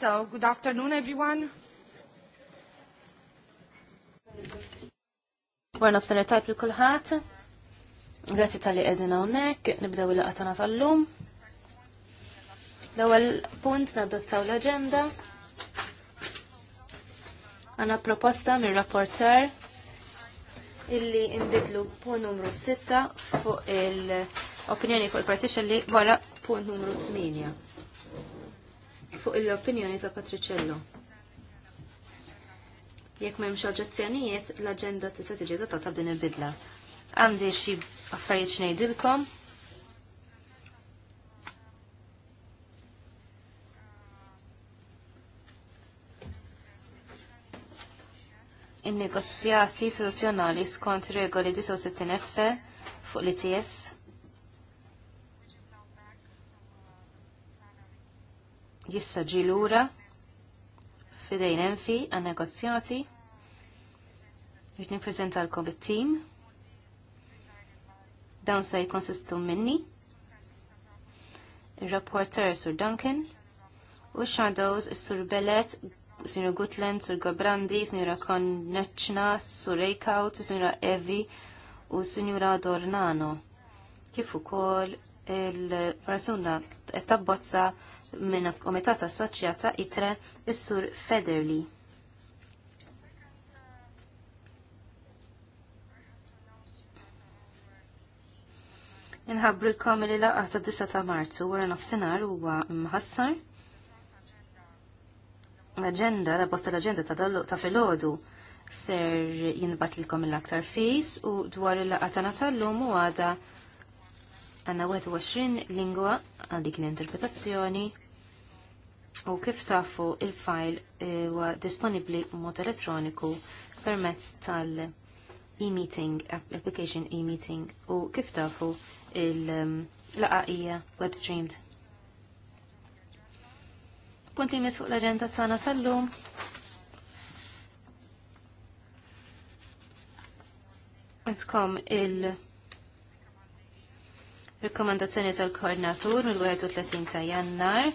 So, good afternoon, everyone. Warna f'sanar tajp li kullħat. Grazzi tal-li għedin għonnek, nibdaw il għatana tal-lum. L-ewel punt nadottaw l-agenda. Għana proposta minn rapporter illi imbidlu punt numru 6 fuq il-opinjoni fuq il-partition li wara punt numru 8 fuq l-opinjoni ta' Patriċello. Jekk m'hemmx oġġezzjonijiet, l-aġenda tista' tiġi ta' din il-bidla. Għandi xi affarijiet ngħidilkom? in-negozjati soluzjonali skont regoli 69F fuq l-ITS jissa ġi lura fidejn enfi għan negozjati biex nippreżentalkom it team Dawn se jkonsistu minni, ir-rapporter Sur Duncan u shadows Sur Bellet, Sinu Gutland, Sur Gobrandi, Sur Konneċna, Sur Rejkaut, Sur Evi u Sur Dornano. Kif ukoll il-persuna tabbozza minn komitat assoċjata itre is-sur Federli. l-kom li laqgħa ta' 9 ta' Marzu wara nofsinhar huwa mħassar. L-aġenda, la bosta l-aġenda ta' dallu ta' filgħodu ser jinbat l-kom l-aktar fis u dwar il-laqgħa tagħna tal-lum u għada għandna 21 lingwa għal dik l-interpretazzjoni U kif tafu il-fajl eh, huwa disponibbli b'mod elettroniku permezz tal- e-meeting, application e-meeting u kif tafu il mm, hija web streamed. Punt li fuq l-agenda tagħna tal-lum. Għandkom il- Rekomendazzjoni tal-koordinatur mill-31 ta' jannar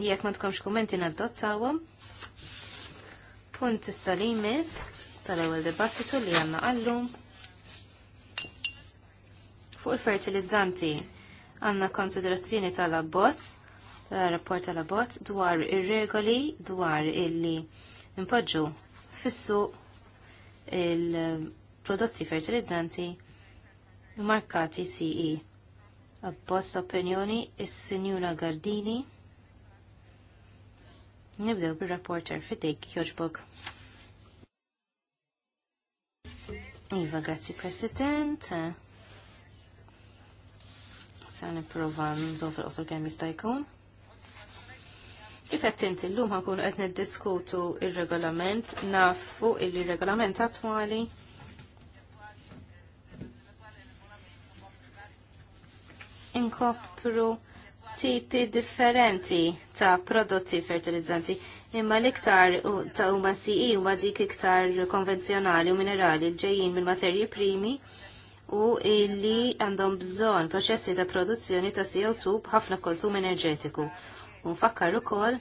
Jekk ma tkomx kummenti naddottawhom. Punt is-salimis tal-ewwel dibattitu li għandna għallum. fuq il-fertilizzanti għandna konsiderazzjoni tal-abbozz tal-rapport tal-abbozz dwar ir-regoli dwar illi impoġġu fissu il-prodotti fertilizzanti markati CE. Abbozz opinjoni is-Sinjura Gardini Nibdew bil-rapporter fidik joġbog. Iva, grazzi President. Sa' niprofa nżof il-qosor kemm jista' jkun. Kif qed inti llum ħakun qed niddiskutu ir-regolament nafu il-regolament attwali inkopru tipi differenti ta' prodotti fertilizzanti imma l-iktar ta' huma CE huma dik iktar konvenzjonali u minerali ġejjin minn materji primi u illi għandhom bżonn proċessi ta' produzzjoni ta' CO2 b'ħafna konsum enerġetiku. U nfakkar ukoll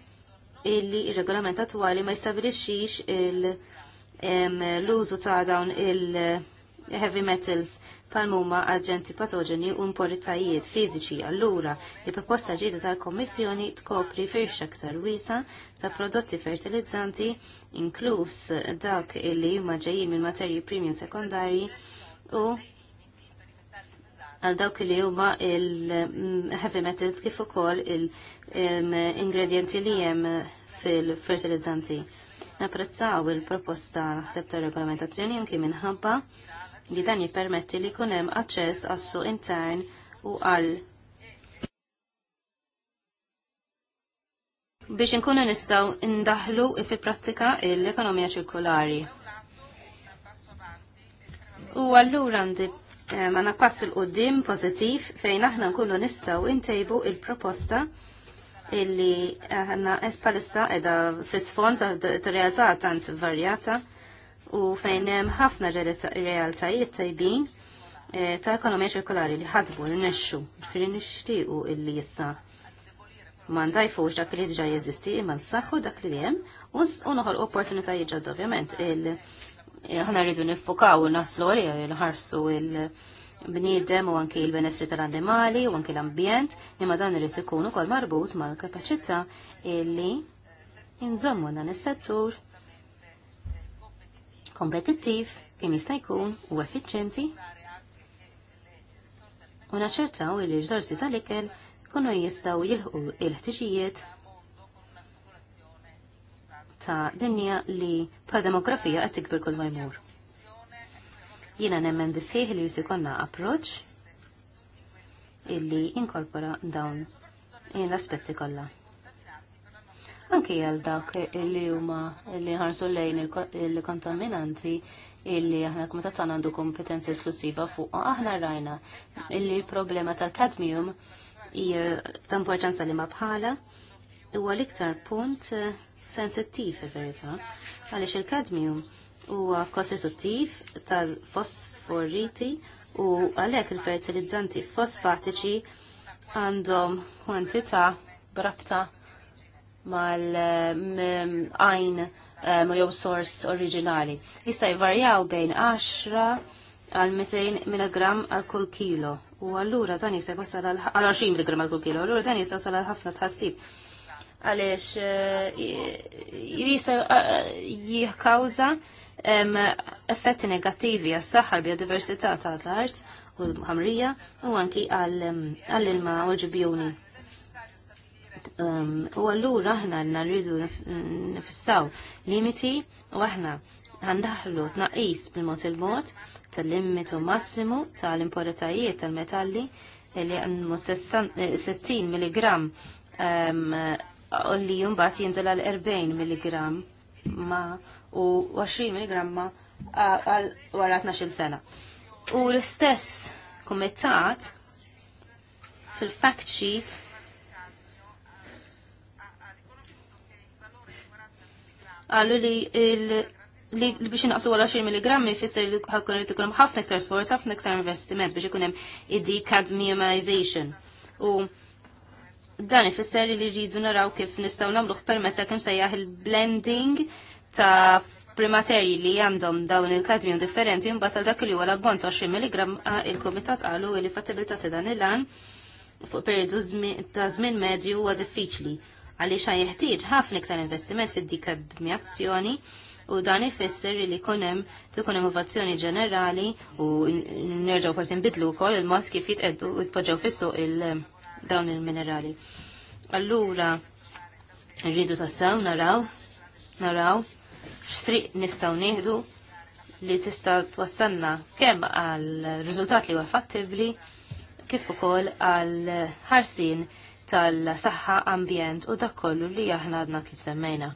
illi il regolament attwali ma jstabilixxix l-użu ta' dawn il- heavy metals palmuma aġenti patogeni u imporitajiet fiżiċi allura il-proposta ġdida tal komissjoni tkopri firxa aktar wiesa ta' prodotti fertilizzanti inkluż dak illi huma ġejjin minn materji primi u u għal dawk li huma il-heavy metals kif ukoll il-ingredienti li hemm fil-fertilizzanti. Napprezzaw il-proposta naħseb regolamentazzjoni anki minħabba li dan jippermetti li jkun hemm aċċess għas-suq intern u għal biex inkunu nistgħu ndaħlu fil-prattika l-ekonomija ċirkulari. U allura għandi għana eh, pass il-qoddim pozittiv fejn aħna nkunu nistaw intejbu il-proposta illi aħna espalissa edha fisfond ta' realtà tant varjata u fejn hemm ħafna realtajiet tajbin eh, ta' ekonomija ċirkolari li ħadbu li nexxu, fil nixtiequ illi issa ma ndajfux dak li diġà jeżisti imma nsaħħu dak li hemm u noħol opportunitajiet ġodda ovvjament il eh, ħana rridu nifokaw naslu li il-ħarsu il-bniedem u anki il-benessri tal-annimali u anki l-ambjent imma dan irrid ikun ukoll marbut mal-kapaċità illi inżommu dan is-settur kompetittiv kien jista' jkun u effiċjenti u naċċertaw li r-riżorsi tal-ikel kunu jistgħu jilħu il-ħtiġijiet ta' dinja li pa' demografija qed tikbir kull ma jmur. Jiena nemmen bisħieħ li jsi konna approċċ illi inkorpora dawn l-aspetti kollha anki għal dak li huma li ħarsu lejn il-kontaminanti illi aħna kumitat tagħna għandu kompetenza esklusiva fuq aħna rajna illi l-problema tal-kadmium hija ta' importanza li ma bħala huwa l-iktar punt eh, sensittiv fil-verità għaliex il-kadmium huwa kostituttiv tal-fosforiti u għalhekk il-fertilizzanti fosfatiċi għandhom kwantità brabta mal-għajn eh, ma jew sors oriġinali. Jista' jvarjaw bejn 10 għal 200 mg għal kull kilo. U allura dan jista' jwassal għal 20 mg għal kull kilo. Allura dan jista' jwassal għal ħafna tħassib. Għaliex eh, jista' jikkawża effetti negattivi għas saħħa l-biodiversità tal-art u l-ħamrija u anki għall-ilma u l-ġibjuni. Um, u għallura aħna għanna rridu nifissaw limiti u aħna għandaħlu tnaqis bil-mod il-mod tal-limitu massimu tal-importajiet tal-metalli li għanmu 60 mg u li jumbat jinżel għal 40 mg ma u 20 mg ma għal wara 12 sena. U l-istess kumitat fil-fact sheet għallu li li biex naqsu għal 20 mg fisser li għakun li tkun ħafna iktar sforz, ħafna iktar investiment biex ikun hemm id-decadmiumization. U dan ifisser li rridu naraw kif nistgħu nagħmluh permezz kemm sejjaħ il-blending ta' primaterji li għandhom dawn il-kadmium differenti mbagħad għal dak li huwa l-abbont 20 mg il-kumitat qalu li fattibilità ta' dan il-lan fuq periodu ta' żmien medju huwa diffiċli għaliex xa jeħtieġ ħafna iktar investiment fid dikadmjazzjoni u dan ifisser li kunem tukun innovazzjoni ġenerali u nerġaw forsi nbidlu wkoll il-mod kif jitqeddu u tpoġġew fissu il dawn il-minerali. Allura rridu tassew naraw naraw x'triq nistgħu nieħdu li tista' twassalna kemm għal riżultat li huwa fattibbli kif ukoll għal ħarsin tal-saħħa ambjent u dak kollu li aħna għadna kif semmejna.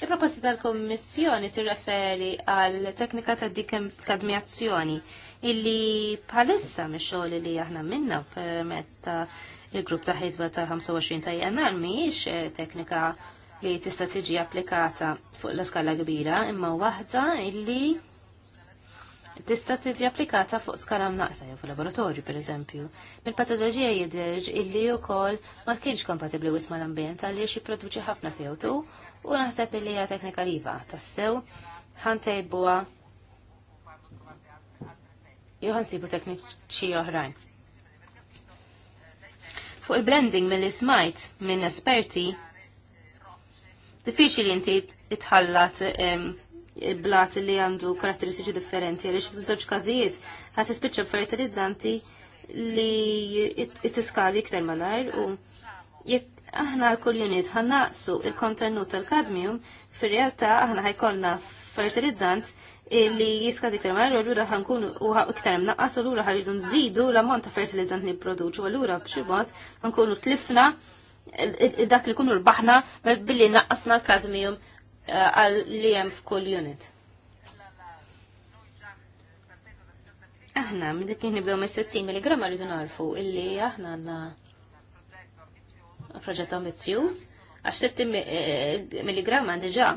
Il-proposta tal-Kommissjoni tirreferi għal teknika ta' dikadmjazzjoni illi bħalissa mixol li aħna minna permezz ta' il-grupp ta' ħidba ta' 25 ta' jannar miex eh, teknika li tista' tiġi applikata fuq l-skala kbira imma waħda illi tista' tiġi applikata fuq skala mnaqsa jew fil-laboratorju pereżempju. Mill-patoloġija jidher illi wkoll ma kienx kompatibbli wisma l-ambjent għaliex jipproduċi ħafna CO2 u naħseb illi hija teknika liva tassew ħantejbuha jew ħansibu tekniċi oħrajn. Fuq il-blending mill smajt minn esperti diffiċli inti itħallat blat li għandu karatteristiċi differenti għaliex f'żewġ każijiet ħadd ispiċċa fertilizzanti li it-tiskadi iktar malajr u jekk aħna l unit ħannaqsu il-kontenut tal-kadmium, fir-realtà aħna ħajkollna fertilizzant li jiskadi iktar malajr u allura ħankun u iktar mnaqqas u allura ħarridu nżidu l-ammont ta' fertilizzant li produċu u l b'xi bċibot ħankunu tlifna dak li kunu rbaħna billi naqqasna l-kadmium Eh, għal li hemm f'kull unit. Aħna, minn dik nibdew mis-60 mg rridu narfu illi aħna għandna proġett ambizzjuż għax 60 mg diġà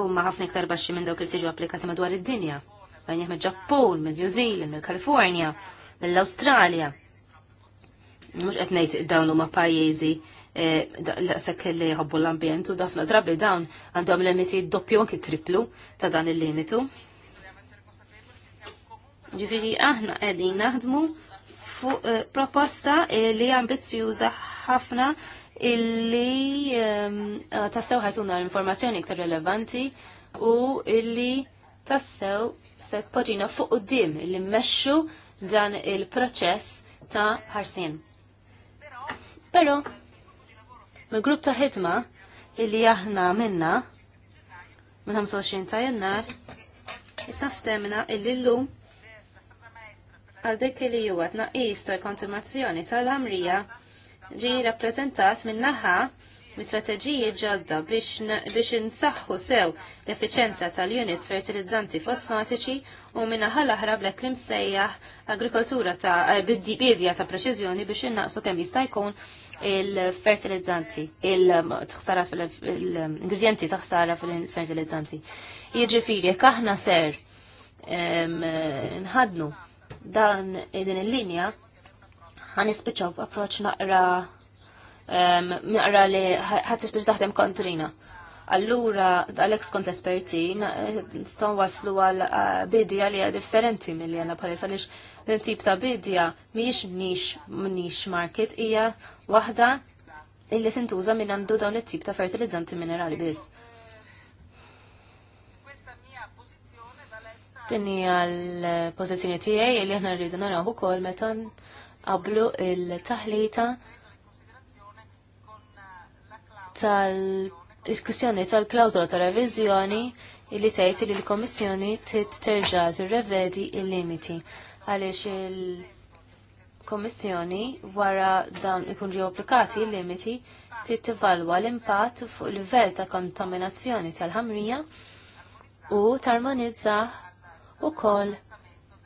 u ma ħafna iktar baxxi minn dawk il siġu applikati madwar id-dinja. Bajn mill ġappun minn New Zealand, minn Kalifornja, mill-Australja. Mux qed ngħid dawn huma pajjiżi Eh, sekk li jħobbu l ambient u dafna drabi dawn għandhom limiti doppju anki triplu ta' dan il-limitu. Ġifieri aħna qegħdin naħdmu fuq eh, proposta eh, li ambizjuża ħafna illi ehm, tassew ħajtuna l-informazzjoni iktar relevanti u illi tassew se poġina fuq dim li mmexxu dan il-proċess ta' ħarsien. Però mill-grupp ta' ħidma illi aħna minna minn 25 ta' jannar issa ftemna illi llum għal dik li huwa tnaqqis tal kontumazzjoni tal-Amrija ġi rappreżentat minn naħa strateġiji ġodda biex insaħħu sew l-efficienza tal-units fertilizzanti fosfatiċi u minna ħal-aħra blek li msejjaħ agrikoltura ta' eh, bidja ta' preċiżjoni biex innaqsu kemm jista' jkun il-fertilizzanti, il-tħsarat fil-ingredienti taħsara fil-fertilizzanti. Jiġifieri jekk aħna ser nħadnu dan din il-linja ħan ispiċċaw approċċ naqra naqra li ħat tispiċ taħdem kontrina. Allura, għal-ex kont esperti, nistan waslu għal bidja li differenti mill-li għanna palisa tip ta' bidja miex nix nix market hija waħda illi tintuża minn għandu dawn it-tip ta' fertilizzanti minerali biss. Tini għal-pozizjoni tiegħi li aħna rridu naraw ukoll meta qablu il-taħlita tal-diskussjoni tal-klawżola tal-reviżjoni illi tgħid li l-Kommissjoni titterġa tirrevedi il-limiti għaliex il komissjoni wara dan ikun ġew applikati limiti trid tivalwa l-impatt fuq livell ta' kontaminazzjoni tal-ħamrija u tarmonizza wkoll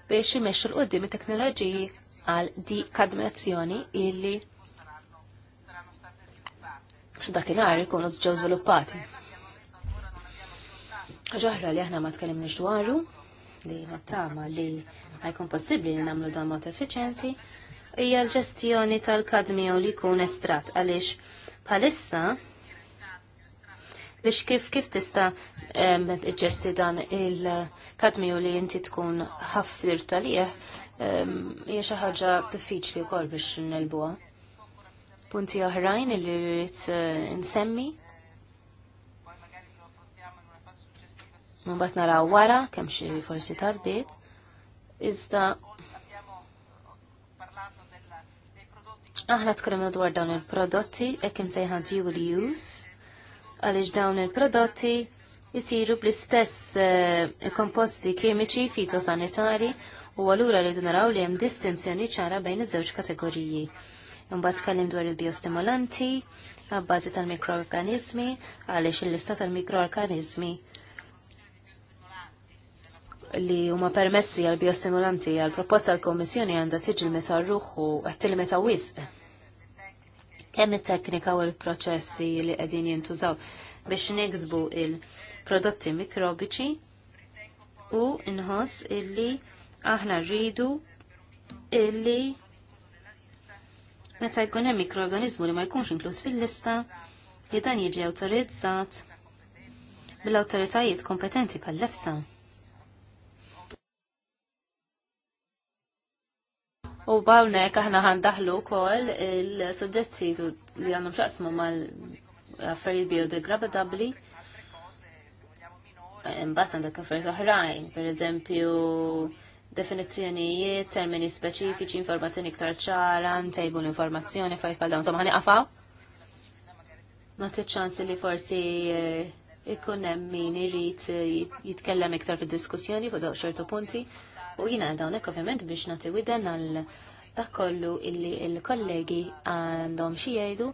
biex imexxu l-qudiem it-teknoloġiji għal dikadmazzjoni illi s'dakinhar ikunu ġew żviluppati. Ġoħra li aħna ma tkellimniex dwaru li tama li għajkun possibli li nagħmlu dan mod effiċenti. hija l-ġestjoni tal-kadmiju li jkun estrat għaliex bħalissa biex kif kif tista ġesti dan il-kadmiju li inti tkun ħaffir talih hija xi ħaġa diffiċli wkoll biex nelbuha. Punti oħrajn li rrid eh, nsemmi. Mbagħad naraw wara kemm xi forsi talbiet. Iżda aħna tkellimna dwar dawn il-prodotti hekk imsejħa dual use għaliex dawn il-prodotti jisiru bl-istess eh, komposti kimiċi fitosanitari u allura li naraw li hemm distinzjoni ċara bejn iż-żewġ kategoriji. Imbagħad tkellim dwar il-biostimulanti għabbażi tal-mikroorganizmi għaliex il-lista tal-mikroorganizmi li huma permessi għal biostimulanti għal proposta l kommissjoni għandha tiġi meta rruħu għat meta wisq. Kemm it-teknika u l-proċessi li qegħdin jintużaw biex niksbu il-prodotti mikrobiċi u nħoss illi aħna rridu illi meta jkun hemm mikroorganizmu li ma jkunx inkluż fil-lista li dan jiġi awtorizzat bil-awtoritajiet kompetenti pal lefsa U bawnek aħna daħlu kol il sogġetti li għandhom xaqsmu mal-affarijiet biodegradabli. Imbagħad għandek affarijiet oħrajn, pereżempju definizzjonijiet, termini speċifiċi, informazzjoni iktar ċara, ntejbu l-informazzjoni, f'ajt bħal dawn. Somma għafaw. Ma ċansi li forsi eh, ikun hemm min irid eh, jitkellem iktar fid-diskussjoni fuq ċertu punti. U jina dawnek ovvjament biex nati widen għal dak kollu illi il-kollegi għandhom xi jgħidu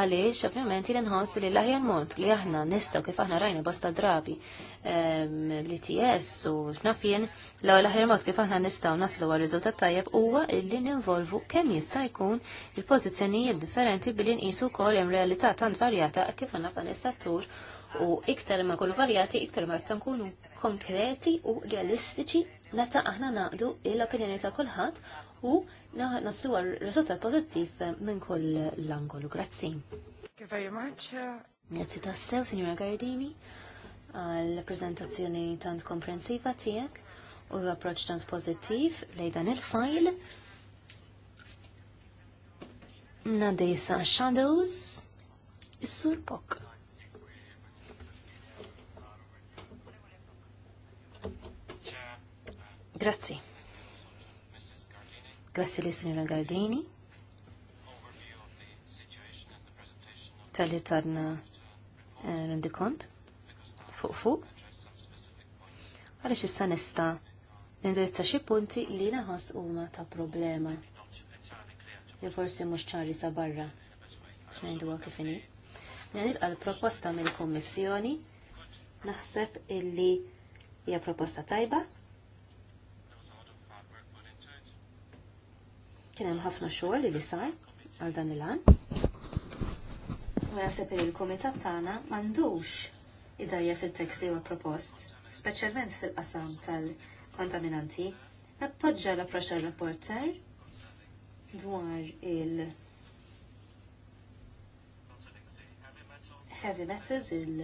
għaliex ovvjament jina nħoss li l-aħjar mod li aħna nistgħu kif aħna rajna bosta drabi ehm, l-ITS u x'nafjen l l-aħjar mod kif aħna nistgħu naslu għal riżultat tajjeb huwa illi ninvolvu kemm jista' jkun il-pożizzjonijiet differenti billi nqisu wkoll hemm realità tant varjata kif aħna pan is-settur U iktar ma kunu varjati, iktar ma jistan kunu konkreti u realistiċi meta aħna naqdu l-opinjoni ta' kulħadd u naslu għal rizultat pozittiv minn kull l-angolu. Grazzi. Thank ta' sew, tassew, Signora Gardini, għal prezentazzjoni tant komprensiva tiegħek u l approċċ tant pozittiv lejn dan il-fajl. Nadejsa Shadows, is-sur Grazzi. Grazzi li Sinjora Gardini. Tal-li tarna eh, rendikont fuq fuq. Għalix issa nista nindirizza xi punti li naħas huma ta' problema. Li forsi mhux ċari sa barra. X'ngħidu kif inhi. Nilqa proposta mill-Kummissjoni naħseb illi hija proposta tajba Kien hemm ħafna xogħol li sar għal dan il-għan. U li il-komitat tagħna m'għandux idajja fit-tekst huwa propost, speċjalment fil-qasam tal-kontaminanti. Nappoġġa l-approċċ tal-rapporter dwar il- heavy metals il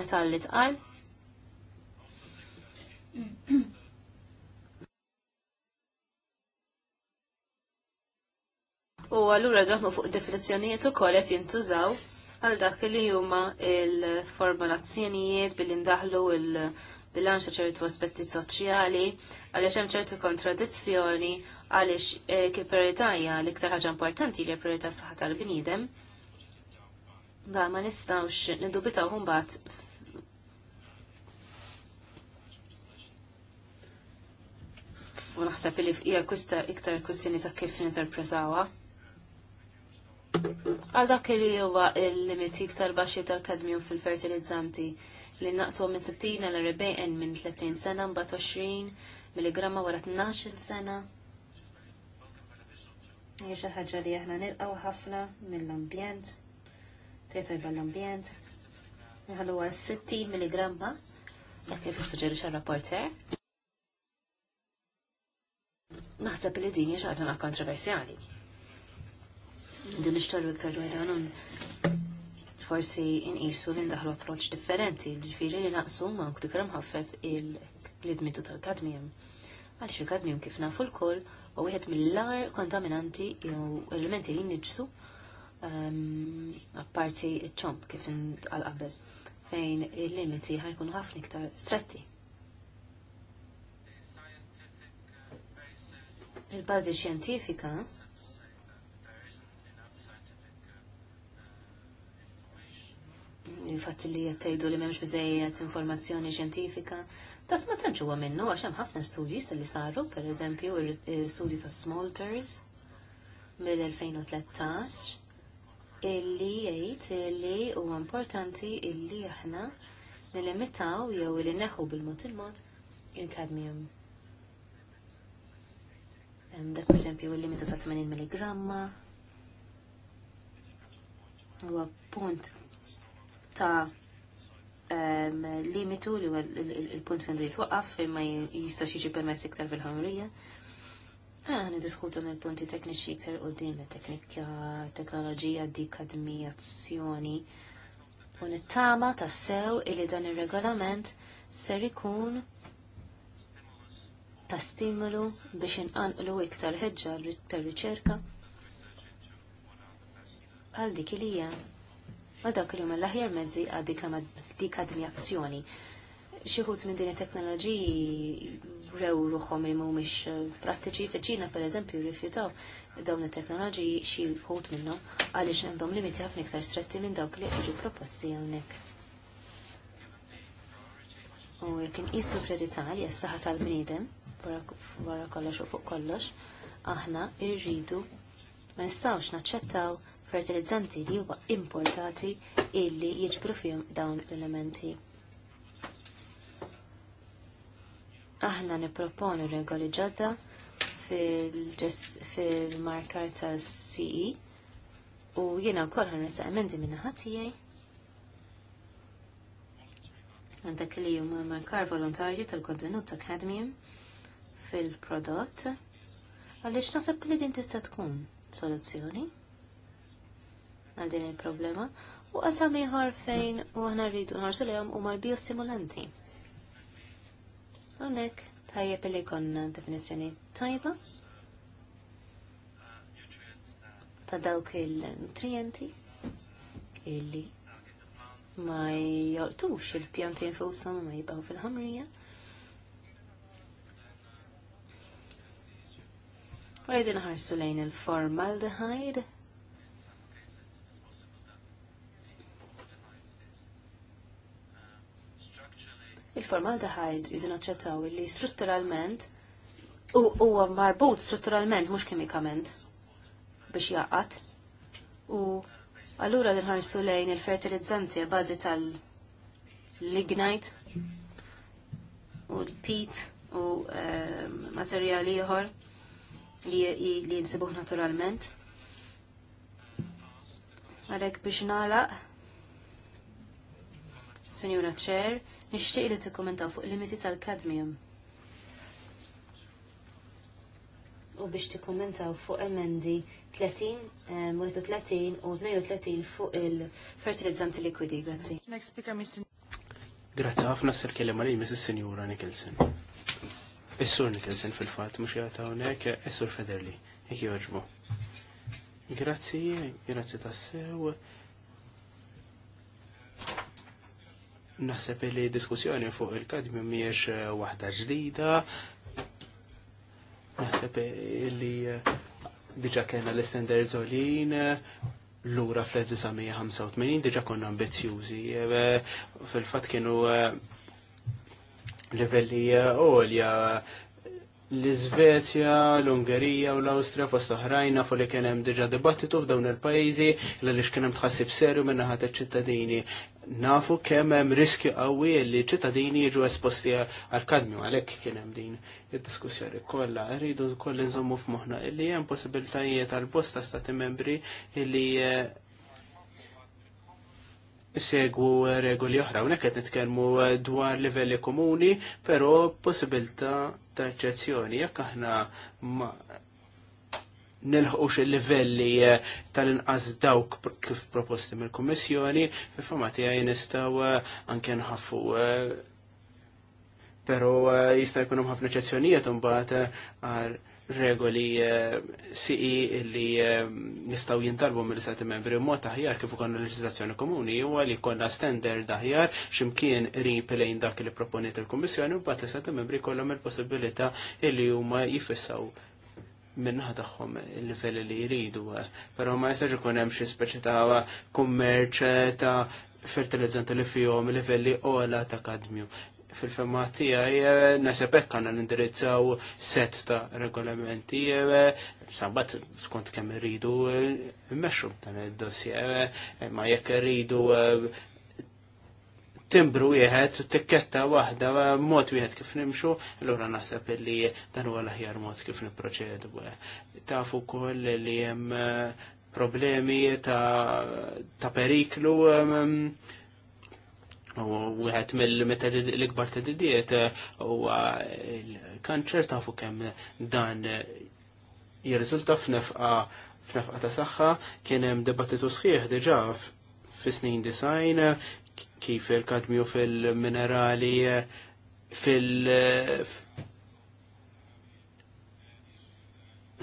metalli tqal u allura daħmu fuq definizzjonijiet ukoll qed jintużaw għal dak li huma il-formulazzjonijiet billi ndaħlu il-bilanċ ta' ċertu aspetti soċjali għaliex hemm ċertu kontradizzjoni għaliex eh, kif priorità hija l-iktar ħaġa importanti li priorità saħħa tal-bniedem. Da ma nistgħux nidubitaw mbagħad u naħseb li hija iktar kwistjoni ta' kif ninterpretawa. Għal dak li huwa il-limit iktar baxxi tal-kadmium fil-fertilizzanti li naqsu minn 60 għal 40 minn 30 sena mbagħad 20 mg wara 12 sena. Hija xi ħaġa li aħna nilqgħu ħafna mill-ambjent, trid tajba l-ambjent. Nħallu għal 60 mg dak kif issuġġeri rapporter. Naħseb li din hija xi ħaġa kontroversjali. Din nixtollu iktar dwar dan forsi inqisu li ndaħlu approċ differenti, ġifiri li naqsu ma dikra mħaffef il-lidmitu tal-kadmium. għalix il-kadmium kif nafu l kol u wieħed mill-lar kontaminanti jew elementi li nġsu ehm, apparti ċomp kif għal qabel fejn il-limiti ħajkunu ħafna iktar stretti. Il-bażi xjentifika il-fatt li jattajdu tgħidu li m'hemmx biżejjed informazzjoni xjentifika. Tas ma tanċu huwa minnu għax hemm ħafna studji li saru, pereżempju l-studji eh, ta' Smolters mill-2013 illi jgħid illi huwa importanti illi aħna nilimitaw jew li neħu bil-mod il-mod il-kadmium. Dak eżempju il-limitu ta' 80 mg huwa punt ta' limitu li il-punt fejn trid twaqqaf fejn ma jistax jiġi permessi iktar fil-ħamrija. Għana għan diskutu nel-punti tekniċi iktar u din teknika, teknoloġija, dikadmijazzjoni. U nittama ta' sew illi dan il-regolament ser ikun ta' stimulu biex inqanqlu iktar ħeġġa tar riċerka għal dik li ma dak li huma l-aħjar mezzi għad dik azzjoni. Xi ħut minn din it-teknoloġiji rew ruħom li mhumiex eh, prattiċi fiċina ċina pereżempju rrifjutaw dawn it-teknoloġiji xi minnu minnhom għaliex għandhom limiti ħafna ktar stretti minn dawk li jiġu proposti hawnhekk. U jekk inqisu priorità li s-saħħa tal-bniedem wara kollox u fuq kollox, aħna irridu ma nistgħux naċċettaw fertilizzanti li huwa importati illi jiġbru fihom dawn l-elementi. Aħna nipproponu regoli ġodda fil-markar ta' CE u jiena wkoll ħanresa emendi ħadd tiegħi. Għandak li huma markar volontarju tal-kontenut ta' kadmium fil-prodott għaliex naħseb li din tista' tkun soluzzjoni għal din il-problema u qasam ieħor fejn u aħna rridu nħarsu lejhom huma l-biostimulanti. Hawnhekk tajjeb li konna definizzjoni tajba ta' dawk il-nutrienti illi ma joltux il-pjanti infushom ma jibgħu fil-ħamrija. Għajdin ħarsu lejn il-formaldehyde il-formaldeħajd jridu naċċettaw li strutturalment u huwa marbut strutturalment mhux kimikament biex jaqat. U allura nħarsu lejn il-fertilizzanti bażi tal-lignite u l-peat u ehm, materjal ieħor li jinsibuh naturalment. Għalhekk biex nalaq Signora Chair, nixtieq li tikkommentaw fuq limiti tal-kadmium. u biex tikkommentaw fuq emendi 30, eh, u 32 fuq il-fertilizzanti liquidi. Grazzi. Next speaker, Mr. Grazzi ħafna s kellim għalij Mrs. Signora Nicholson. Is-sur Nicholson fil-fat, mux jgħata unek, is-sur Federli, jek joġbu. Grazzi, grazzi tassew, Naħseb li diskussjoni fuq il-kadmi miex eh, waħda ġdida. Naħseb li eh, diġa kena l istender zolin eh, l-ura fl-1985 diġa konna ambizjużi. Fil-fat kienu livelli għolja l-Izvezja, l-Ungerija u l-Austria fost oħrajna fu li kien hemm diġà dibattitu f'dawn il-pajjiżi l li kien tħassib serju minn naħa ċittadini nafu kemm hemm riskju qawwi li ċittadini jiġu esposti għal kadmju għalhekk kien hemm din id-diskussjoni kollha. Rridu kollha nżommu f'moħħna illi hemm possibiltajiet għall-bost ta' stati membri li eh, segwu regoli oħra. Unek qed nitkellmu dwar livelli komuni, però possibilità ta' eċċezzjoni jekk aħna nilħqux il-livelli eh, tal-inqas dawk kif proposti mill kummissjoni fi formati għaj nistaw eh, anke nħafu. Eh, pero jista' jkun hemm ħafna eċezzjonijiet imbagħad għal regoli siqi li nistaw jintalbu mill-istati membri u mod aħjar kif ukoll leġislazzjoni komuni huwa li jkollna standard aħjar x'imkien rib lejn dak li proponiet il-Kummissjoni u bat l sati membri jkollhom il-possibilità li huma jifissaw minnaħ tagħhom il-livelli li jridu, eh, pero ma jistax ikun hemm xi speċi ta' kummerċ ta' fertilizzanti li fihom livelli ola ta' kadmju. Fil-femma tiegħi eh, naseb hekk għandna nindirizzaw set ta' regolamenti eh, sabat skont kemm irridu immexxu dan id-dossier, ma jekk irridu timbru wieħed, tikketta waħda, mod wieħed kif nimxu, l-ura naħseb li dan huwa l-aħjar mod kif nipproċedu. Tafu wkoll li hemm eh, problemi ta', periklu eh, mm, u wieħed mill meta l-ikbar ta' didiet eh, huwa l-kanċer tafu kemm dan jirriżulta f'nefqa f'nefqa ta' saħħa kien hemm dibattitu sħiħ diġà fi snin design kif il-kadmju fil-minerali fil-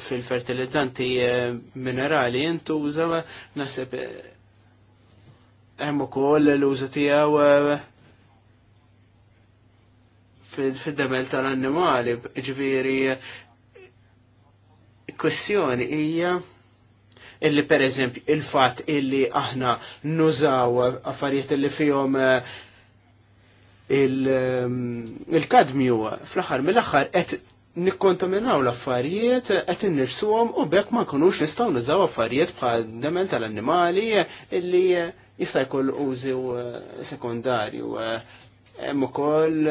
fil-fertilizzanti eh, minerali jintuża naħseb eh, hemm ukoll l-użu tiegħu eh, fid demel tal-annimali, ġifieri kwestjoni hija illi per eżempju il-fat illi aħna nużaw affarijiet illi fihom eh, ehm, il-kadmju fl-axar mill-axar qed nikkontaminaw l-affarijiet qed innirsuhom u bekk ma nkunux nistgħu nużaw affarijiet bħal demel tal-annimali illi jista' jkollu użi eh, sekundarju. Eh, hemm ukoll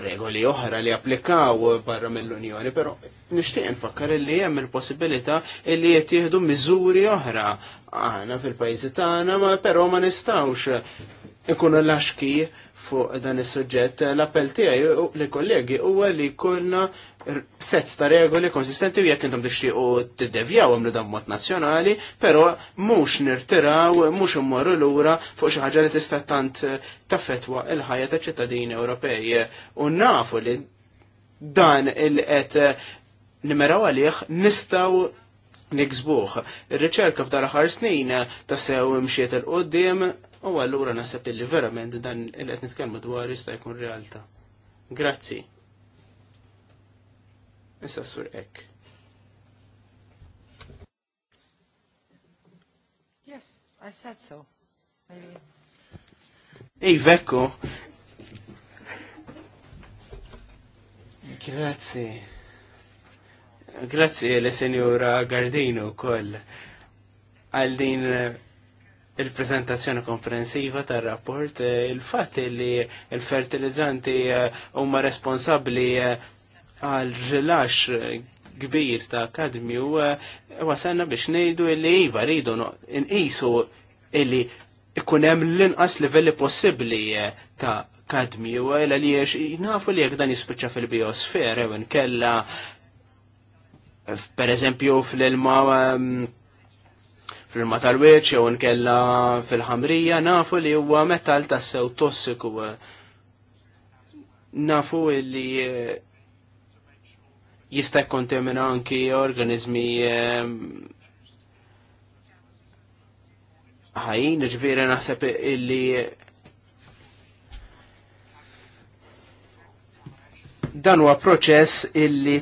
regoli oħra li applikaw barra mill-Unjoni, pero nishtiq nfakkar li hemm il-possibilità li qed jieħdu miżuri oħra aħna fil-pajjiżi tagħna, però ma nistgħux ikunu laxki fuq dan is-suġġett. L-appell tiegħi li kollegi huwa li jkollna set ta' regoli konsistenti u jekk intom tixtiequ tiddevjaw għamlu dan mod nazzjonali, però mhux nirtiraw, mhux immorru lura fuq xi ħaġa li tista' tant taffetwa l ħajja ta' ċittadini Ewropej. U nafu li dan il-qed nimeraw għalih nistgħu niksbuh. Ir-riċerka f'dar aħħar snin tassew imxiet il-qoddim U allura nasab illi verament dan il qed nitkellmu dwar jista' jkun realtà. Grazzi. Issa sur ek. Yes, I said so. Ej, vekku. Grazzi. Grazzi le senjora Gardino koll għal din il-prezentazzjoni komprensiva tar-rapport, eh, il-fatt li il-fertilizzanti eh, huma responsabbli eh, għal rilax kbir ta' kadmju wasanna biex nejdu li iva rridu inqisu illi ikun hemm l-inqas livelli possibbli ta' kadmju għela li nafu li jekk dan jispiċċa fil-biosfera u nkella per eżempju fl-ilma mm, fil tal-weċ jew nkella fil-ħamrija nafu li huwa metal tassew tossiku. Nafu li eh, jista' jkontamina anki organizmi eh, ħajin, ġviri naħseb illi eh, dan huwa proċess illi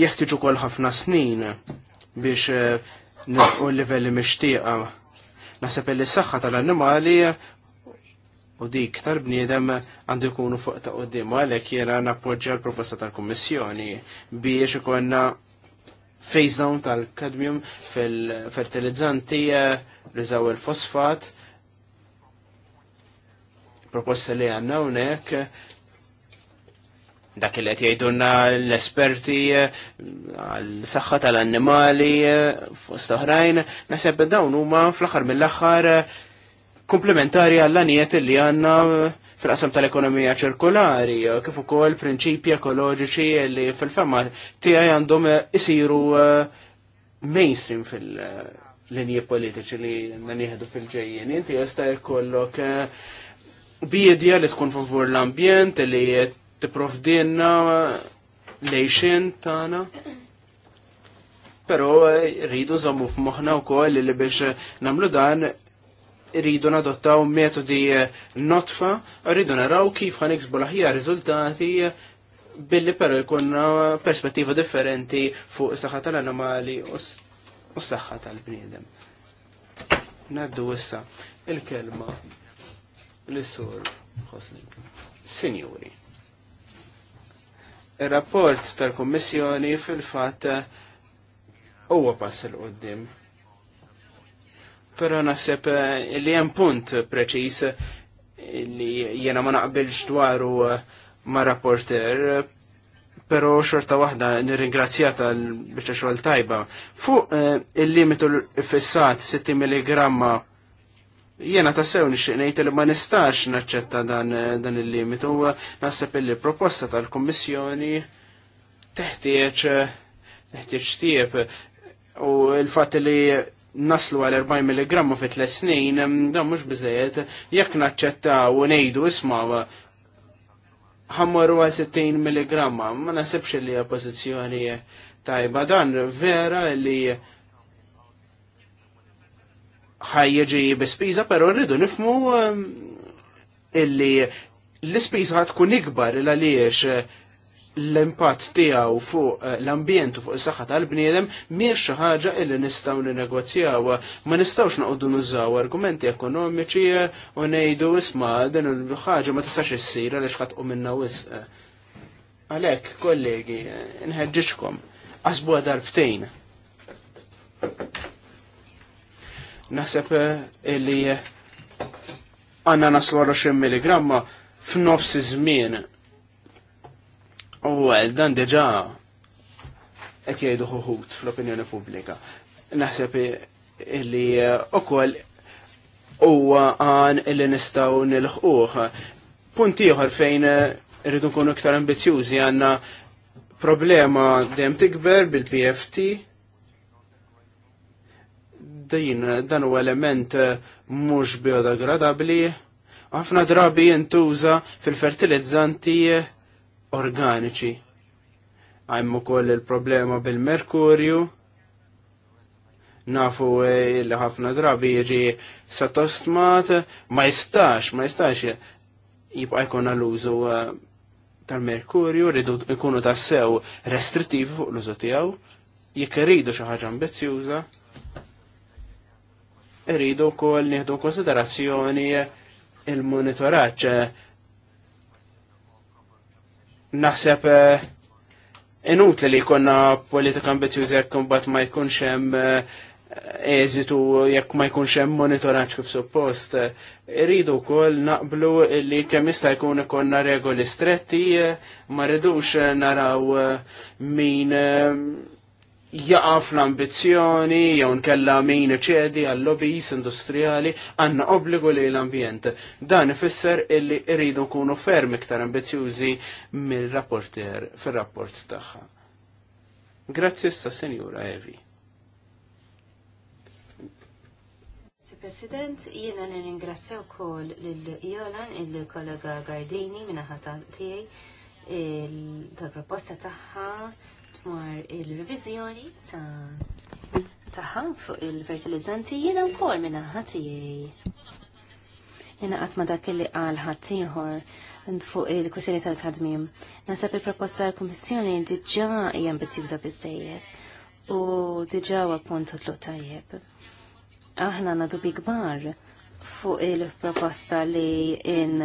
jeħtiġu kol ħafna snin biex nilqu l-livelli mixtieqa. Naseb li s-saxħa tal-annimali u dik tal-bniedem għandu jkunu fuq ta' qoddim għalhekk jena nappoġġja l-proposta tal-Kummissjoni biex ikonna phase down tal-kadmium fil-fertilizzanti rizaw il-fosfat proposta li għanna unek dak il qed jgħidulna l-esperti eh, għal-saħħa tal-annimali eh, fost oħrajn, naħseb dawn huma fl-aħħar mill-aħħar eh, komplementari għall-anijiet li għanna fil-qasam tal-ekonomija ċirkolari, kif ukoll prinċipji ekoloġiċi li fil femma tiegħi għandhom isiru mainstream fil-linji politiċi li nieħdu fil-ġejjien. Inti jista' jkollok bidja li tkun favur l-ambjent, li tipprovdinna lejxin tana, Però eh, rridu żammu f'moħħna wkoll li biex nagħmlu dan rridu nadottaw metodi eh, notfa, rridu naraw kif għan l laħja riżultati billi pero jkunna perspettiva differenti fuq saħħa tal-animali u s-saħħa tal-bniedem. Naddu issa il-kelma l-sur Signori. Il-rapport tal-Kommissjoni fil-fat huwa pass il qoddim Pero nasib eh, li hemm punt preċis eh, li jena ma naqbilx dwaru eh, ma rapporter, pero xorta waħda nirringrazzjata biex xogħol tajba. Fuq il-limitu fissat 60 mg Jena ta' sew nixtieq li ma nistax naċċetta dan, dan il-limit u naħseb li proposta tal-Kummissjoni teħtieġ teħtieġ tieb u l-fatt li naslu għal 40 mg fi tle snin, dan mhux biżejjed, jekk naċċetta u ngħidu isma' ħammaru għal 60 mg, ma nasibx li hija pożizzjoni tajba dan vera li ħajjeġi bispiża, pero rridu nifmu um, illi l-ispiża tkun ikbar l għaliex uh, l-impatt tiegħu fuq uh, l-ambjent u fuq is-saħħa tal-bniedem mhijiex xi ħaġa illi nistgħu ninegozjaw. Ma nistgħux noqogħdu nużaw argumenti ekonomiċi uh, u ngħidu isma' din il-ħaġa ma tistax issir għaliex ħatqu minna wisq. Għalhekk, kollegi, nħeġġiġkom, għadar darbtejn. Naħseb eh, li eh, għanna naslu 20 mg f'nofs iż-żmien. U eh, dan diġà qed jgħidu ħuħut fl-opinjoni pubblika. Naħseb illi ukoll huwa għan illi nistgħu nilħquh. Punt ieħor fejn irridu nkunu iktar ambizzjużi għandna problema dejjem tikber bil-PFT din dan u element eh, mhux biodegradabbli ħafna drabi jintuża fil-fertilizzanti eh, organiċi. Għajmu koll il-problema bil-merkurju, nafu eh, li ħafna drabi jiġi satostmat, ma jistax, ma jistax jibqa jkun għal-użu tal-merkurju, rridu jkunu tassew restrittivi fuq l-użu tiegħu, jekk irridu xi ħaġa Rridu wkoll nieħdu konsiderazzjoni il-monitoraġġ. Naħseb eh, inutli li jkollna politika ambizjużi jekk imbagħad ma jkunx hemm eh, eżitu jekk ma jkunx hemm monitoraġġ kif suppost. Irridu wkoll naqblu li kemm jista' jkun ikonna regoli stretti, eh, ma rridux naraw min Jaqaf fl-ambizzjoni jew nkella min ċedi għal lobbies industrijali għandna obbligu li l-ambjent. Dan ifisser illi rridu nkunu ferm iktar ambizzjużi mill-rapporter fir-rapport tagħha. Grazzi sta Senjura Evi. President, jiena nirringrazzja wkoll lil Jolan il-kollega Gardini minna ħata tiegħi tal-proposta tagħha dwar il-revizjoni ta' taħħa fuq il-fertilizzanti jiena wkoll minn ħatijej. Jiena qatt ma dak li qal ħaddieħor fuq il-kwistjoni tal-kadmim. Nasab il-proposta tal-Kummissjoni diġà hija ambizjuża biżejjed u diġà huwa punt tluq tajjeb. Aħna għandna dubi kbar fuq il-proposta li in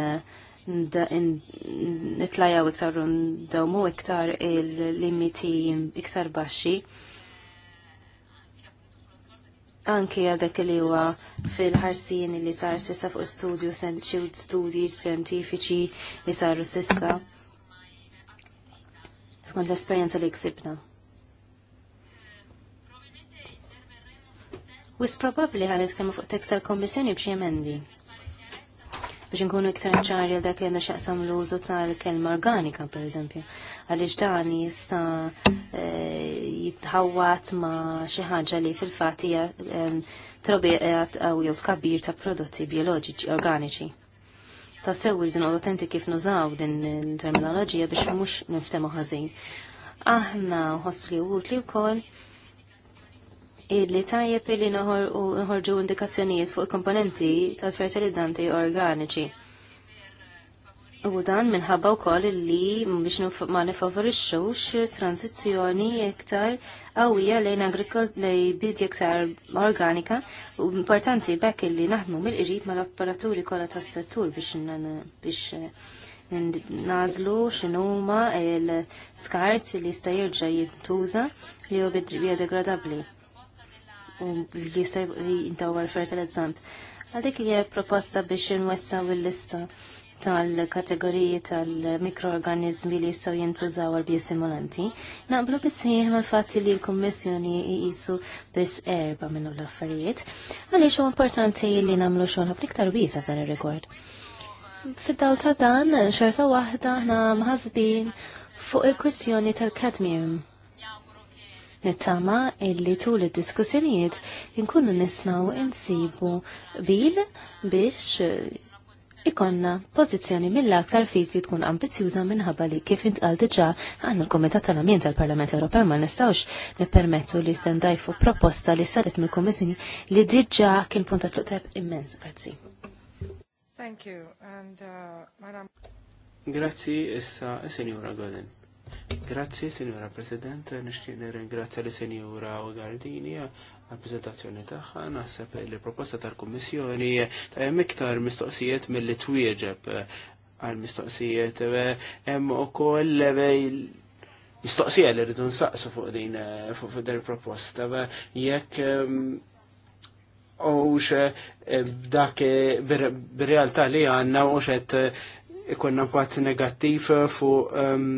nitlajaw iktar un dawmu iktar il-limiti iktar baxxi. Anki għadek li huwa fil-ħarsin li sar sissa fuq studju xewd studji xjentifiċi li saru sissa. Skont l-esperjenza li ksibna. Wis probabbli ħan nitkellmu fuq tekst tal-Kommissjoni b'xi emendi biex nkunu iktar ċari għal dak li għandna xaqsam l-użu tal-kelma organika, per eżempju. Għaliex dan jista' eh, jitħawat ma' xi ħaġa li fil-fatt hija trobiqat għaw jew tkabbir ta' prodotti bioloġiċi organiċi. Ta' sewi din attenti kif nużaw din il-terminoloġija biex mux niftemu ħażin. Aħna ħossu li u wkoll illi tajjeb illi nħorġu indikazzjonijiet fuq komponenti tal-fertilizzanti organiċi. U dan minħabba wkoll illi biex ma nifavorixxux tranzizzjoni iktar qawwija lejn agrikolt lejn bidja iktar organika u importanti bekk illi naħdmu mill-qrib mal-apparaturi kollha tas-settur biex biex eh, nazlu xinuma il-skart li jista' jerġa' jintuża li hu biodegradabli u li jintaw għal-fertilizzant. Għadik hija proposta biex inwessaw il-lista tal-kategoriji tal-mikroorganizmi li jistgħu jintużaw għal biosimulanti. Naqblu bissieħ mal fatti li l-Kummissjoni jisu biss erba minnu l-affarijiet, għaliex huwa importanti li nagħmlu xogħol ħafna wisa wiesa dan ir-rigward. Fid-daw ta' dan, xorta waħda aħna mħasbin fuq il kwissjoni tal-kadmium Nittama illi tul id-diskussjonijiet inkunu nisnaw insibu bil biex eh, ikonna pozizjoni mill-aktar fizi tkun ambizjuża minħabba li kif intqal diġà għandna l kumitat tal-Ambjent tal-Parlament Ewropew ma nistgħux nippermettu li sendajfu proposta li saret mill-Kummissjoni li diġà kien punta tluqteb immens. Grazzi. Thank you. And, uh, Madam... Grazzi, issa, signora Godin. Grazzi, Signora President, nixtieq ringrazzja li Signora Gardini għal-prezentazzjoni tagħha. Naħseb li proposta tal-Kummissjoni ta' iktar mistoqsijiet mill-li twieġeb għal-mistoqsijiet. Hemm ukoll mistoqsija li rridu nsaqsu fuq din fuq din proposta jekk ehm, ux b'dak bir li għanna u ikonna negattiv fuq ehm,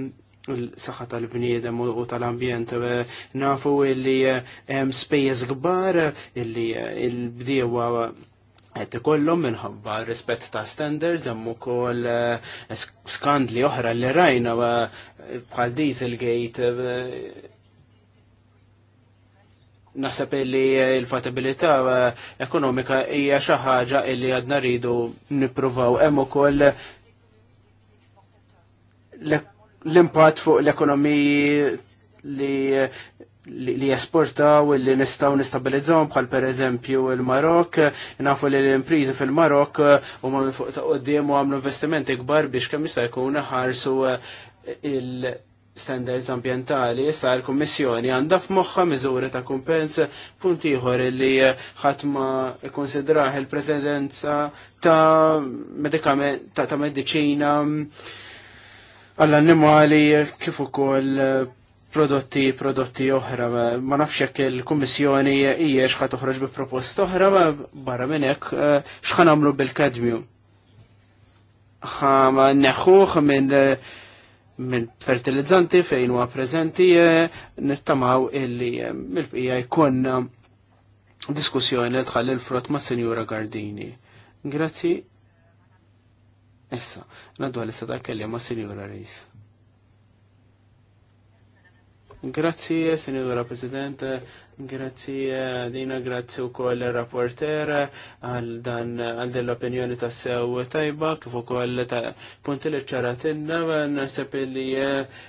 l-saħħa tal-bniedem u tal-ambjent. Eh, nafu illi eh, hemm spejjeż kbar eh, illi l-bdiewa qed ikollhom minħabba rispett ta' standards hemm ukoll skandli oħra li rajna bħal Dieselgate naħseb li l-fatabilità ekonomika hija xi ħaġa li għadna rridu nippruvaw hemm ukoll l-impatt fuq l-ekonomiji li li jesportaw li nistaw nistabilizzawm bħal per eżempju il-Marok, nafu li l-imprizi fil-Marok eh, u ma minn fuq ta' qoddim u għamlu investimenti kbar biex kemm jista' jkun ħarsu eh, il-standards ambientali. Issa l-Kummissjoni għandha f'moħħa miżuri ta' kumpens punt ieħor li eh, ħadd ma il-preżenza ta' medikament ta' mediċina għall-annimali kif ukoll eh, prodotti prodotti oħra. Ma nafx il-Kummissjoni hija x'ħa toħroġ bi proposta oħra barra minn hekk eh, x'ħa nagħmlu bil-kadmju. Ħa neħħuh minn eh, minn fertilizzanti fejn huwa preżenti nittamaw illi mill-bqija jkun diskussjoni li tħalli frott ma' Sinjura Gardini. Grazzi Issa, naddu għal istat kelli ma' Sinjura Rejs. Grazie, Sinjura Presidente, grazie Dina, grazie u koll rapporter għal dan għal dell-opinjoni ta' sew tajba, kif u koll ta' punti li ċaratinna, nasib li eh,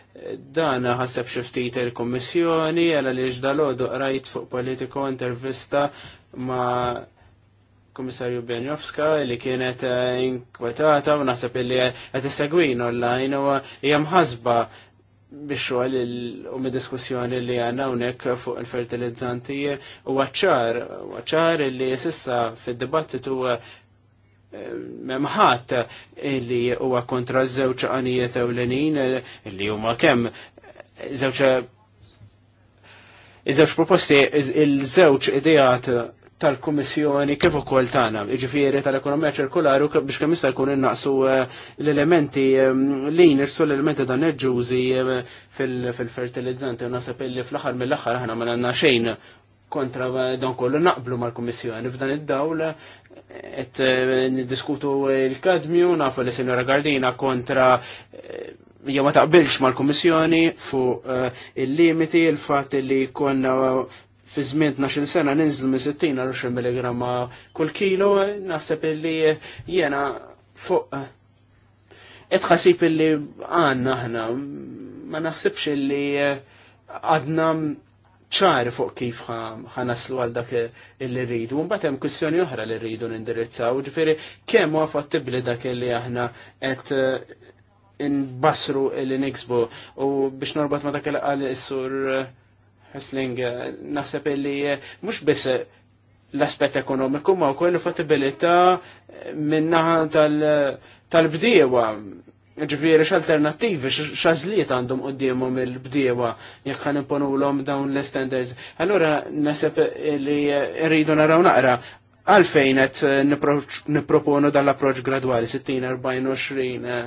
dan ħaseb xiftit il-Kommissjoni, għal li ġdalodu rajt fuq politiko intervista ma' komissarju Benjovska li kienet eh, inkwetata u naħseb li għet segwin online u eh, jgħam ħazba biex u mid diskussjoni li għanna unek fuq il-fertilizzanti u għacċar, għacċar li s'ista fil-dibattitu eh, memħat li huwa kontra żewġ għanijiet ewlenin li huma kemm żewġ Iż-żewġ proposti, iż-żewġ idejat tal-Kummissjoni kif ukoll tagħna, jiġifieri tal-ekonomija ċirkolari biex kemm jista' jkun innaqsu eh, l-elementi eh, li nirsu l-elementi danneġġużi eh, fil-fertilizzanti u naħseb illi fl-aħħar mill-aħħar aħna ma għandna xejn kontra dan kollu naqblu mal-Kummissjoni f'dan id-dawl qed niddiskutu l-kadmju nafu li Sinjora Gardina kontra jew ma taqbilx mal-Kummissjoni fuq il-limiti, il-fatt li konna fi zmin 12 sena ninżlu minn 60 għal 20 mg kull kilo, naħseb illi jena fuq etħasib eh, illi għanna aħna, ma naħsibx li eh, għadna ċari fuq kif ħanaslu għal dak illi rridu. Mbagħad hemm kwistjoni oħra li rridu nindirizzaw, ġifieri kemm huwa fattibbli dak li aħna qed eh, inbasru li niksbu u biex norbat ma dak il-qal is-sur Hessling, eh, naħseb illi eh, mhux biss l-aspett ekonomiku ma wkoll il-fattibilità eh, minnaħa tal-bdiewa. Ġifieri x'alternattivi, x'għażliet għandhom qudiemhom il-bdiewa jekk ħan imponulhom dawn l-standards. Allura naħseb li rridu naraw naqra għalfejn qed nipproponu dal-approċċ gradwali 60 40 20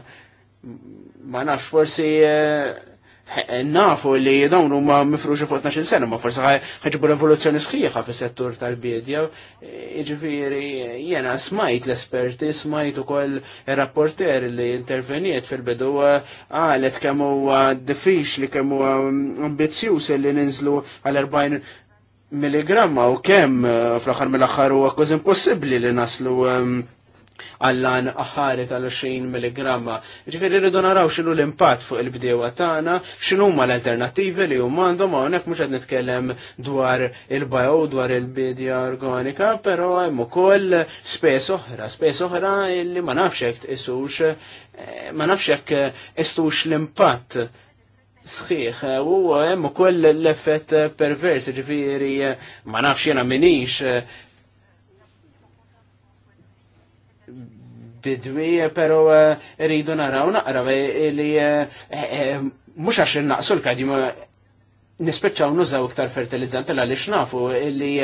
ma nafx forsi nafu li dawn huma mifruxi fuq 12 sena, ma forsi ħaġbu revoluzzjoni sħiħa fis-settur tal-bidja. Jiġifieri jiena smajt l-esperti, smajt ukoll ir-rapporter li interveniet fil-bidu qalet e, kemm huwa diffiċli kemm huwa ambizzjuż li ninżlu għal 40 milligramma u kemm e, fl-aħħar mill-aħħar huwa kważi impossibbli li naslu għallan aħari tal-20 mg. Ġifiri rridu naraw xinu l-impatt fuq il-bdewa tagħna, xinu ma l-alternattivi li huma għandhom hawnhekk mhux qed nitkellem dwar il-bio, dwar il-bidja organika, però hemm ukoll spes oħra, spejs oħra li ma nafx hekk isux, eh, ma nafx istux l-impatt sħiħ, u hemm ukoll l-effett perversi ġifiri ma nafx minix bidwi, pero eh, rridu naraw naqra eh, li eh, mux għax naqsu l kadim nispeċċaw nużaw iktar fertilizzant l għaliex nafu li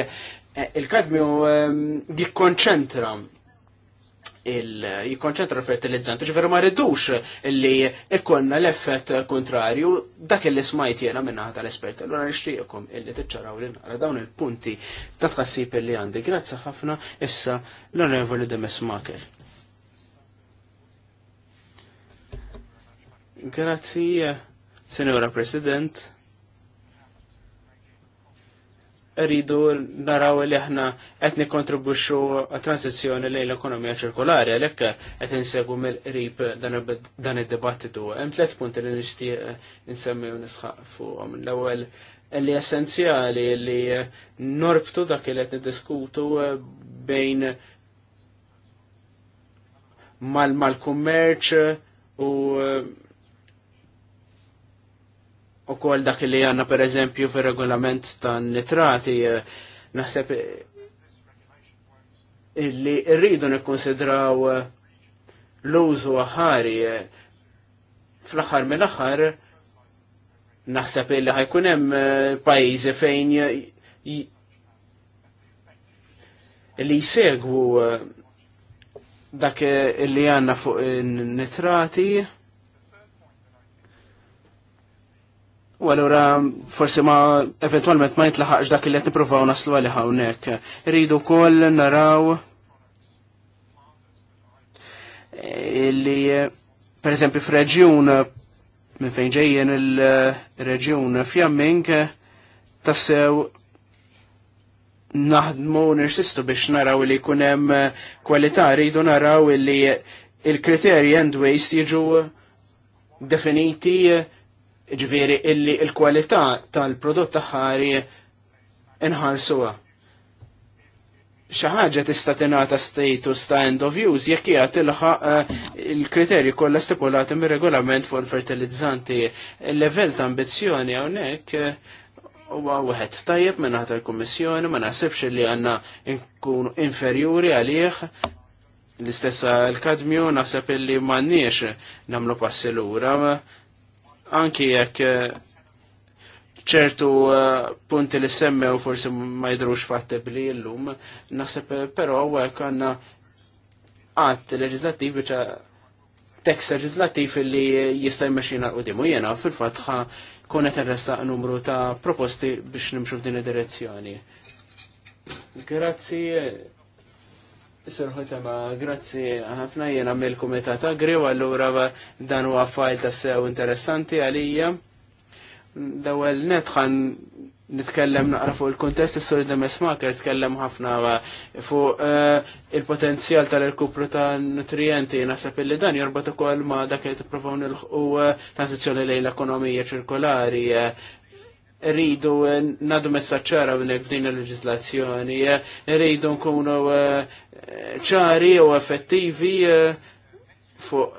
il-kadmju ehm, jikkonċentra jikkonċentra fertilizzanti, ġveru ma rridux li ikkonna l-effett kontrarju dak li smajt jena minna tal espert Allora nishtiqkom illi tiċċaraw li naqra dawn il-punti ta' tħassib li għandi. Grazza ħafna issa l-onorevoli Demes Maker. Grazzi, Signora President. Rridu naraw li aħna qed nikkontribwixxu għat-transizzjoni lejn l-ekonomija ċirkolari għalhekk qed insegu mill-qrib dan id-dibattitu. Hemm tliet punti li nixtieq insemmi u nisħaq fuqhom. L-ewwel li essenzjali li norbtu dak li qed niddiskutu bejn mal-kummerċ u u kol dak li għanna per eżempju fil regolament ta' nitrati eh, naħseb eh, illi rridu nikkonsidraw eh, l-użu aħari fl-axar mill-axar naħseb illi ħajkun hemm pajjiżi fejn li jsegwu dak illi għanna fuq nitrati. nitrati U allura mm, forsi ma eventualment ma jitlaħax dak li qed nippruvaw naslu għalih hawnhekk. Ridu wkoll naraw li pereżempju f'reġjun minn fejn ġejjen il-reġjun f'jamming tassew naħdmu nirsistu biex naraw li jkun hemm kwalità rridu naraw li il-kriterji and waste jiġu definiti ġveri illi il-kwalità tal-prodott taħħari inħarsuwa. Xi ħaġa tista' tingħata status ta' end of use jekk hija tilħa eh, il-kriterji kollha stipulati mir-regolament fuq il-fertilizzanti. Il-level ta' ambizzjoni hawnhekk eh, huwa wieħed tajjeb minn ħadd il-Kummissjoni ma naħsibx li għandna nkunu inferjuri għalih l-istessa l-kadmju naħseb illi m'għandniex nagħmlu passi lura anki jekk eh, ċertu eh, punti li semmew forsi ma jidrux fattibli l-lum, naħseb eh, pero għek għanna għat leġislativ bieċa tekst leġislativ li jista' jmexxina u dimu u jena fil-fatħa kunet irressaq numru ta' proposti biex nimxu f'din id-direzzjoni. Grazzi Sir Hotema, grazzi ħafna jena mill kumitat Agri, u allura dan huwa fajl ta' sew interessanti għalija. L-ewwel netħan nitkellem naqra fuq il-kontest is-sur Demes Maker tkellem ħafna fuq eh, il-potenzjal tal-irkupru ta' nutrijenti naħseb illi dan jorbot ukoll ma' dak li tippruvaw nilħqu eh, transizzjoni lejn l-ekonomija ċirkolari eh, rridu eh, nadu messaċċara minnek din il-leġislazzjoni, eh, rridu nkunu eh, ċari u effettivi fuq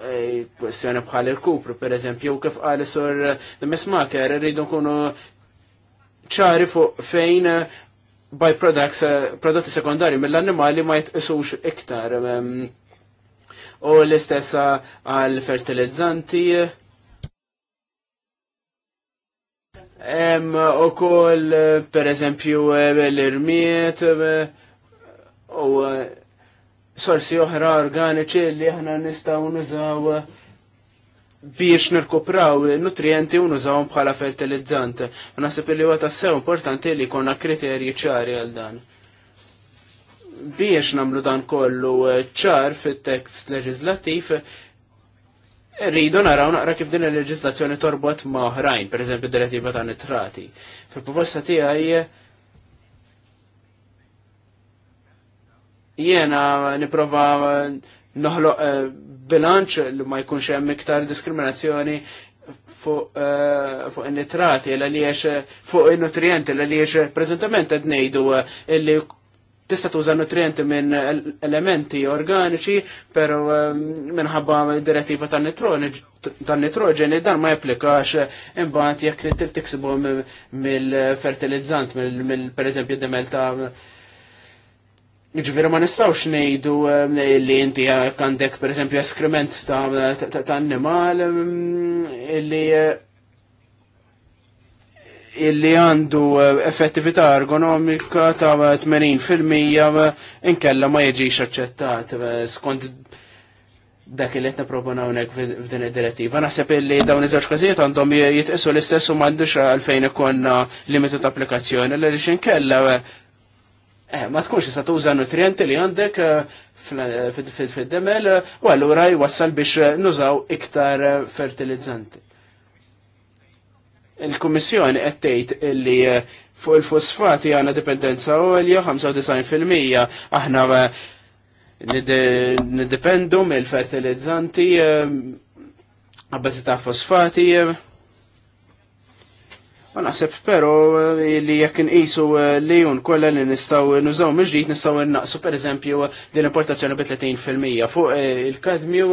kwestjoni bħal il-kupru, per eżempju, kif għal sur l mismaker rridu nkunu ċari fuq fejn by products prodotti sekondari mill-annimali ma jtqisux iktar. Mm, u l-istessa għal fertilizzanti, Hemm ukoll pereżempju l-irmiet u sorsi oħra organiċi li aħna nistgħu nużaw biex nirkupraw nutrienti u nużawhom bħala fertilizzant. Naħseb li huwa tassew importanti li jkollna kriterji ċari għal dan. Biex nagħmlu dan kollu ċar fit-tekst leġislattiv rridu naraw naqra kif din il-leġislazzjoni torbot ma' oħrajn, per eżempju direttiva ta' nitrati. Fil-proposta tiegħi jena niprofa noħloq eh, bilanċ li ma jkunx hemm iktar diskriminazzjoni fuq eh, in nitrati l għaliex fuq il-nutrienti l għaliex prezentament qed ngħidu eh, li tista' tuża nutrienti minn elementi organiċi, pero ehm, minħabba direttiva tan-nitrogeni dan ma japplikax imbagħad jekk tiksibu mill-fertilizzant, mill pereżempju demel ta' Ġviri ma nistawx nejdu ehm, li inti għandek per eżempju eskriment ta' annimal ehm, li illi għandu effettività ergonomika ta' 80% inkella ma jieġix aċċettat skont dak li qed nippropona hawnhekk f'din id-direttiva. Naħseb illi dawn iż-żewġ każijiet għandhom jitqisu l-istess u m'għandux għalfejn ikonna limitu ta' applikazzjoni li lix inkella ma tkunx tista' tuża nutrienti li għandek fid-demel u allura jwassal biex nużaw iktar fertilizzanti il-Kummissjoni qed tgħid li eh, fuq il-fosfati għandna dipendenza għolja 95% aħna eh, nidependu mill-fertilizzanti eh, għabbażi ta' fosfati. Ma naħseb però li jekk nqisu jun kollha li nistgħu nużaw miġdijt nistgħu naqsu pereżempju din importazzjoni bi 30% fuq il-kadmju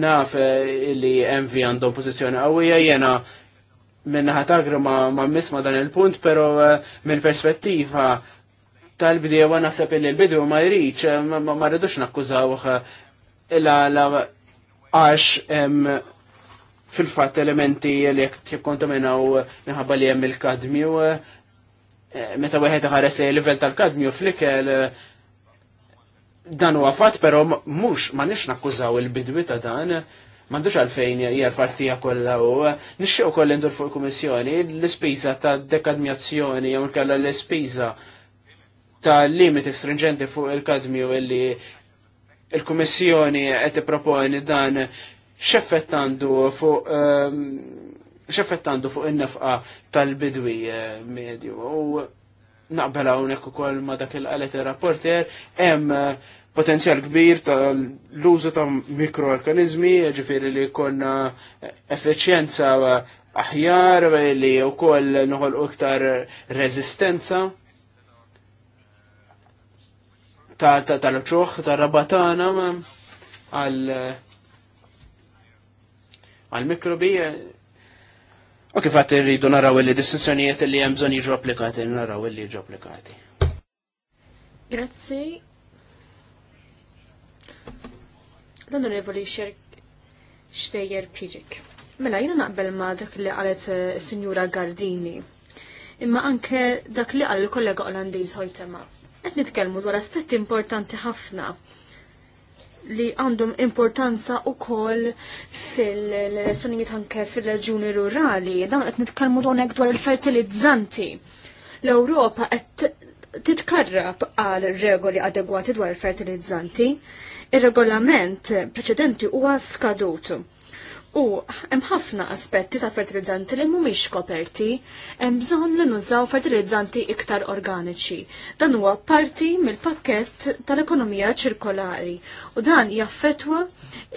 naf li MV għandhom pożizzjoni qawwija jena minna ħatagru ma, ma misma dan il-punt, pero eh, minn perspettiva tal-bdewa nasab li l-bidu ma jriċ, eh, ma rridux nakkużaw eh, la la għax fil-fat elementi li jek u minħabba li jem il-kadmju, meta għu ħares il-level tal-kadmju flikel dan huwa fatt, pero mhux ma nix nakkużaw il-bidwi ta' dan, Mandux għalfejn jarfartija kolla u eh, nixxew koll indur fuq il-Kummissjoni l-ispiża ta' dekadmjazzjoni jew kalla l-ispiża ta' limiti stringenti fuq il-kadmju illi il-Kummissjoni qed proponi dan x'effettandu fuq ehm, x'effett fuq in-nefqa tal-bidwi eh, medju. U naqbel hawnhekk ukoll ma dak il-qalet ir-rapporter hemm eh, potenzjal kbir tal-użu ta' mikroorganizmi, ġifiri li konna effiċjenza aħjar li u koll noħol iktar rezistenza tal-ċuħ, tal-rabatana għal-mikrobi. U kifat irridu naraw li distinzjonijiet li jemżon jiġu applikati, naraw li jiġu applikati. Grazzi, l-Onorevoli Schreier Pirik. Mela, jina naqbel ma dak li għalet eh, Signora Gardini, imma anke dak li għal kollega Olandi Hojtema. Qed nitkellmu dwar aspetti importanti ħafna li għandhom importanza u kol fil-elezzjonijiet anke fil-reġjuni rurali. Dawn qed nitkellmu dwar dwar il-fertilizzanti. L-Ewropa qed titkarrab għal regoli adegwati dwar il-fertilizzanti. Ir-regolament preċedenti huwa skadut. U hemm ħafna aspetti ta' fertilizzanti li mhumiex koperti, hemm bżonn li nużaw fertilizzanti iktar organiċi. Dan huwa parti mill-pakkett tal-ekonomija ċirkolari u dan jaffetwa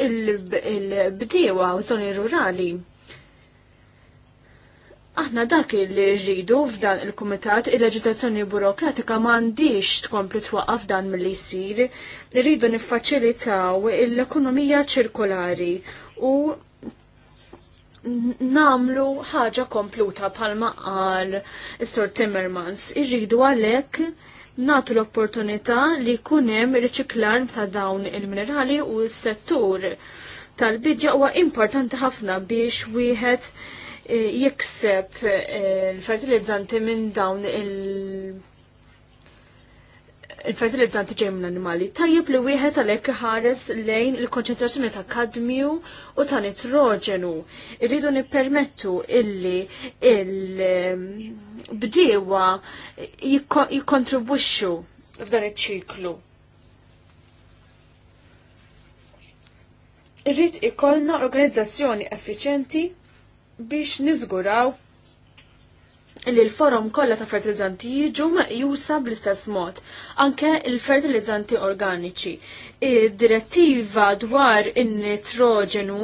il-bdiewa u żoni rurali Aħna dak li rridu f'dan il-Kumitat il-leġislazzjoni burokratika m'għandix tkompli twaqqaf dan milli jsir, irridu niffaċilitaw l-ekonomija ċirkolari u namlu ħaġa kompluta bħalma qal Sir Timmermans. Irridu għalhekk natu l-opportunità li jkun hemm riċiklar ta' dawn il-minerali u s-settur tal-bidja huwa importanti ħafna biex wieħed jikseb eh, il-fertilizzanti minn dawn il- fertilizzanti ġej mill animali Tajjeb li wieħed għalhekk ħares lejn il-konċentrazzjoni ta' kadmju u ta' nitroġenu. Irridu nippermettu illi il-bdiewa jikkontribwixxu f'dan iċ-ċiklu. Irrid ikollna organizzazzjoni effiċenti biex niżguraw li l forum kollha ta' fertilizzanti jiġu meqjusa bl-istess mod, anke l fertilizzanti organiċi. Id-direttiva dwar in-nitrogenu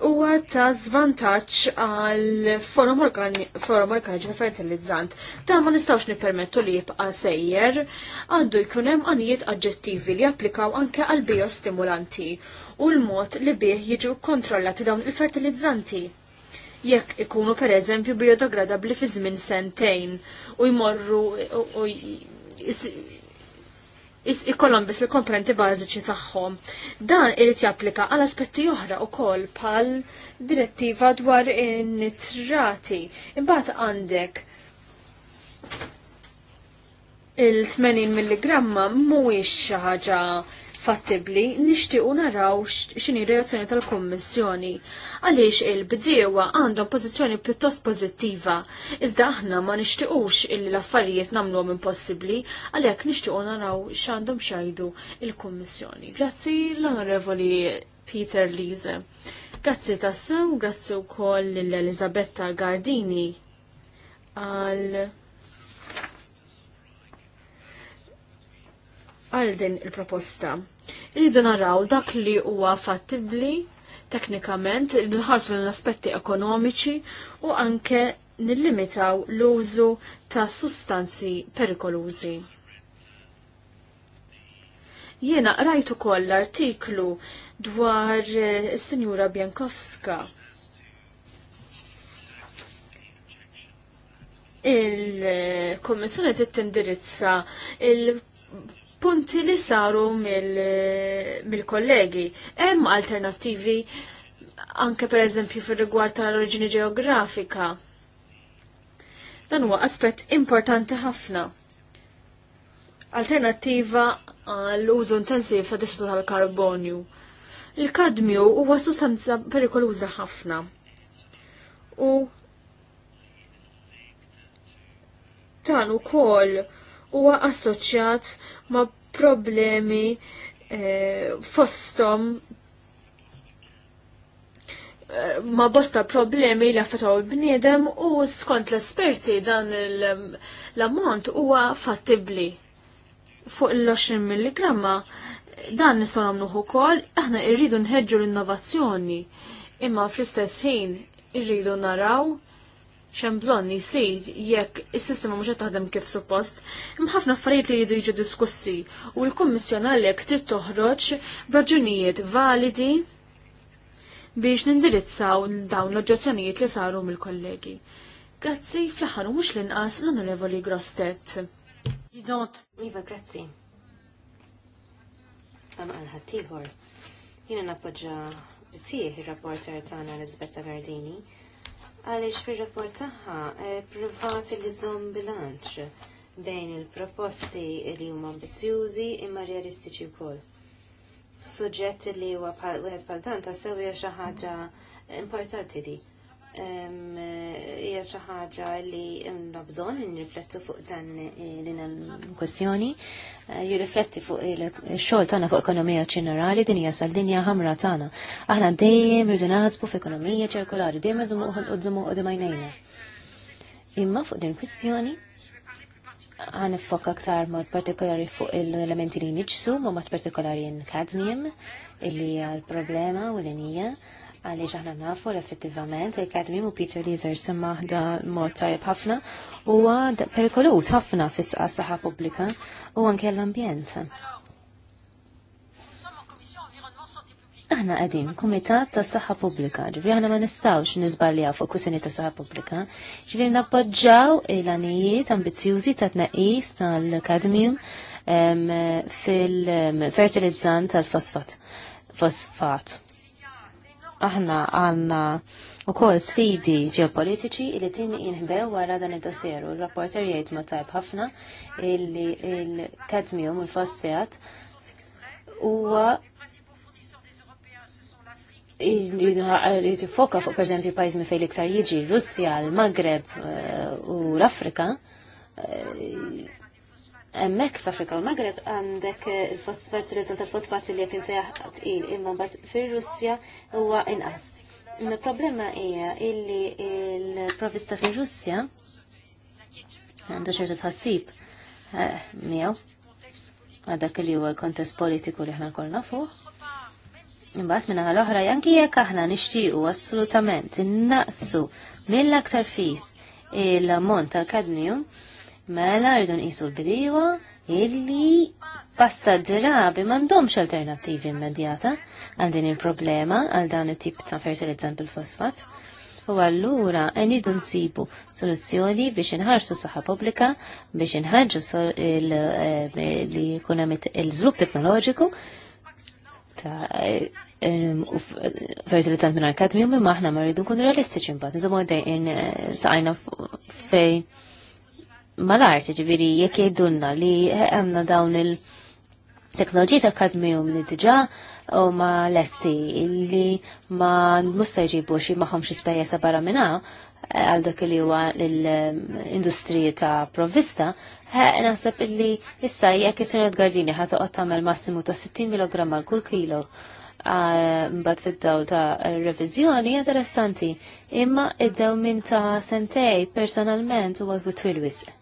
huwa ta' svantaġġ għal forum, organi forum organiċi ta' fertilizzant. Ta' ma nistawx nippermettu li jibqa' sejjer, għandu jkun hemm għanijiet aġġettivi li japplikaw anke għal biostimulanti u l-mod li bih jiġu kontrollati dawn il-fertilizzanti jekk ikunu pereżempju biodegradabbli fi żmien sentejn u jmorru u ikollhom biss il-komponenti bażiċi tagħhom. Dan irid japplika għal aspetti oħra wkoll bħal direttiva dwar in-nitrati. Imbagħad għandek il-80 mg mhuwiex xi ħaġa fattibli nixtiequ naraw x'inhi reazzjoni tal-Kummissjoni għaliex il-bdiewa għandhom pożizzjoni pjuttost pożittiva iżda aħna ma nixtiequx illi l-affarijiet nagħmluhom impossibbli għalhekk nixtiequ naraw x'għandhom xajdu il-Kummissjoni. Grazzi l-Onorevoli Peter Lise. Grazzi tassew, grazzi wkoll l-Elizabetta Gardini għal għal din il-proposta. Irridu naraw dak li huwa fattibli teknikament nħarsu l-aspetti ekonomiċi u anke nillimitaw l-użu ta' sustanzi perikolużi. Jiena rajtu koll artiklu dwar eh, is-Sinjura Bjankowska il-Kommissjoni tittindirizza il punti li saru mill-kollegi. Mil Hemm alternattivi anke per eżempju fir rigward tal-oriġini ġeografika. Dan huwa aspett importanti ħafna. Alternattiva għall-użu intensiv ta' dixitu tal-karbonju. Il-kadmju huwa sustanza perikoluża ħafna. U tan ukoll huwa assoċjat ma' problemi eh, fostom eh, ma bosta problemi li affetaw il-bniedem u skont l-esperti dan l-ammont huwa fattibli fuq il-20 mg dan nistgħu nagħmluh ukoll aħna rridu nħeġġu l-innovazzjoni imma fl-istess ħin irridu naraw xem bżon jisir jekk is-sistema mhux qed taħdem kif suppost, hemm ħafna affarijiet li jridu jiġu diskussi u l-Kummissjon għalhekk trid toħroġ b'raġunijiet validi biex nindirizzaw dawn l-oġġezzjonijiet li saru mill-kollegi. Grazzi fl-aħħar mhux l-inqas l-Onorevoli Grostet. Jidot, Iva, grazzi. Għam għal-ħattijħor, jina nappoġġa bisieħ il-rapporter tagħna Lisbetta Gardini għaliex fir-rapport tagħha eh, provat li żomm bilanċ bejn il-proposti li huma ambizjużi imma realistiċi wkoll. Suġġett li huwa wieħed bħal dan ta' sewja xi ħaġa importanti li hija xi ħaġa li għandna bżonn nirriflettu fuq dan eh, din kwestjoni. Eh, jirrifletti fuq il-xogħol tagħna fuq ekonomija ġenerali din hija sal-dinja ħamra tagħna. Aħna dejjem irridu naħsbu f'ekonomija ċirkolari, dejjem iżumu qudżumu qudiem majnejna. Imma fuq din kwestjoni għan fokk aktar mod partikolari fuq il-elementi li niġsu, mod partikolari in kadmium, il li għal problema u l-inija għalli ġaħna nafu l-effettivament il kadmi u Peter Lizer semma ħda mod tajab ħafna u perikolus ħafna fis saħħa pubblika u anke l-ambjent. Aħna għedin, Kumitat ta' Saħħa Pubblika, ġifri aħna ma nistawx nizbalja fuq kusini ta' Saħħa Pubblika, ġifri nappoġġaw il-għanijiet ambizjużi ta' tnaqis tal-kadmium fil-fertilizzant tal-fosfat. Fosfat. fosfat aħna għanna u kol sfidi ġeopolitiċi li tin jinħbew wara dan id u Il-rapporter jgħid ma tajb ħafna illi il-kadmium, il-fosfijat, huwa jitifoka fuq per eżempju pajjiż minn fejn jiġi Russja, l-Magreb eh, u l-Afrika eh, Mek f'Afrika u Magreb għandek il-fosfat, il-riżultat tal-fosfat li jek insejħ tqil imma bat fil-Russja huwa inqas. Il-problema hija illi il-provista fil-Russja għandu ċertu tħassib eh, miegħu għadak li huwa kontest politiku li ħna l-kolna fuq. Imbagħad minna għal oħra janki jekk aħna nixtiequ assolutament innaqsu mill-aktar fis il-mont tal-kadmium Mela rridu nqisu l bidiwa illi basta drabi m'għandhomx alternattivi immedjata għal din il-problema għal dawn it-tip ta' fertilizzant bil-fosfat. U allura rridu nsibu soluzzjoni biex inħarsu saħħa pubblika biex inħarġu eh, li jkun hemm il-żlub teknoloġiku ta' eh, um, fertilizzant minn kadmium imma aħna ma rridu nkunu realistiċi mbagħad. Nżommu dejqin eh, saqajna fej mal-art, ġviri, jek jidunna li għemna dawn il-teknoloġi ta' kadmijum li diġa u ma l li ma musta jġibu xi maħom xie spejja barra minna għal dak li huwa l-industrija ta' provvista, naħseb illi issa jekk is-sunet gardini ħadd toqgħod tagħmel massimu ta' 60 mg għal kull kilo mbagħad fid-dawl ta' reviżjoni interessanti, imma id-dew minn ta' sentej personalment huwa wisq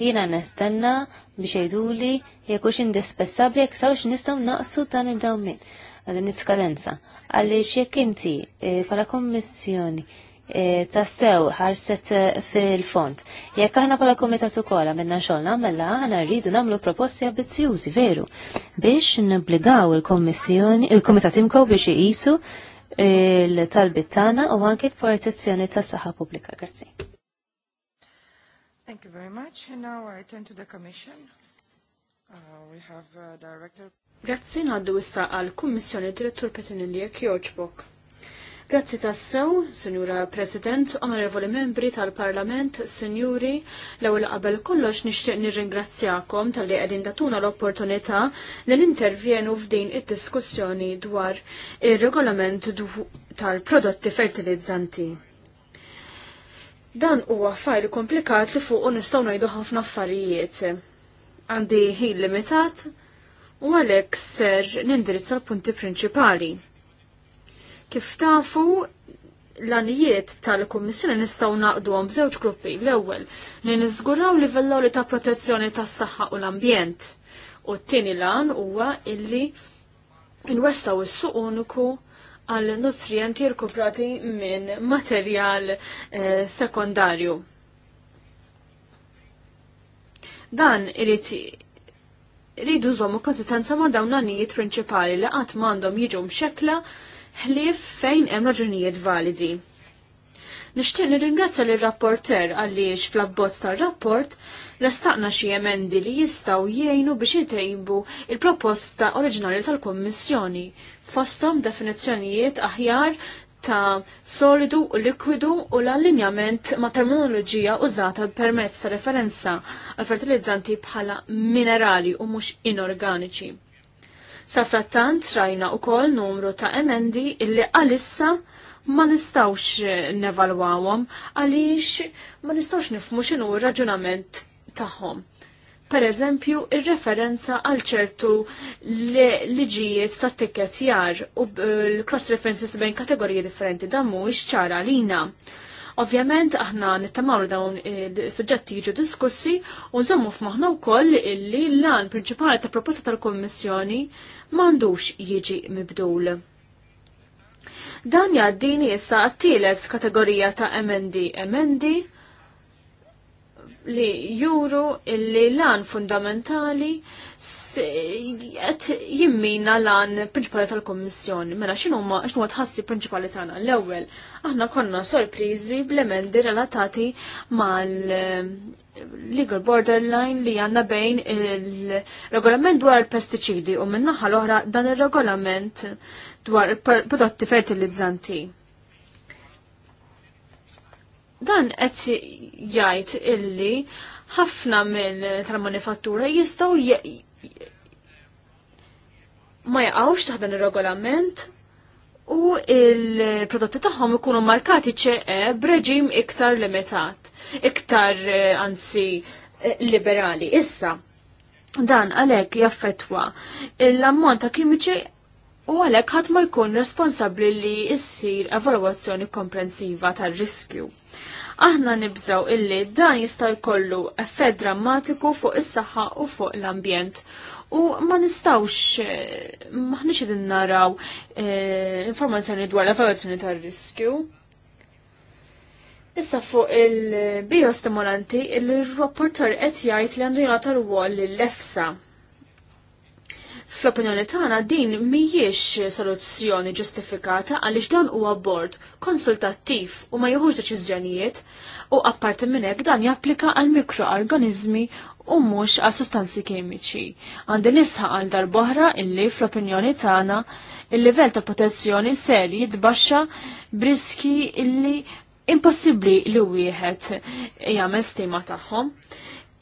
jiena nestenna biex jgħiduli jekk hux indispensabbli jekk sawx nistgħu naqsu dan il dawmin għal niskadenza. Għaliex jekk inti eh, bħala kommissjoni eh, tassew ħarset eh, fil-font. Jekk aħna bħala komitat ukoll minna xogħol mella aħna rridu nagħmlu proposti ambizzjużi veru biex nobbligaw il-kommissjoni, il-komitat imkow biex jisu il-talbit tagħna u anke l-protezzjoni tas-saħħa pubblika. Grazzi. Thank you very much. And now I turn to the Commission. Uh, we have uh, Director. Grazzi ngħaddu issa għal Kummissjoni Direttur Petinilje Kjoġbok. Grazzi tassew, Sinjura President, Onorevoli Membri tal-Parlament, Sinjuri, l-ewwel qabel kollox nixtieq nirringrazzjakom tal-li qegħdin datuna l-opportunità li nintervjenu f'din id-diskussjoni dwar ir-regolament tal-prodotti fertilizzanti. Dan huwa fajl komplikat li fuq nistgħu ngħidu ħafna affarijiet. Għandi ħin limitat u għalhekk ser nindirizza l-punti prinċipali. Kif tafu l-anijiet tal-Kummissjoni nistgħu naqduhom b'żewġ gruppi. L-ewwel li niżguraw livellu li ta' protezzjoni tas-saħħa u l-ambjent. U t-tieni lan huwa illi nwessaw is-suq uniku għal nutrienti rkuprati minn materjal eh, sekondarju. Dan irid rridu zomu konsistenza ma' dawn għanijiet prinċipali li qatt m'għandhom jiġu mxekla ħlief fejn hemm raġunijiet validi. Nixtieq nirringrazzja lir rapporter għaliex fl-abbozz tar-rapport Restaqna xi emendi li jistgħu jgħinu biex jitejbu il-proposta oriġinali tal-Kommissjoni fosthom definizzjonijiet aħjar ta' solidu u likwidu u l-allinjament ma' terminoloġija użata permezz ta' referenza għal fertilizzanti bħala minerali u mhux inorganiċi. Safrattant rajna u kol numru ta' emendi illi għalissa ma nistawx nevalwawhom għaliex ma nistawx nifmu xinu raġunament tagħhom. Per eżempju, ir-referenza għal ċertu liġijiet ta' tikketjar u l-cross references bejn kategoriji differenti dan mhuwiex ċara lina. Ovvjament aħna nittamaw dawn il-suġġetti jiġu diskussi u nżommu f'moħħna wkoll illi l-lan prinċipali ta' proposta tal-Kommissjoni m'għandux jiġi mibdul. Dan jaddini issa għattilet kategorija ta' emendi emendi li juru illi lan fundamentali qed jimmina lan principali tal-Kommissjoni. Mela ma, xinu ma tħassi prinċipali tagħna l-ewwel. Aħna konna sorpriżi bl-emendi relatati mal legal borderline li għanna bejn il-regolament dwar il-pesticidi u minnaħa l-oħra dan il-regolament dwar il-prodotti fertilizzanti dan qed jgħid illi ħafna minn tal-manifattura jistgħu ma jaqgħux taħt dan ir-regolament u il-prodotti tagħhom ikunu markati ċeqe b'reġim iktar limitat, iktar eh, anzi eh, liberali. Issa, dan għalhekk jaffettwa l-ammont ta' kimiċi U għalek ħadd ma jkun responsabbli li jissir evalwazzjoni komprensiva tar-riskju. Aħna nibżaw illi dan jista' jkollu effett drammatiku fuq is-saħħa u fuq l-ambjent. U ma nistawx maħniex qegħdin naraw e, informazzjoni dwar l-evalwazzjoni tar-riskju. Issa fuq il-biostimulanti, il-rapporter qed jgħid li għandu jingħata rwol lill-EFSA Fl-opinjoni tagħna din mhijiex soluzzjoni ġustifikata għaliex dan huwa bord konsultattiv u ma jieħux deċiżjonijiet u apparti minn hekk dan japplika għal mikroorganizmi u mhux għal sustanzi kimiċi. Għandi nisħa għal darboħra illi fl-opinjoni tagħna il-livell ta' protezzjoni ser jitbaxxa briski illi impossibbli li wieħed jagħmel stima tagħhom.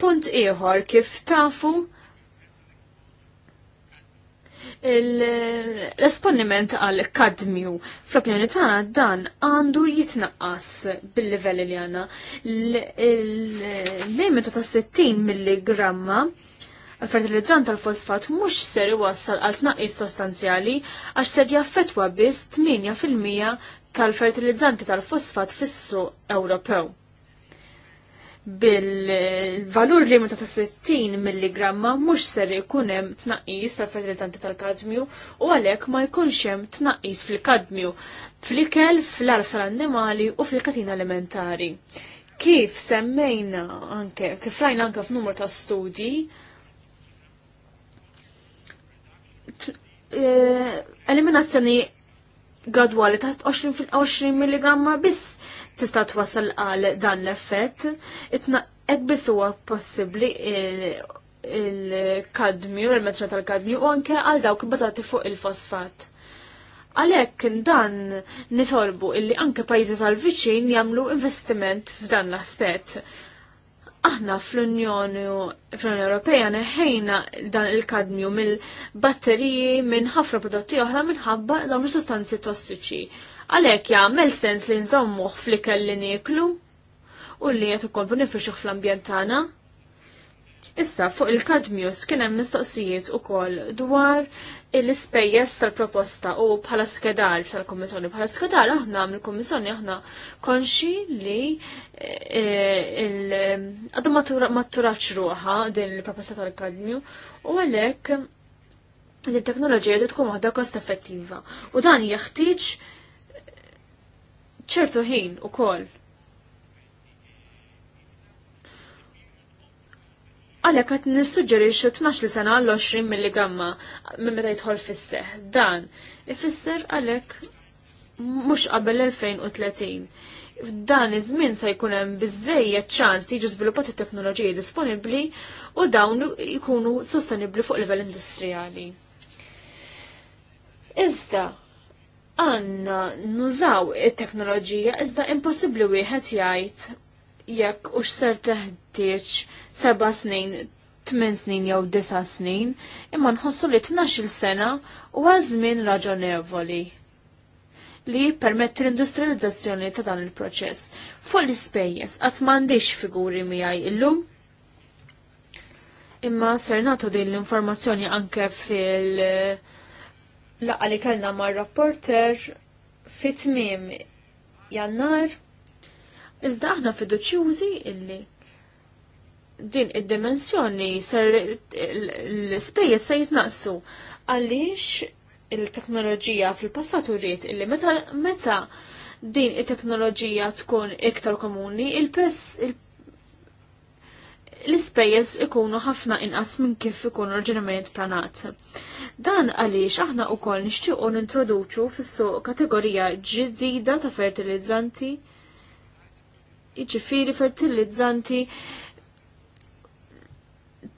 Punt ieħor kif tafu l-esponiment għal kadmju. Fl-opinjoni tagħna dan għandu jitnaqqas bil-livelli li għandna. l limitu ta' 60 milligramma fertilizzant tal-fosfat mhux ser iwassal għal tnaqqis sostanzjali għax ser jaffetwa biss 8% tal-fertilizzanti tal-fosfat fis-suq Ewropew bil-valur li ta' 60 mg mhux ser ikun hemm tnaqqis tal-fertilitanti tal-kadmju u għalhekk ma jkunx hemm tnaqqis fil-kadmju fl-ikel, fl-arf tal-annimali u fil-katina alimentari. Kif semmejna anke, kif rajna anke f'numru ta' studji, e, eliminazzjoni gradwali ta' 20 mg biss tista' twassal għal dan l-effett. itna biss huwa possibbli il-kadmju, il-meċċa tal-kadmju u anke għal dawk bazati fuq il-fosfat. Għalhekk dan nitolbu illi anke pajjiżi tal-viċin jagħmlu investiment f'dan l-aspett aħna fl-Unjoni fl-Unjoni Ewropea neħejna dan il-kadmju mill-batteriji minn ħafna prodotti oħra minħabba dawn is-sustanzi tossiċi. Għalhekk jagħmel sens li nżammuħ fl-ikel li nieklu u li qed ukomplu nifrixuh fl-ambjent tagħna. Issa fuq il-kadmius kien hemm mistoqsijiet ukoll dwar l-ispejjeż tal-proposta u bħala skedar tal-Kummissjoni. Bħala skedar aħna mill-Kummissjoni aħna konxi li eh, għadu ma ruħa din il-proposta tal-kadmju u għalhekk li t-teknoloġija li tkun waħda kost effettiva. U dan jeħtieġ ċertu ħin u kol. Għalek għat nissuġġeri xo 12 sena għall-20 milligramma minn meta jitħol fisseħ. Dan, ifisser għalek mux qabel 2030. F'dan iż-żmien se jkun hemm biżejjed ċans jiġu it teknoloġiji disponibbli u dawn jkunu sostenibbli fuq livell industrijali. Iżda, għanna nużaw it-teknoloġija iżda impossibbli wieħed jgħid jekk u ser teħtieġ seba' snin, tmien snin jew disa' snin, imma nħossu li tnax-il sena u għazmin raġonevoli li permett l-industrializzazzjoni ta' dan il-proċess. Fuq l-ispejjeż għat m'għandix figuri miegħi illum imma ser nagħtu din l-informazzjoni anke fil- uh, laqa li kellna mar rapporter fit-tmiem jannar. Iżda aħna fiduċjużi illi din id-dimensjoni ser l-spejjeż se jitnaqsu għaliex il-teknoloġija fil-passat uriet illi meta meta din it-teknoloġija tkun iktar komuni il-pess il l-ispejjeż ikunu ħafna inqas minn kif ikun oriġinament planat. Dan għaliex aħna u koll nixtiequ nintroduċu fis-suq kategorija ġdida ta' fertilizzanti, iġifiri fertilizzanti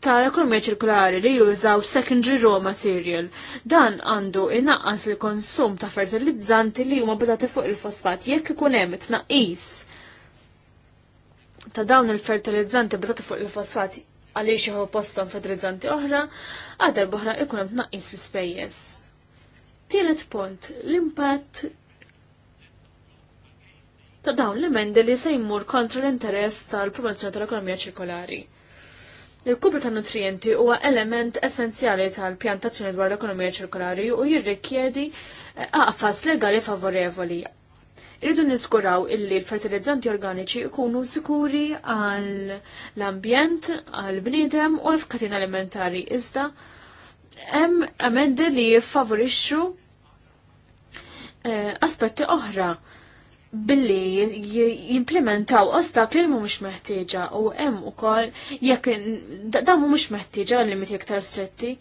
ta' ekonomija ċirkulari li jużaw secondary raw material. Dan għandu inaqqas li konsum ta' fertilizzanti li huma bidati fuq il-fosfat jekk ikun hemm tnaqqis ta' dawn il-fertilizzanti bazati fuq il-fosfat għaliex jieħu postom fedrizzanti oħra, għadar boħra ikun hemm tnaqqis fl-ispejjeż. Tielet punt, l-impatt ta' dawn l-emendi li se jmur kontra l-interess tal-promozzjoni tal-ekonomija ċirkolari. il kubri ta' nutrienti huwa element essenzjali tal-pjantazzjoni dwar l-ekonomija ċirkolari u jirrikjedi eh, għafas legali favorevoli Irridu niskuraw illi l-fertilizzanti organiċi ikunu sikuri għal l-ambjent, għal bniedem u għal-fkatin alimentari. Iżda, hemm emendi li jiffavorixxu eh, aspetti oħra billi jimplementaw ostakli li mhumiex meħtieġa u hemm ukoll jekk dan mhumiex meħtieġa limiti iktar stretti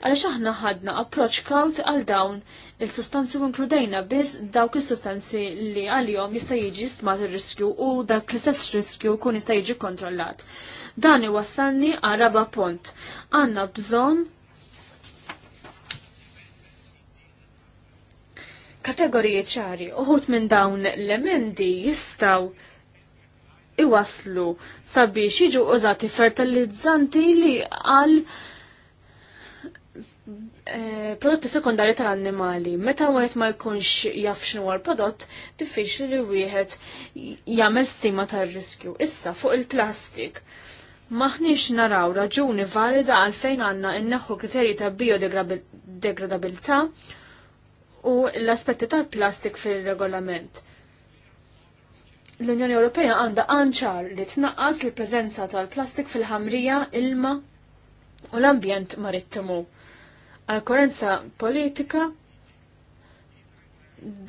għaliex aħna ħadna approach kaut għal dawn il-sustanzi u inkludejna biss dawk is-sustanzi li għalihom jista' jiġi stmat ir-riskju u dak l-istess riskju kun jista' jiġi kontrollat. Dan iwassalni għal raba punt. Għandna kategoriji ċari, uħut minn dawn l-emendi jistaw iwaslu sabiex jiġu użati fertilizzanti li għal Eh, prodotti sekondari tal-annimali. Meta wieħed ma jkunx jaf x'nu l-prodott, diffiċli li wieħed jagħmel stima tar-riskju. Issa fuq il-plastik. Maħniex naraw raġuni valida għalfejn għandna inneħu kriterji ta' biodegradabilità u l-aspetti tal-plastik fil-regolament. L-Unjoni Ewropea għandha anċar li tnaqqas l-preżenza tal-plastik fil-ħamrija, ilma u l-ambjent marittimu għal korenza politika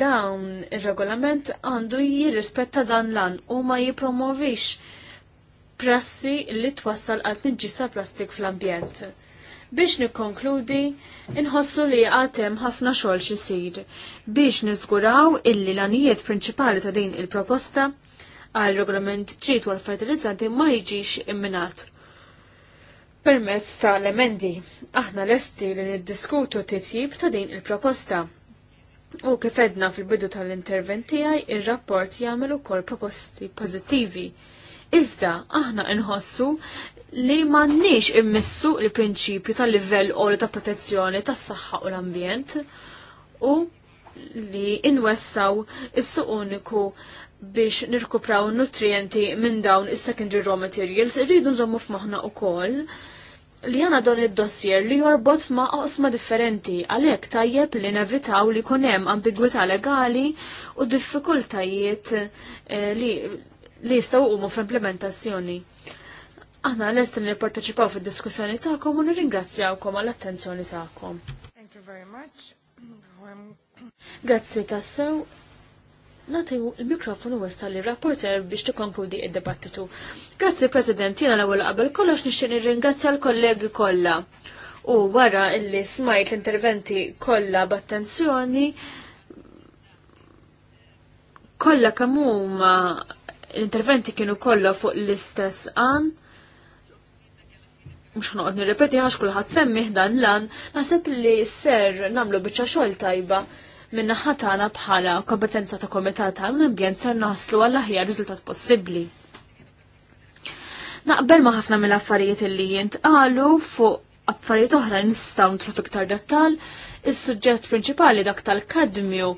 dawn ir-regolament għandu jirrispetta dan lan u ma jipromovix prassi li twassal għal tinġista plastik fl-ambjent. Biex nikkonkludi, inħossu li għatem ħafna xogħol xisir biex niżguraw illi l-anijiet prinċipali ta' din il-proposta għal regolament ġit għal fertilizzanti ma jiġix imminat permezz tal-emendi. Aħna lesti li niddiskutu titjib ta' din il-proposta. U kif edna fil-bidu tal-intervent tiegħi, rapport jagħmel ukoll proposti pożittivi. Iżda aħna nħossu li m'għandniex immissu l-prinċipju tal-livell qoli ta' protezzjoni tas-saħħa u l-ambjent u li inwessaw is-suq uniku biex nirkupraw nutrienti minn dawn is-secondary raw materials, irridu nżommu u wkoll li għana don id-dossier li jorbot ma' oqsma differenti għalhekk tajjeb li nevitaw li jkun hemm ambigwità legali u diffikultajiet eh, li li jistgħu jqumu fl-implementazzjoni. Aħna lest li nipparteċipaw fid-diskussjoni tagħkom u nirringrazzjawkom għall-attenzjoni tagħkom. Thank you very much. Grazzi tassew natiju il-mikrofonu wessa li rapporter biex tikonkludi id-debattitu. Grazzi, President, jena l-ewwel qabel kollox nixtieq nirringrazzja l-kollegi kollha. U wara illi smajt l-interventi kollha b'attenzjoni kollha kemm huma l-interventi kienu kollha fuq l-istess qan mux ħanoqot nirrepeti għax kullħat semmiħ dan lan, naħseb li s-ser namlu bieċa xol tajba minna ħatana bħala kompetenza ta' komitat ta' l-ambjent ser naħslu għall aħjar riżultat possibbli. Naqbel ma' ħafna mill-affarijiet li jintqalu fuq affarijiet oħra nistgħu nitlu fiktar dettal, is-suġġett prinċipali dak tal-kadmju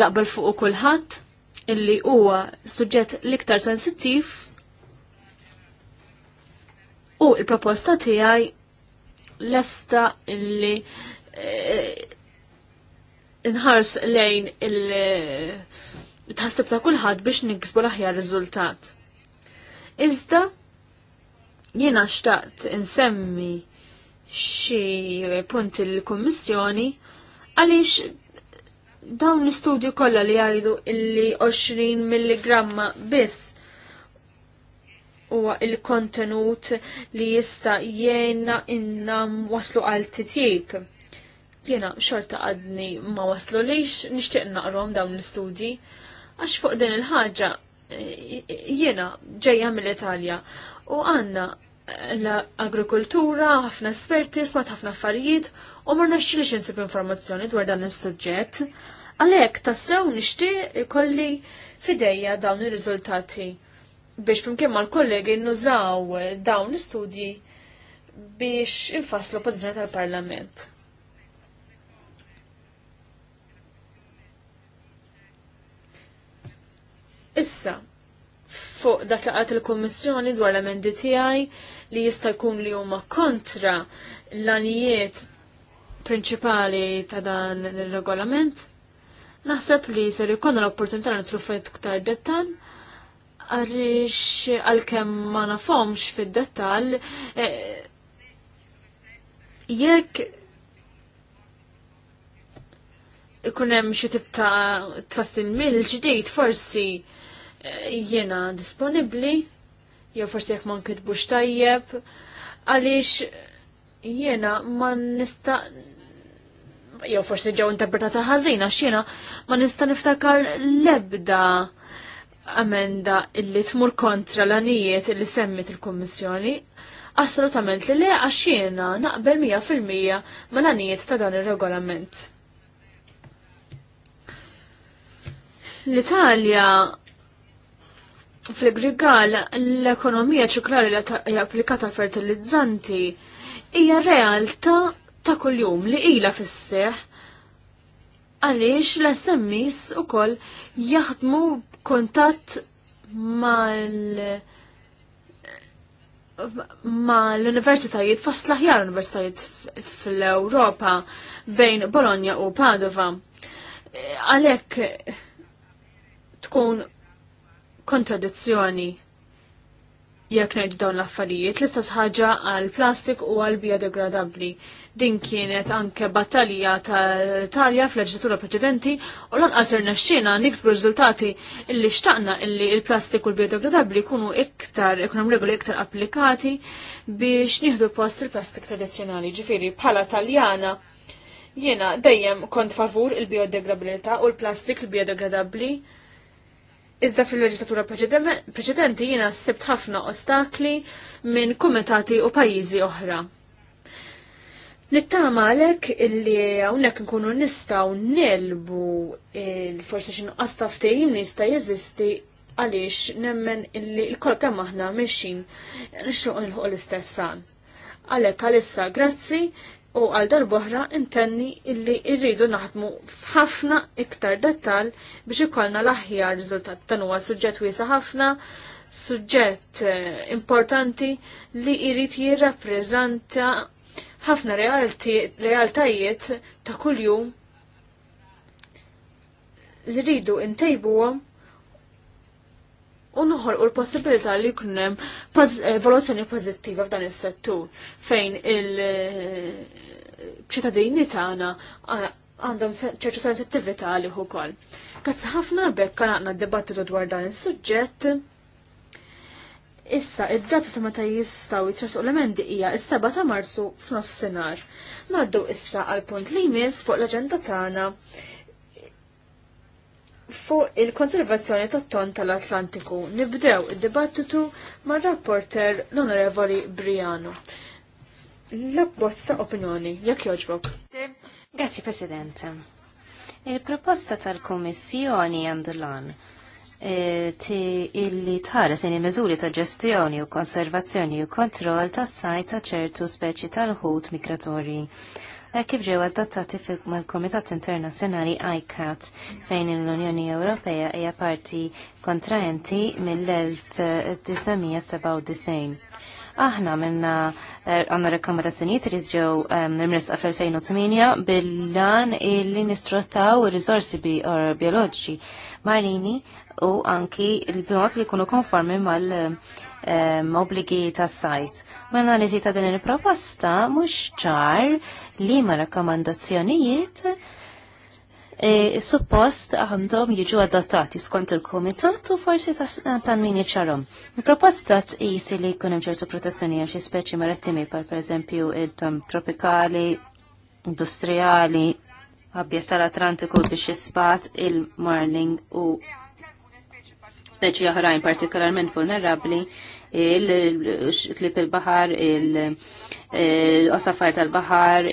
jaqbel fuq kulħadd illi huwa suġġett l-iktar sensittiv u l proposta tiegħi lesta illi eh, inħars lejn il-tħassib eh, ta' kulħadd biex niksbu l-aħjar riżultat. Iżda jiena xtaqt insemmi xi punti il kummissjoni għaliex dawn l-istudju kollha li jgħidu illi 20 milligramma biss huwa il-kontenut li jista' jgħinna inna waslu għal titjib. Jena xorta għadni ma waslu lix nishtiq naqrom dawn l-istudji għax fuq din il-ħagġa eh, jena ġeja mill-Italja u għanna l-agrikoltura, ħafna esperti, smat ħafna affarijiet u marna xilix nsib informazzjoni dwar dan il-sujġet. Għalek, tassew nishtiq kolli fideja dawn il-rizultati biex fimkien ma l-kollegi nużaw dawn l-studji biex infaslu pozizjoni tal-parlament. Issa, fuq dak li għat il-Kommissjoni dwar l-emendi tiegħi li jista' jkun li huma kontra l-anijiet prinċipali ta' dan il-regolament, naħseb li ser ikun l-opportunità nitlu iktar dettal għaliex għalkemm ma nafhomx fid-dettall eh, jekk ikun hemm xi tip ta' tfassil mill ġdid forsi Eh, jiena disponibli, jew forsi jekk ma nkitbux tajjeb, għaliex jiena ma nista' jew forsi ġew interpretata ħażina x'jiena ma nista' niftakar l-ebda amenda illi tmur kontra l-anijiet illi semmit il-Kummissjoni. Assolutament li le għax jiena naqbel 100% l anijiet ta' dan ir-regolament. L-Italja Fil-grigal, l-ekonomija ċiklari li hija applikata fertilizzanti hija realtà ta' kuljum li ilha fis-seħ għaliex l-SMIs ukoll jaħdmu kontatt mal ma l-universitajiet fost l-aħjar universitajiet fl-Europa bejn Bologna u Padova. Għalek tkun kontradizzjoni jekk ngħidu dawn l-affarijiet. L-istess ħaġa għal plastik u għal biodegradabbli. Din kienet anke battalija tal-Italja fl-leġislatura preċedenti u lanqas irnexxina niksbu riżultati illi xtaqna illi il-plastik u l-biodegradabbli jkunu iktar ikunhom regoli iktar applikati biex nieħdu post il-plastik tradizzjonali. Ġifieri bħala Taljana jiena dejjem kont favur il-biodegradabilità u l-plastik il-biodegradabbli. il plastik il biodegradabbli Iżda fil-leġislatura preċedenti jiena sibt ħafna ostakli minn kumitati u pajjiżi oħra. Nittama għalek illi għonek nkunu nistaw nelbu il-forsi xinu qasta ftejim li jista jeżisti għaliex nemmen illi il-kol kemm aħna mexxin nixtruq nilħuq l-istessan. Għalek għalissa grazzi u għal darbohra intenni illi irridu naħdmu f'ħafna iktar dettal biex ikollna l-aħjar riżultat tan huwa suġġett wiesa ħafna, suġġett eh, importanti li jrid jirrappreżenta ħafna realtajiet ta' kuljum li rridu intejbuhom u noħolqu l-possibilità li jkun hemm eh, evoluzzjoni pożittiva f'dan is-settur fejn il- ċittadini tagħna għandhom ċertu sensittività li wkoll. Grazzi ħafna bekk kan għandna dibattitu dwar dan is-suġġett. Issa, id-data sa meta jistaw jitrasu l-emendi hija is-7 ta' Marzu f'nofsinhar. Naddu issa għal punt li jmiss fuq l-aġenda tagħna fuq il-konservazzjoni tat-ton tal-Atlantiku. Nibdew id-dibattitu mar-rapporter l-Onorevoli Briano l-abbozza opinjoni, jekk joġbok. Grazzi, President. Il-proposta tal-Komissjoni għandulan e, illi tħares sinni miżuri ta' ġestjoni u konservazzjoni u kontrol ta' sajt ta' ċertu speċi tal-ħut migratorji. E, kif ġew adattati mal-Komitat Internazzjonali ICAT fejn l-Unjoni Ewropea hija parti kontraenti mill-1997. Eh, Aħna minna eh, għanna rekomendazzjoniet li ġew nimrisqa eh, fl-2008 bil-lan il-li nistrottaw il-rizorsi bioloġiċi marini u anki il-bimot li kunu konformi mal-obligi eh, ta' sajt. Mena nizita ta' din il-proposta mux ċar li ma' rakkomandazzjonijiet E, suppost għandhom jiġu adattati skont il-komitat u forsi eh, tan min jiċċarhom. Il-proposta tqis li jkun hemm ċertu protezzjoni għal xi speċi marittimi par pereżempju id-dom tropikali, industrijali, abjet tal-Atlantiku biex ispat il-marling u speċi oħrajn partikolarment vulnerabbli il-klip il-bahar, il-osafar eh, tal-bahar,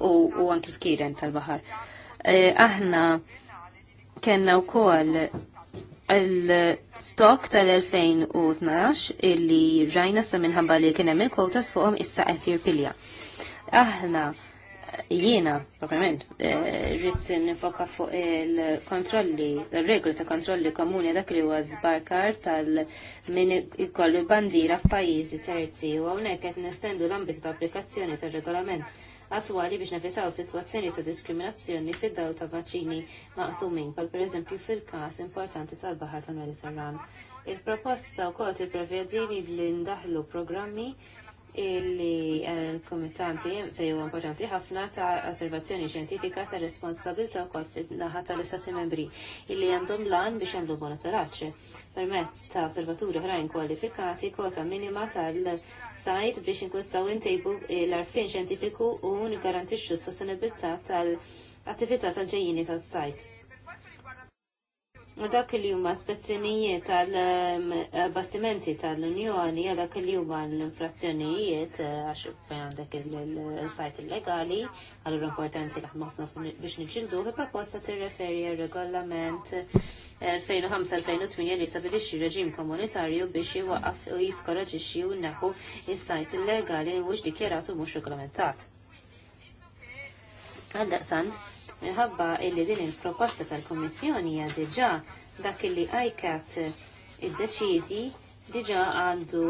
u anki l-kiren tal-bahar. Eh, aħna kena u koll il-stok tal-2012 illi rajna sa minħabba li kena il-kotas fuqom issa għetir pilja. Aħna jiena, propriament, eh, rrit nifoka fuq il-kontrolli, il-regoli ta' kontrolli komuni dak li huwa żbarkar tal min ikollu bandira f'pajjiżi terzi u hawnhekk qed nestendu l-ambit b'applikazzjoni tar-regolament attwali biex nevitaw sitwazzjoni ta' diskriminazzjoni fid-daw ta' vaċini maqsumin, pal pereżempju fil-każ importanti tal-Baħar tal-Mediterran. Il-proposta wkoll tipprevedini li ndaħlu programmi illi eh, l-komitanti fej huwa importanti ħafna ta' osservazzjoni xjentifika ta' responsabilta' wkoll fin-naħa tal-istati membri illi għandhom lan biex jagħmlu monitoraġġ permezz ta' osservaturi oħrajn kwalifikati kwota minima tal-sajt biex inkustaw intejbu l-arfin xjentifiku u nigarantixxu s-sostenibilità tal-attività tal-ġejjini tas-sajt dak li huma spezzjonijiet tal-bastimenti tal-Unjoni għal dak li huma l-infrazzjonijiet eh, għax fejn għandek il-sajt illegali, allura importanti li ħafna biex niġildu, proposta tirreferi regolament 2005-2008 eh, li stabilixxi reġim komunitarju biex iwaqqaf u jiskoraġixxi u naħu il sajt illegali mhux dikjeratu u mhux regolamentat. Għaldaqsant, minħabba illi din il-proposta tal-Kommissjoni hija diġà dak illi ICAT iddeċidi diġà għandu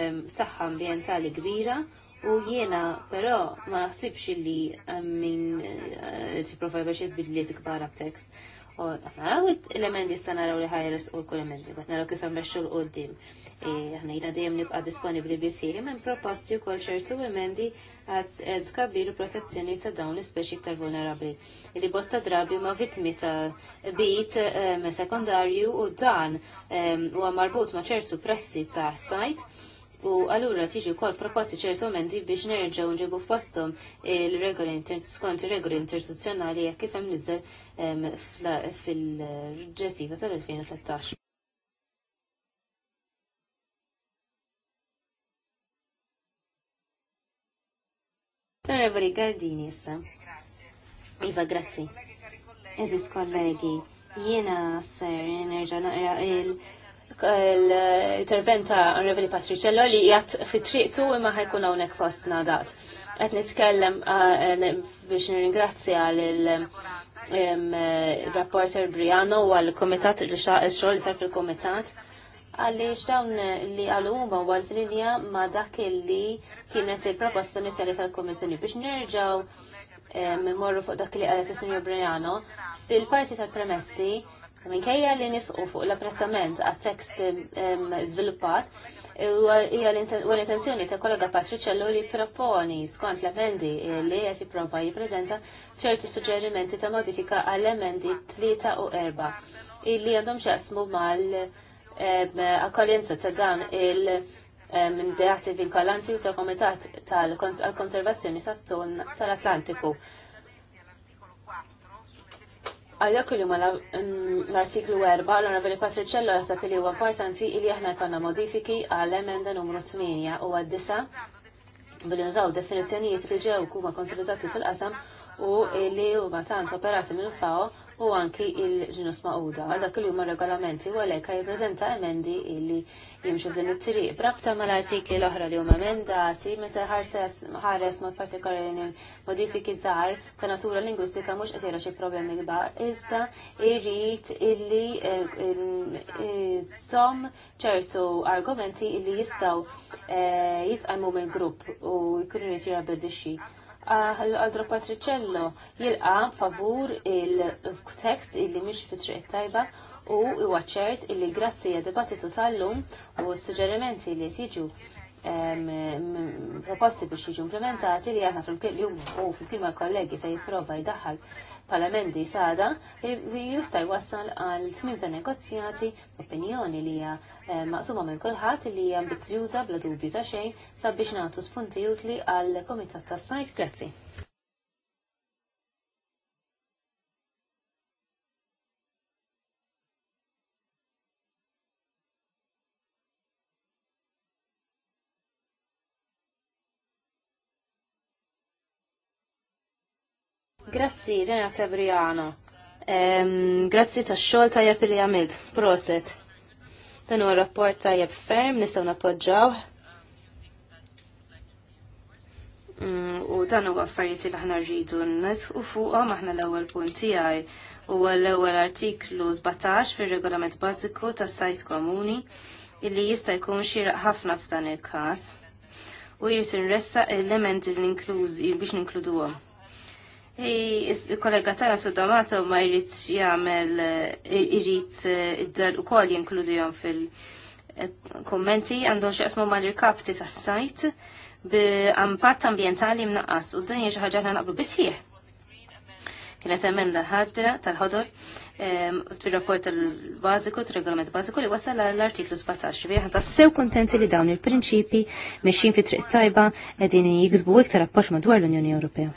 ehm, saħħa ambientali kbira u jiena però ma naħsibx li ehm, min eh, tipprova biex bidliet kbar tekst. U naraw l-elementi sa naraw li ħajres u l emendi bat naraw kif hemm l-qoddim. E, aħna jina dejjem nibqa' disponibbli bisiri minn proposti wkoll ċertu emendi għad eh, tkabbir protezzjoni ta' dawn l-ispeċi iktar vulnerabbli. Li bosta drabi ma' vittmi ta' bit eh, sekondarju u dan eh, huwa marbut ma' ċertu pressi ta' sajt u allura tiġi wkoll proposti ċertu emendi biex nerġaw nġibu f'postom il-regoli skont ir-regoli interstituzzjonali jekk kif hemm fil-ġettiva tal-2013. L-Onorevoli Gardini issa. Iva, grazzi. Eżis kollegi, jiena ser nerġa' naqra il- l-interventa Onorevoli Patricello li jgħat fit-triqtu imma ħajkun hawnhekk fostna dat. Qed nitkellem biex nirringrazzja lil rapporter Briano u għall-Kumitat li xogħol sar fil-Kumitat għaliex dawn li għal-huma u għal-flinja ma dak li kienet il-proposta nisjali tal-Komissjoni biex nerġaw eh, morru fuq dak li għalet il-Sinjor Briano fil-parti tal-premessi minkejja li nisqu fuq l-apprezzament għat-tekst sviluppat hija l-intenzjoni ta' kollega Patricello li proponi skont l-emendi eh, li qed jipprova jippreżenta ċerti suġġerimenti ta' modifika għall-emendi 3 u erba' illi għandhom x'jaqsmu mal akkaljenza ta' dan il- minn deħati vinkolanti u ta' komitat tal-konservazzjoni ta' ton tal-Atlantiku. Għajdak li ma l-artiklu 4, l-onorabili Patricello jasab li huwa importanti li aħna jkollna modifiki għal emenda numru 8 u għad disa bil nżaw definizjonijiet li ġew kuma konsolidati fil-qasam u li huma tant operati minn faw u anki il-ġinus maquda. Għadha kull huma regolamenti u għalhekk jippreżenta emendi li jimxu f'din it-triq. Brabta mal-artikli l-oħra li huma emendati meta ħares mod partikolari modifiki żgħar ta' natura lingwistika mhux qed xie xi problemi kbar, iżda jrid illi eh, som ċertu argumenti illi jistgħu eh, jitqajmu mill-grupp u jkunu jrid jirabedixxi. Aldro Patricello jilqa favur il-tekst illi mhix fi triq tajba u huwa ċert illi grazzi għad dibattitu tal-lum u s-suġġerimenti li tiġu proposti biex jiġu implementati li aħna fil kilma u kollegi se jipprova jdaħħal Parlamenti sada e, jista' jwassal għal tmim ta' negozjati opinjoni li hija e, maqsuma minn kulħadd li hija ambizzjuża bla dubju ta' xejn sabiex nagħtu spunti utli għal komitat tas-sajt. Grazzi. Grazzi, Renata Briano. Um, grazzi ta' xol jep li għamid. Proset. Dan u rapport jep ferm, nistaw napoġġaw. Mm, u dan u għaffariet li ħna rridu n-nis u fuqa maħna l-ewel punti għaj u l-ewel artiklu 17 fil-regolament bażiku ta' sajt komuni illi jista' jkun xieraq ħafna f'dan il-każ u jirt nressa elementi l-inkluż biex ninkluduhom il-kollega Tara Sudamato ma irrit jgħamil eh, irrit eh, id-dal u kol jinkludijom fil-kommenti għandhom xieqsmu ma l-irkapti tas sajt b'impatt ambientali mnaqqas u d dinja xaħġaħna naqblu bisħieħ. Kienet emenda ħadra tal-ħodor fil-rapport tal-baziku, tal-regolament baziku li wasal l-artiklu 17. Vieħan ta' sew kontenti li dawn il-prinċipi meċin fi triq tajba edin jikzbu iktar appoġġ madwar l-Unjoni Ewropea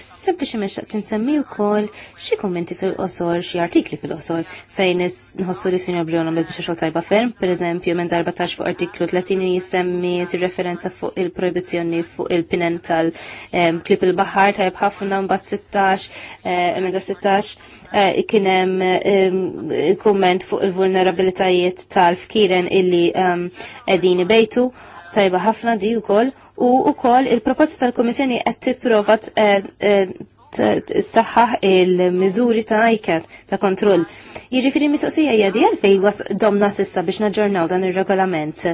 sempliċement xaqt insemmi wkoll xi kummenti fil-qosor, xi artikli fil-qosor fejn nħossu li sinjor Briono biex xogħol tajba ferm, pereżempju minn darba taċ fuq artiklu 30 jisemmi referenza fuq il-proibizzjoni fuq il-pinen tal-klip il-baħar tajb ħafna mbagħad 16, eh, emenda 16 eh, kien hemm kumment fuq il-vulnerabilitajiet tal-fkiren illi qegħdin bejtu, tajba ħafna di wkoll u kol il-proposta tal-Kummissjoni qed tipprova eh, eh, saħħaħ il-miżuri ta' ICAT ta' kontroll. Jiġifieri mistoqsija hija di għalfej was domna sissa biex naġġornaw dan ir-regolament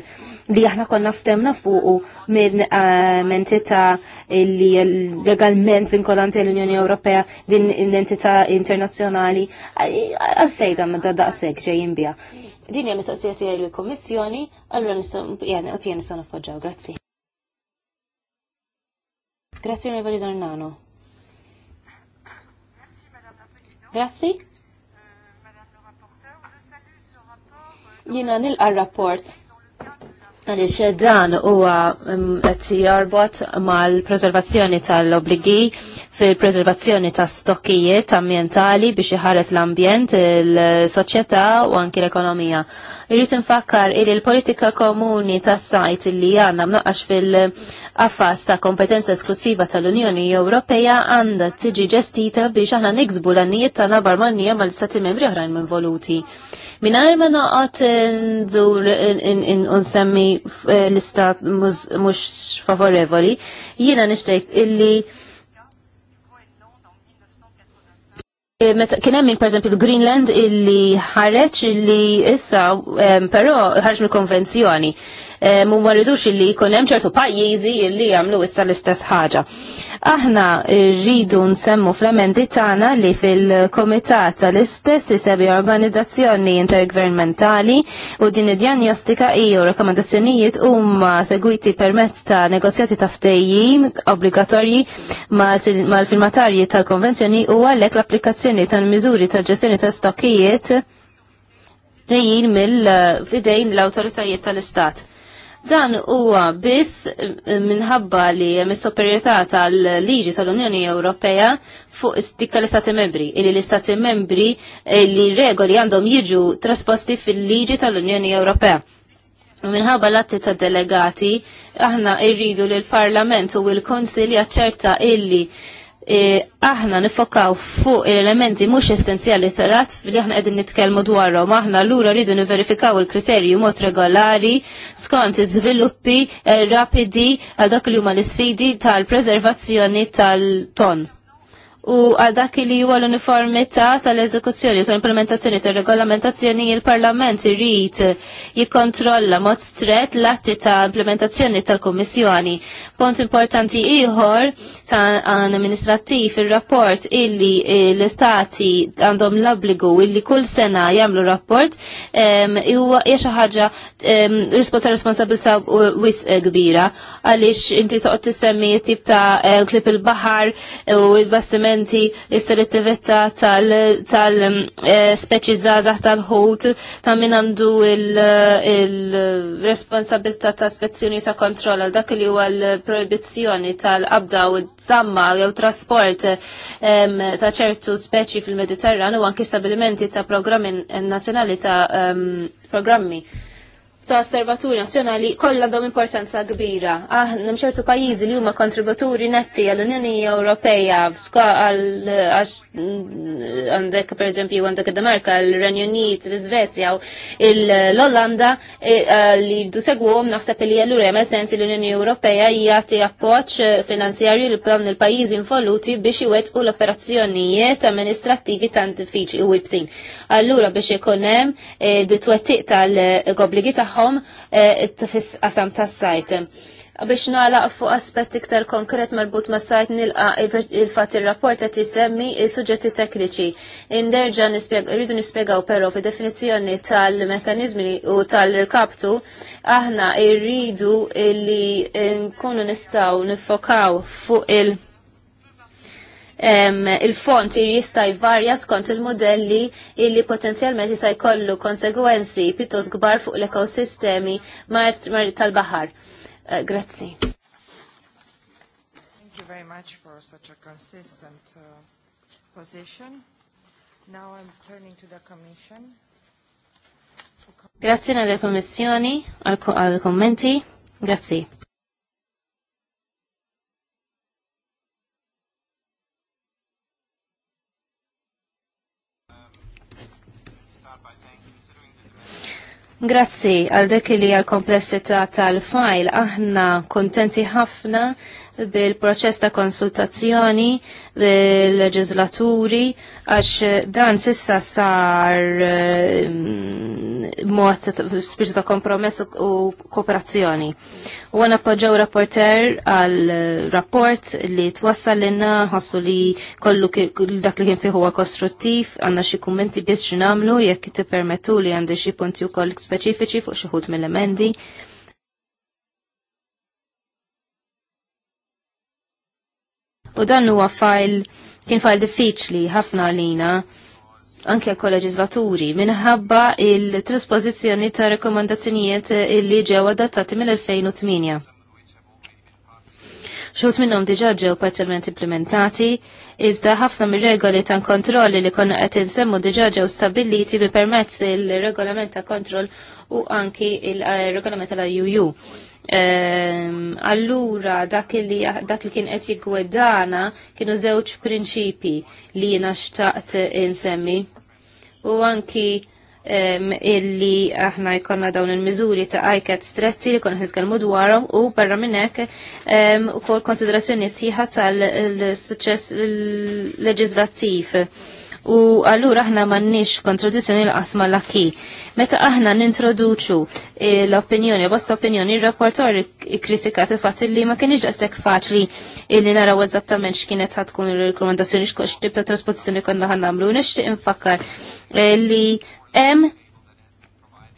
li aħna konna ftemna fuqu eh, minn entità li legalment vinkolanti l-Unjoni Ewropea din l-entità internazzjonali għalfej dan da daqshekk ġejjin biha. Din hija mistoqsija tiegħi lill-Kummissjoni, allura nistgħu jgħid nistgħu Grazzi. Grazie, il nano. Grazie. Euh, Jina nil nilqa rapport Għalix dan huwa mm, qed jorbot mal-preservazzjoni tal-obligi fil-preservazzjoni ta' stokkijiet ambientali biex iħares l-ambjent, il-soċjetà u anki l-ekonomija. Irrid infakkar il l-politika komuni tas sajt li għandna mnaqqax fil-qafas ta' kompetenza esklusiva tal-Unjoni Ewropea għandha tiġi ġestita biex aħna niksbu l-annijiet ta' nabar mal-Stati membri oħrajn involuti. voluti Minar ma naqat n unsemmi eh, l-istat mux favorevoli, jiena nishtajt illi eh, Kien hemm per esempio Greenland illi ħareġ illi issa eh, però ħarġ mill-konvenzjoni Eh, mu marridux illi jkun hemm ċertu pajjiżi illi jagħmlu issa l-istess ħaġa. Aħna rridu nsemmu fl-emendi tagħna li fil-Komitat tal-istess isebi organizzazzjoni intergvermentali u din id i hija rekomendazzjonijiet huma segwiti permezz ta' negozjati ta' ftejjim obbligatorji mal-firmatarji tal-konvenzjoni u għalhekk l-applikazzjoni tal-miżuri tal-ġestjoni ta' stokkijiet ġejjin mill-fidejn l-autoritajiet tal-istat. Dan huwa biss eh, minħabba li hemm is-superjetà tal-liġi tal-Unjoni Ewropea fuq dik tal-Istati Membri, illi l-Istati Membri eh, li regoli għandhom jiġu trasposti fil-liġi tal-Unjoni Ewropea. Minħabba l-atti ta' delegati, aħna irridu li l-Parlament u l-Konsil jaċċerta illi E, aħna nifokaw fuq elementi mhux essenzjali tal-att li aħna qegħdin nitkellmu dwarhom. Aħna lura rridu niverifikaw il-kriterju mod regolari skont iżviluppi eh, rapidi għal dak li huma l-isfidi tal-preservazzjoni tal-ton u għal dak li huwa l-uniformità tal-eżekuzzjoni u tal-implementazzjoni tal-regolamentazzjoni il-Parlament irrid jikkontrolla mod stret l-atti ta' implementazzjoni tal-Kummissjoni. Punt importanti ieħor ta' amministrattiv ir-rapport illi l-istati għandhom l-obbligu illi kull sena jagħmlu rapport huwa hija xi ħaġa ta' responsabilità wisq eh, kbira għaliex inti toqgħod tissemmi tip ta' eh, klip il-baħar eh, u l-bastiment differenti, is-selettività tal-speċi eh, żgħażagħ tal-ħut, ta' min għandu il responsabilta ta' spezzjoni ta' kontroll għal dak li huwa l-proibizzjoni tal abda u żamma jew trasport ta' ċertu speċi fil-Mediterran u anki stabilimenti ta' programmi nazzjonali ta' programmi ta' osservaturi nazjonali kollha għandhom importanza kbira. Aħna mxertu pajjiżi li huma kontributuri netti għall-Unjoni Ewropea għax għandek pereżempju għandek id-Damarka, l-Renju Unit, l-Iżvezja u l-Ollanda e, e, li jdu segwhom naħseb li allura hemm essenzi l-Unjoni Ewropea jagħti appoġġ e, finanzjarju li dawn il-pajjiżi involuti biex iwettqu l-operazzjonijiet amministrattivi tant diffiċli u wibsin. Allura biex ikun hemm ditwettiq tal-obligi ta' tagħhom eh, tifis qasam tas-sajt. Biex nagħlaq fuq aspett iktar konkret marbut ma' sajt nilqa il-fatt ir-rapport qed isemmi suġġetti tekniċi. Inderġa rridu nispjegaw però fi definizzjoni tal-mekkaniżmi u tal-rkaptu aħna rridu li nkunu nistgħu nifokaw fuq il- il-font jista' jvarja skont il-modelli illi potenzjalment jista' jkollu konsegwenzi pittos gbar fuq l-ekosistemi tal bahar eh, Grazzi. Thank you very much for such a consistent uh, position. Now I'm turning to the Commission. Grazzi għal-Kommissjoni, al kommenti Grazzi. Grazzi għal dik li għal komplessità tal-fajl aħna kontenti ħafna bil-proċess ta' konsultazzjoni bil-leġislaturi għax dan sissa sar eh, mod spirtu ta' kompromess u kooperazzjoni. U għana poġġaw rapporter għal rapport li twassal l-inna ħassu li kollu dak li kien fiħu kostruttiv għanna xie kummenti biex xinamlu jekk ti permetu li għandi xie punti u koll speċifiċi fuq xieħut mill-emendi. U dan huwa fajl kien fajl diffiċli ħafna għalina anke kol-leġislaturi minħabba il trispożizzjoni ta' rekomandazzjonijiet illi ġew adattati mill-2008. Xut minnhom diġà ġew parzialment implementati, iżda ħafna mir-regoli ta' kontrolli li konna qed insemmu diġà ġew stabiliti bi permezz il-regolament ta' kontroll u anki il-regolament eh, tal-IUU. Ehm, allura dak li dak li kien qed jiggwedana kienu żewġ prinċipi li jiena xtaqt insemmi. U anki ehm, illi aħna jkonna dawn il miżuri ta' ICAT stretti li konna nitkellmu dwarhom u barra minn hekk ehm, ukoll konsiderazzjoni sħiħa tal-suċċess leġislattiv u allura aħna m'għandniex kontradizzjoni l-qasma l-akki. Meta aħna nintroduċu eh, l-opinjoni, bosta opinjoni, il-rapportor kritikat il-fatt li ma kienix għasek faċli li naraw eżattament x'kienet ħad il-rekomendazzjoni x'tib ta' trasposizzjoni konna ħan nagħmlu. Nixtieq infakkar eh, li hemm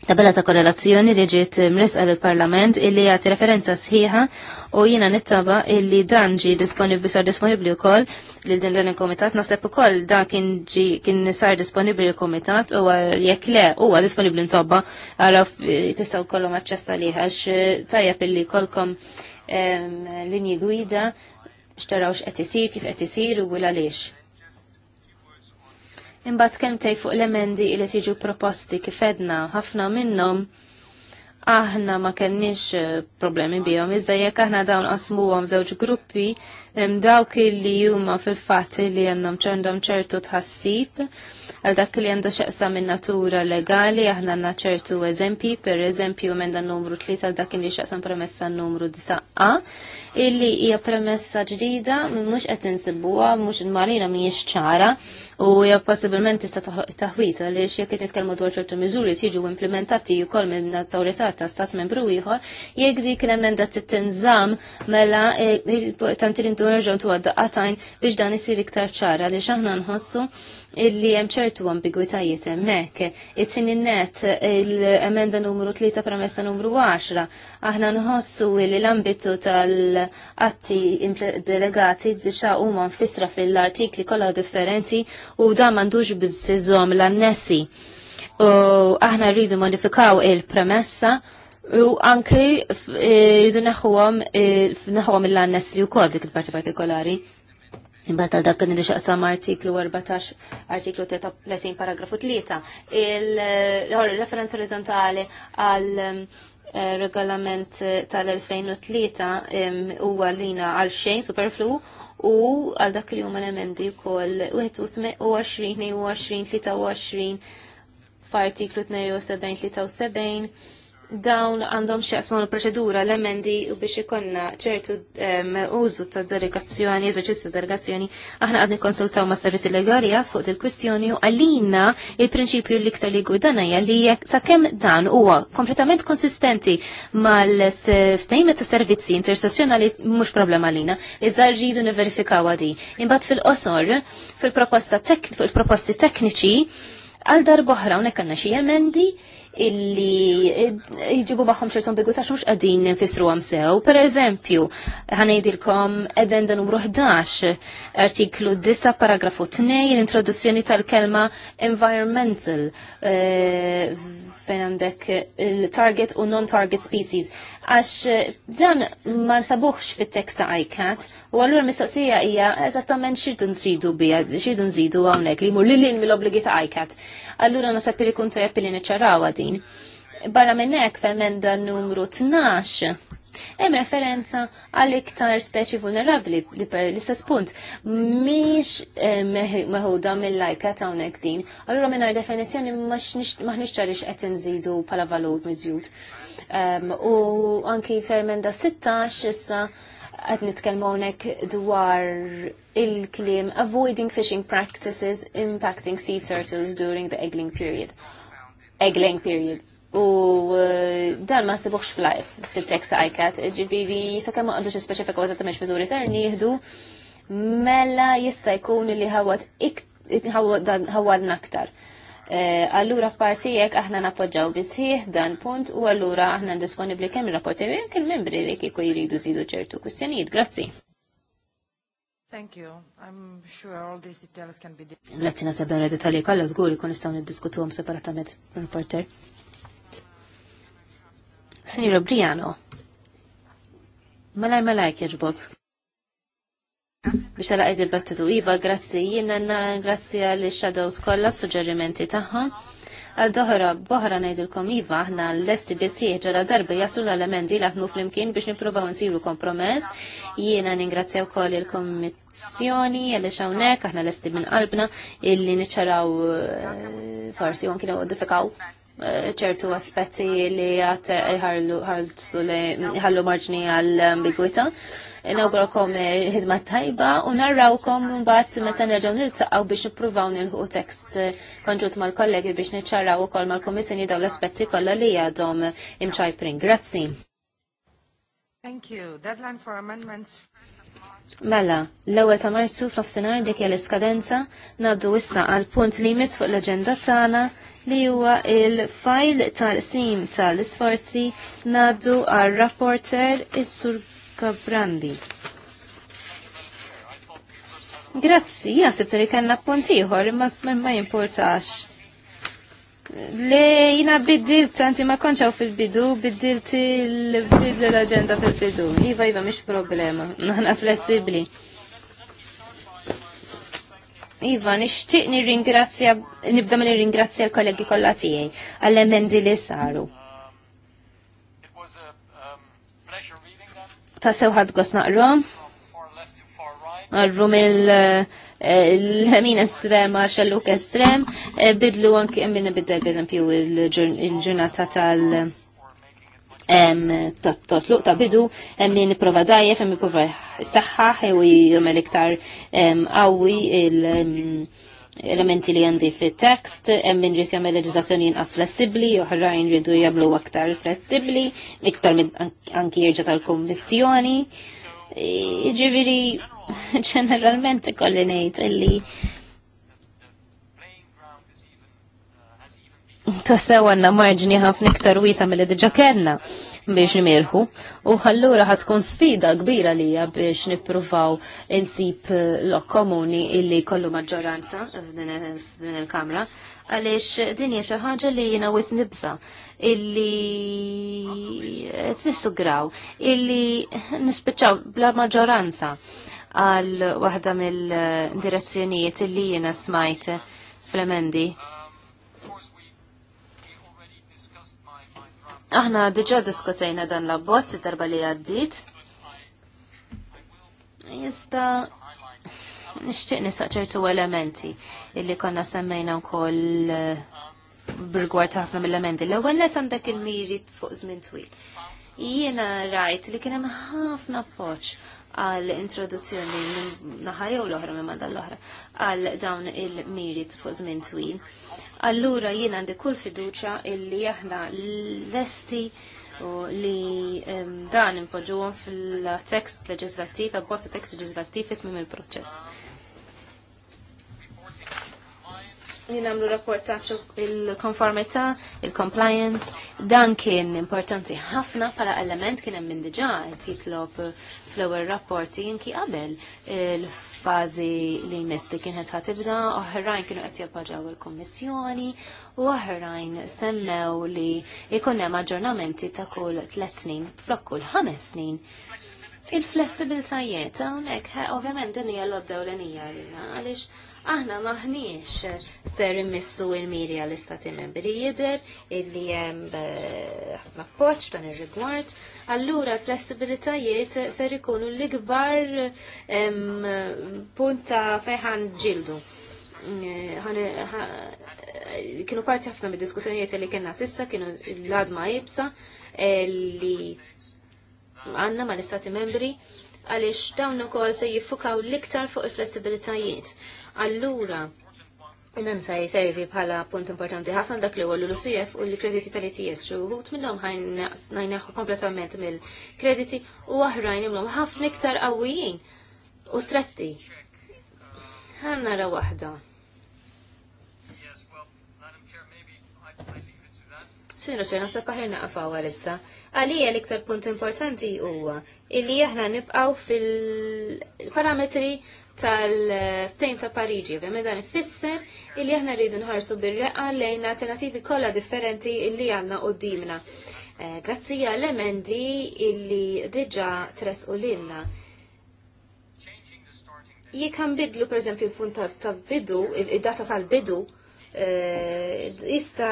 tabella ta' korrelazzjoni li ġiet mresqa l-Parlament illi għati referenza sħiħa u jina nittaba illi dan ġi disponibli sar disponibli u koll li din dan il-komitat nasab u koll dan kien ġi kien sar disponibli u komitat u jekk le u għal disponibli nsobba għaraf tistaw kollu maċċessa li għax eh, tajab illi kollkom linji gwida xtarawx qed isir kif qed isir u għaliex. Imbagħad kemm tej fuq l-emendi li tiġu proposti kif edna ħafna minnhom aħna ma kenniex eh, problemi bihom, iżda jekk aħna dawn qasmuhom żewġ gruppi hemm dawk li huma fil-fatt li għandhom ċandhom ċertu tħassib għal dak li għandha xaqsa minn natura legali aħna għandna ċertu eżempji, per eżempju minn dan numru 3 għal dak li xaqsam premessa numru 9a illi hija premessa ġdida mhux qed insibuha mhux marina mhijiex ċara u hija possibilment tista' taħwit għaliex jekk qed nitkellmu dwar ċertu miżuri jiġu implementati wkoll minn awtorità ta' stat membru ieħor jekk dik l-emenda titinżamm mela eh, tant irridu nerġgħu tu għatajn biex dan isir iktar ċara li aħna nħossu illi hemm ċertu ambigwitajiet hemmhekk. It-tieni net l-emenda numru 3 premessa numru 10 aħna nħossu li l-ambitu tal-atti delegati diġà huma nfisra fil-artikli kollha differenti u dan m'għandux bizzizom l-annessi. U aħna rridu modifikaw il-premessa U anke eh, rridu naħuwam eh, naħuwam il-annessi u kol dik il-parti partikolari. Imbata dak kien xaqsam artiklu 14, artiklu 30 paragrafu 3. Il-referenza eh, orizzontali għal regolament tal-2003 huwa lina għal xejn superflu u għal dak li huma l-emendi wkoll 21, 22, 23 f'artiklu 72, 73 dawn għandhom xieqsmu l-proċedura l-emendi u biex ikonna ċertu użu ta' delegazzjoni, eżerċizzju ta' delegazzjoni, aħna għadni konsultaw ma' serviti legali fuq il-kwistjoni u għallina il-prinċipju l-iktar li għudana li sa' kem dan huwa kompletament konsistenti mal-ftejmet ta' servizzi interstazzjonali mux problema għalina, iżda rridu niverifikaw għadi. Imbat fil-qosor, fil-proposti tekniċi, għal darboħra unek għanna xie emendi, illi jġibu maħħom xertu bigu ta' xux għadin nfissru għam sew. Per eżempju, ħanajdilkom edenda numru 11, artiklu 9, paragrafu 2, l-introduzzjoni tal-kelma environmental, eh, fejn għandek il-target u non-target species għax eh, dan ma sabuħx fit-tekst ta' ICAT u għallur mistoqsija hija eżattament xirdu nżidu bija, xirdu nżidu hawnhekk li l-lin mill-obbligi ta' ICAT. Allura nasab li kuntu jappili li din. Barra minn hekk f'emenda numru 12 Hemm referenza għal iktar speċi vulnerabbli li per l-istess punt mhix eh, meħuda mill-lajka ta' hawnhekk din. Allura mingħajr definizzjoni maħniex ċarix qed inżidu bħala valut miżjud. Um, u anki fermenda 16 issa għad nitkellmu hawnhekk dwar il-kliem avoiding fishing practices impacting sea turtles during the Eggling period. Eggling period. U uh, dan ma sibuħx fl-life, fil ta' ICAT, ġibiri, sa' kemmu għandu xie specifika għazat ta' meċ mizuri ser mela jista' jkun li ħawat ħawad aktar. Eh, allura f'partijek aħna nappoġġaw bisħieħ dan punt u allura aħna disponibli kemm il-rapporti jekk il-membri li kieku jridu żidu ċertu kwistjonijiet. Grazzi. Thank you. I'm sure all these details can be Grazzi nasab dawn id-detalji kollha żgur ikun nistgħu niddiskutuhom separatament reporter. Signor Briano. Malaj malaj kieġbok biex għala għed il-battitu. Iva, grazzi, jina grazzi għalli shadows kolla suġġerimenti taħħa. Għal-doħra, boħra najdilkom Iva, ħna l-lesti bisieħ ġala darba jaslu l-elementi laħnu fl-imkien biex nipruvaw nsiru kompromess. Jiena ningrazzja u koll il-kommissjoni, għalli xawnek, ħna l-lesti minn qalbna, illi niċċaraw eh, forsi għon kienu diffikaw ċertu aspetti li għat ħallu marġni għal-ambigwita. Nawgrakom eh, ħidma tajba u narrawkom mbagħad meta nerġgħu niltaqgħu biex nippruvaw nilħu tekst konġut mal-kollegi biex niċċaraw ukoll mal-Kummissjoni daw l-aspetti kollha li għadhom imċajprin. Grazzi. Thank you. Deadline for amendments Mela, l-ewwel ta' Marzu fl-ofsinhar dik hija l-iskadenza ngħaddu issa għal punt li jmiss fuq l-aġenda tagħna li huwa il-fajl tal-sim tal-isforzi naddu għal rapporter is-Sur Kabrandi. Grazzi, jasib li kanna pontiħor, imma ma jimportax. Le, jina biddil tanti ma konċaw fil-bidu, biddil til l-agenda fil-bidu. Iva, iva, mish problema, naħna flessibli. Iva, nixtieq nirringrazzja, nibda nir ringrazzja l-kollegi kollha tiegħi għall-emendi li saru. Ta' sewħad għos naqrom, għarru eh, mill l estrem għaxalluk estrem, eh, bidlu għanki għemmin bidda, per il-ġurnata tal- totluq ta' bidu, min prova dajef, min prova jew u jgħamil iktar qawwi il-elementi li għandi fi tekst, min ġis jagħmel leġizazzjoni inqas flessibli, oħrajn rridu jgħamlu aktar flessibli, iktar minn anki jirġa tal-kommissjoni. Ġiviri, ġeneralment kolli ngħid illi tassew għanna marġni ħafna iktar wisa mill diġa kellna biex nimirħu u ħallura ħatkun sfida kbira lija biex nippruvaw insib eh, lok komuni illi kollu maġġoranza f'din il-kamra għaliex din hija xi ħaġa li jiena wis nibsa illi tnissugraw illi nispiċċaw bla maġġoranza għal waħda mill-direzzjonijiet illi jiena smajt fl-emendi Aħna diġa diskutejna dan l-abbozz id-darba li għaddit. Jista' nixtieq nisaq ċertu elementi illi konna semmejna wkoll eh, b'rigward ħafna mill-elementi. L-ewwel qed għandek il mirit fuq żmien twil. Jiena rajt li kien hemm ħafna appoġġ għal introduzzjoni minn naħa jew l-oħra minn l-oħra għal dawn il mirit fuq żmien twil allura jien għandi kull fiduċa illi aħna lesti u li dan impoġuhom fil-tekst leġislattiv, bosta tekst leġislattiv fit mim il-proċess. li namlu rapportaċu il-konformità, il-compliance, dan kien importanti ħafna pala element kien hemm diġà qed jitlob fl-ewwel rapporti inki qabel il-fażi eh, li jmiss li kienet ħatibda, oħrajn kienu qed jappoġġaw il-kummissjoni u oħrajn semmew li jkun hemm aġġornamenti ta' kull tliet snin flok kull ħames snin. Il-flessibiltajiet hawnhekk eh, ovvjament din hija l-obdew l-għaliex aħna maħniex ser immissu il-miri għall-istati membri jider illi jem eh, ħafna poċ dan ir-rigward. Allura flessibilitajiet ser ikunu l-ikbar punta fejħan ġildu eh, kienu parti ħafna mid diskussjonijiet li kienna sissa kienu l-adma jibsa li għanna ma l-istati membri għalix dawn ukoll se jiffukaw l-iktar fuq il-flessibilitajiet Allura, Innan sa jservi bħala punt importanti ħafna dak li għallu l cf u l-krediti tal-ETS xu għut minnom ħajnaħu kompletament mill-krediti u għahrajn imlom ħafna iktar għawijin u stretti. ħanna ra wahda. Sinru xejna sa paħirna għafaw għalissa. Għalija l-iktar punt importanti huwa illi aħna nibqaw fil-parametri tal ftejn ta' Pariġi, ovvijament dan ifisser illi aħna rridu nħarsu bir-reqa lejn alternativi kollha differenti illi għandna qudiemna. Eh, grazzi għall emendi illi diġà tresqu lilna. Jekk bidlu pereżempju l-punt ta' bidu, id-data tal-bidu, Eh, jista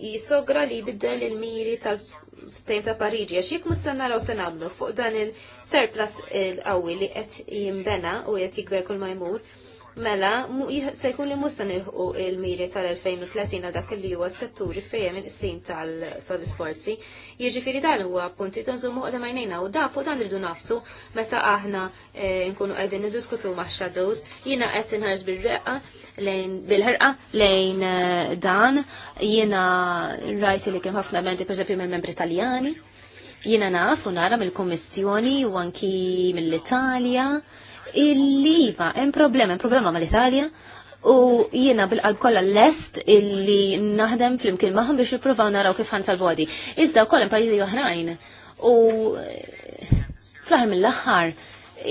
jisogra li biddel il-miri tal-ftejn ta' Pariġi. Għax jek mussan naraw se nagħmlu fuq dan il-surplus il-qawwi li qed jimbena u qed jikber kull ma jmur, mela se jkun li musta nilħu il-miri tal-2030 dak li huwa s-setturi fejn il sin tal-isforzi. Jiġifieri dan huwa punti tonżumu qudem għajnejna u dafu dan rridu nafsu meta aħna eh, nkunu qegħdin n-diskutu shadows jiena qed sinħarż bil reqqa bil-ħerqa lejn eh, dan jiena rajti li kien ħafna mendi pereżempju mill-membri Taljani. Jiena naf u nara mill-Kummissjoni u anki mill-Italja Il-liva, hemm problema, hemm problema mal-Italja, U jiena bil-qalb kollha lest illi naħdem fl-imkien magħhom biex nippruvaw naraw kif ħansalvu għadi. Iżda u hemm pajjiżi oħrajn. U fl-aħħar mill-aħħar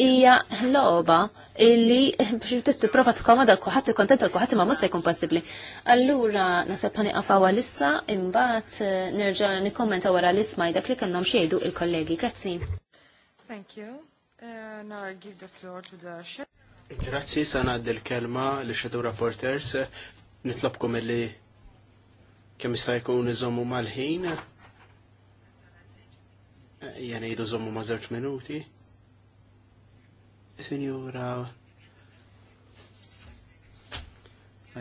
hija logħba illi biex tittiprofa tkomoda l t-kontent l kuħat ma musta jkun possibbli. Allura naseb ħani qafawa lissa imbagħad eh, nerġa' nikkommenta wara l-ismaj dak li kellhom xiedu il-kollegi. Grazzi. Thank you. Now I give the floor to the chef. Grazzi, sana għaddi l-kelma li xedu rapporters. Nitlobkom illi kemm jista' jkun iżommu mal-ħin. Jena jidu żommu ma' żewġ minuti. Signora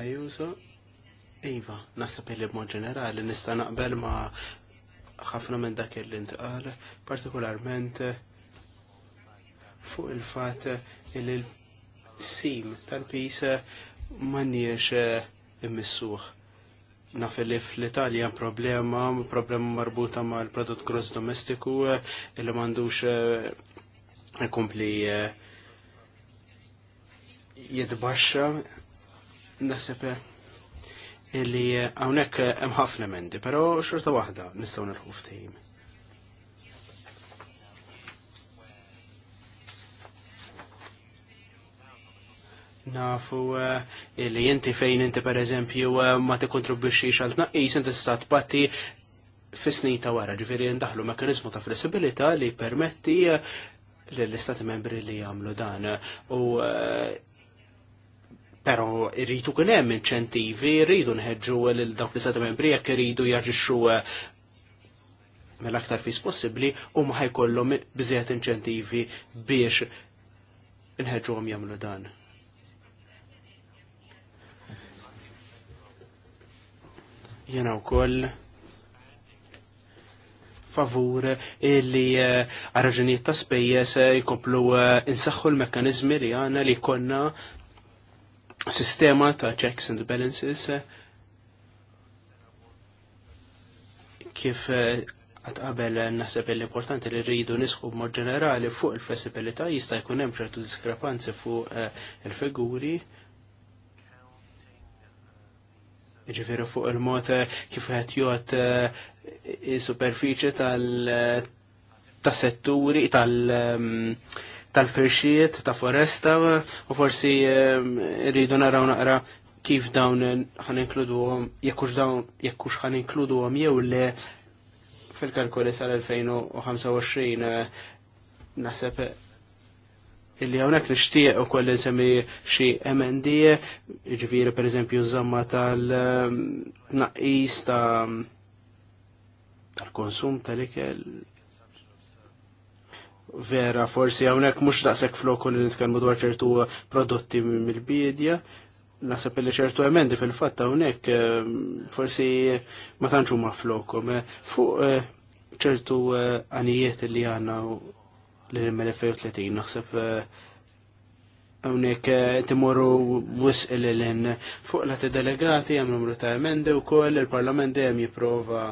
Ajuso. Iva, nasab illi b'mod ġenerali nista' naqbel ma' ħafna minn dak li ntqal, partikolarment fuq il-fat li l-sim tal-pis manniex eh, immissuħ. Naf li fl-Italja problema, problema marbuta ma' l-prodott gross domestiku eh, li mandux eh, kompli jidbaxa naħseb illi hawnhekk hemm ħafna mendi, però xorta waħda nistgħu nilħu ftehim. Nafu eh, li inti fejn inti per eżempju eh, ma tikkontribwixxi għal tnaqqis inti tista' tbatti fis ta' wara, ġifieri ndaħlu mekanizmu ta' flessibilità li permetti eh, lill-istati membri li jagħmlu dan. U Pero rritu kunem hemm inċentivi, rridu nħeġġu lil dawk l-istati membri jekk iridu jaġixxu mill-aktar fis possibbli u ma ħajkollhom biżejjed inċentivi biex għom jagħmlu dan. jena wkoll favur illi eh, għarraġunijiet ta' spejjes eh, jkoplu eh, insaxħu l mekanizmi li għana li konna sistema ta' checks and balances kif qabel naħseb l-importanti li rridu nisħu b'mod ġenerali fuq il-flessibilità jista' jkun hemm ċertu diskrepanzi fuq il-figuri. Uh, ġifiri fuq il mot eh, kif għet jgħod eh, is-superfiċi tal-setturi tal- eh, ehm, tal-firxiet, ta' foresta, u forsi ehm, rridu naraw naqra kif dawn ħan inkludu għom, jekkux dawn, jekkux ħan inkludu għom jew le fil-kalkoli sal-2025 naħseb illi għonek nishtiq u koll nsemmi xie MND, ġviri jiġifieri, per eżempju zamma tal-naqis ehm, tal-konsum tal-ikel. Vera, forsi għonek mux daqsek floku li nitkelmu dwar ċertu prodotti mill-bidja, nasab li ċertu emendi fil-fat hawnhekk ehm, forsi ma tantx huma flokhom fuq eh, ċertu għanijiet eh, li għandna li mill-2030 naħseb għonek eh, eh, timorru wis il-lin fuq la delegati għam numru ta' emendi u koll il-parlament dejjem jiprofa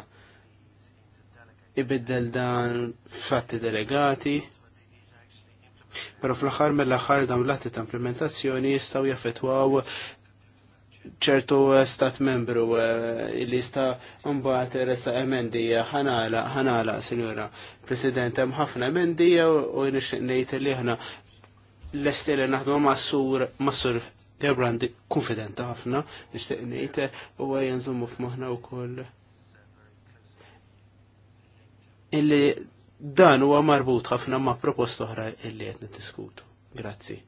ibiddel dan fatti delegati. Pero fl-axar mill-axar dawn l-atti ta' implementazzjoni jistaw jaffetwaw ċertu eh, stat membru eh, li sta mbaħt resa emendija, eh, ħanala, ħanala, signora President, hemm ħafna emendija u nixtieq li ħna l estile naħdmu massur, massur Gerbrandi konfident ħafna, nixtieq ngħid u għajja nżommu f'moħħna wkoll. Illi dan huwa marbut ħafna ma' proposta oħra illi qed niddiskutu. Grazzi.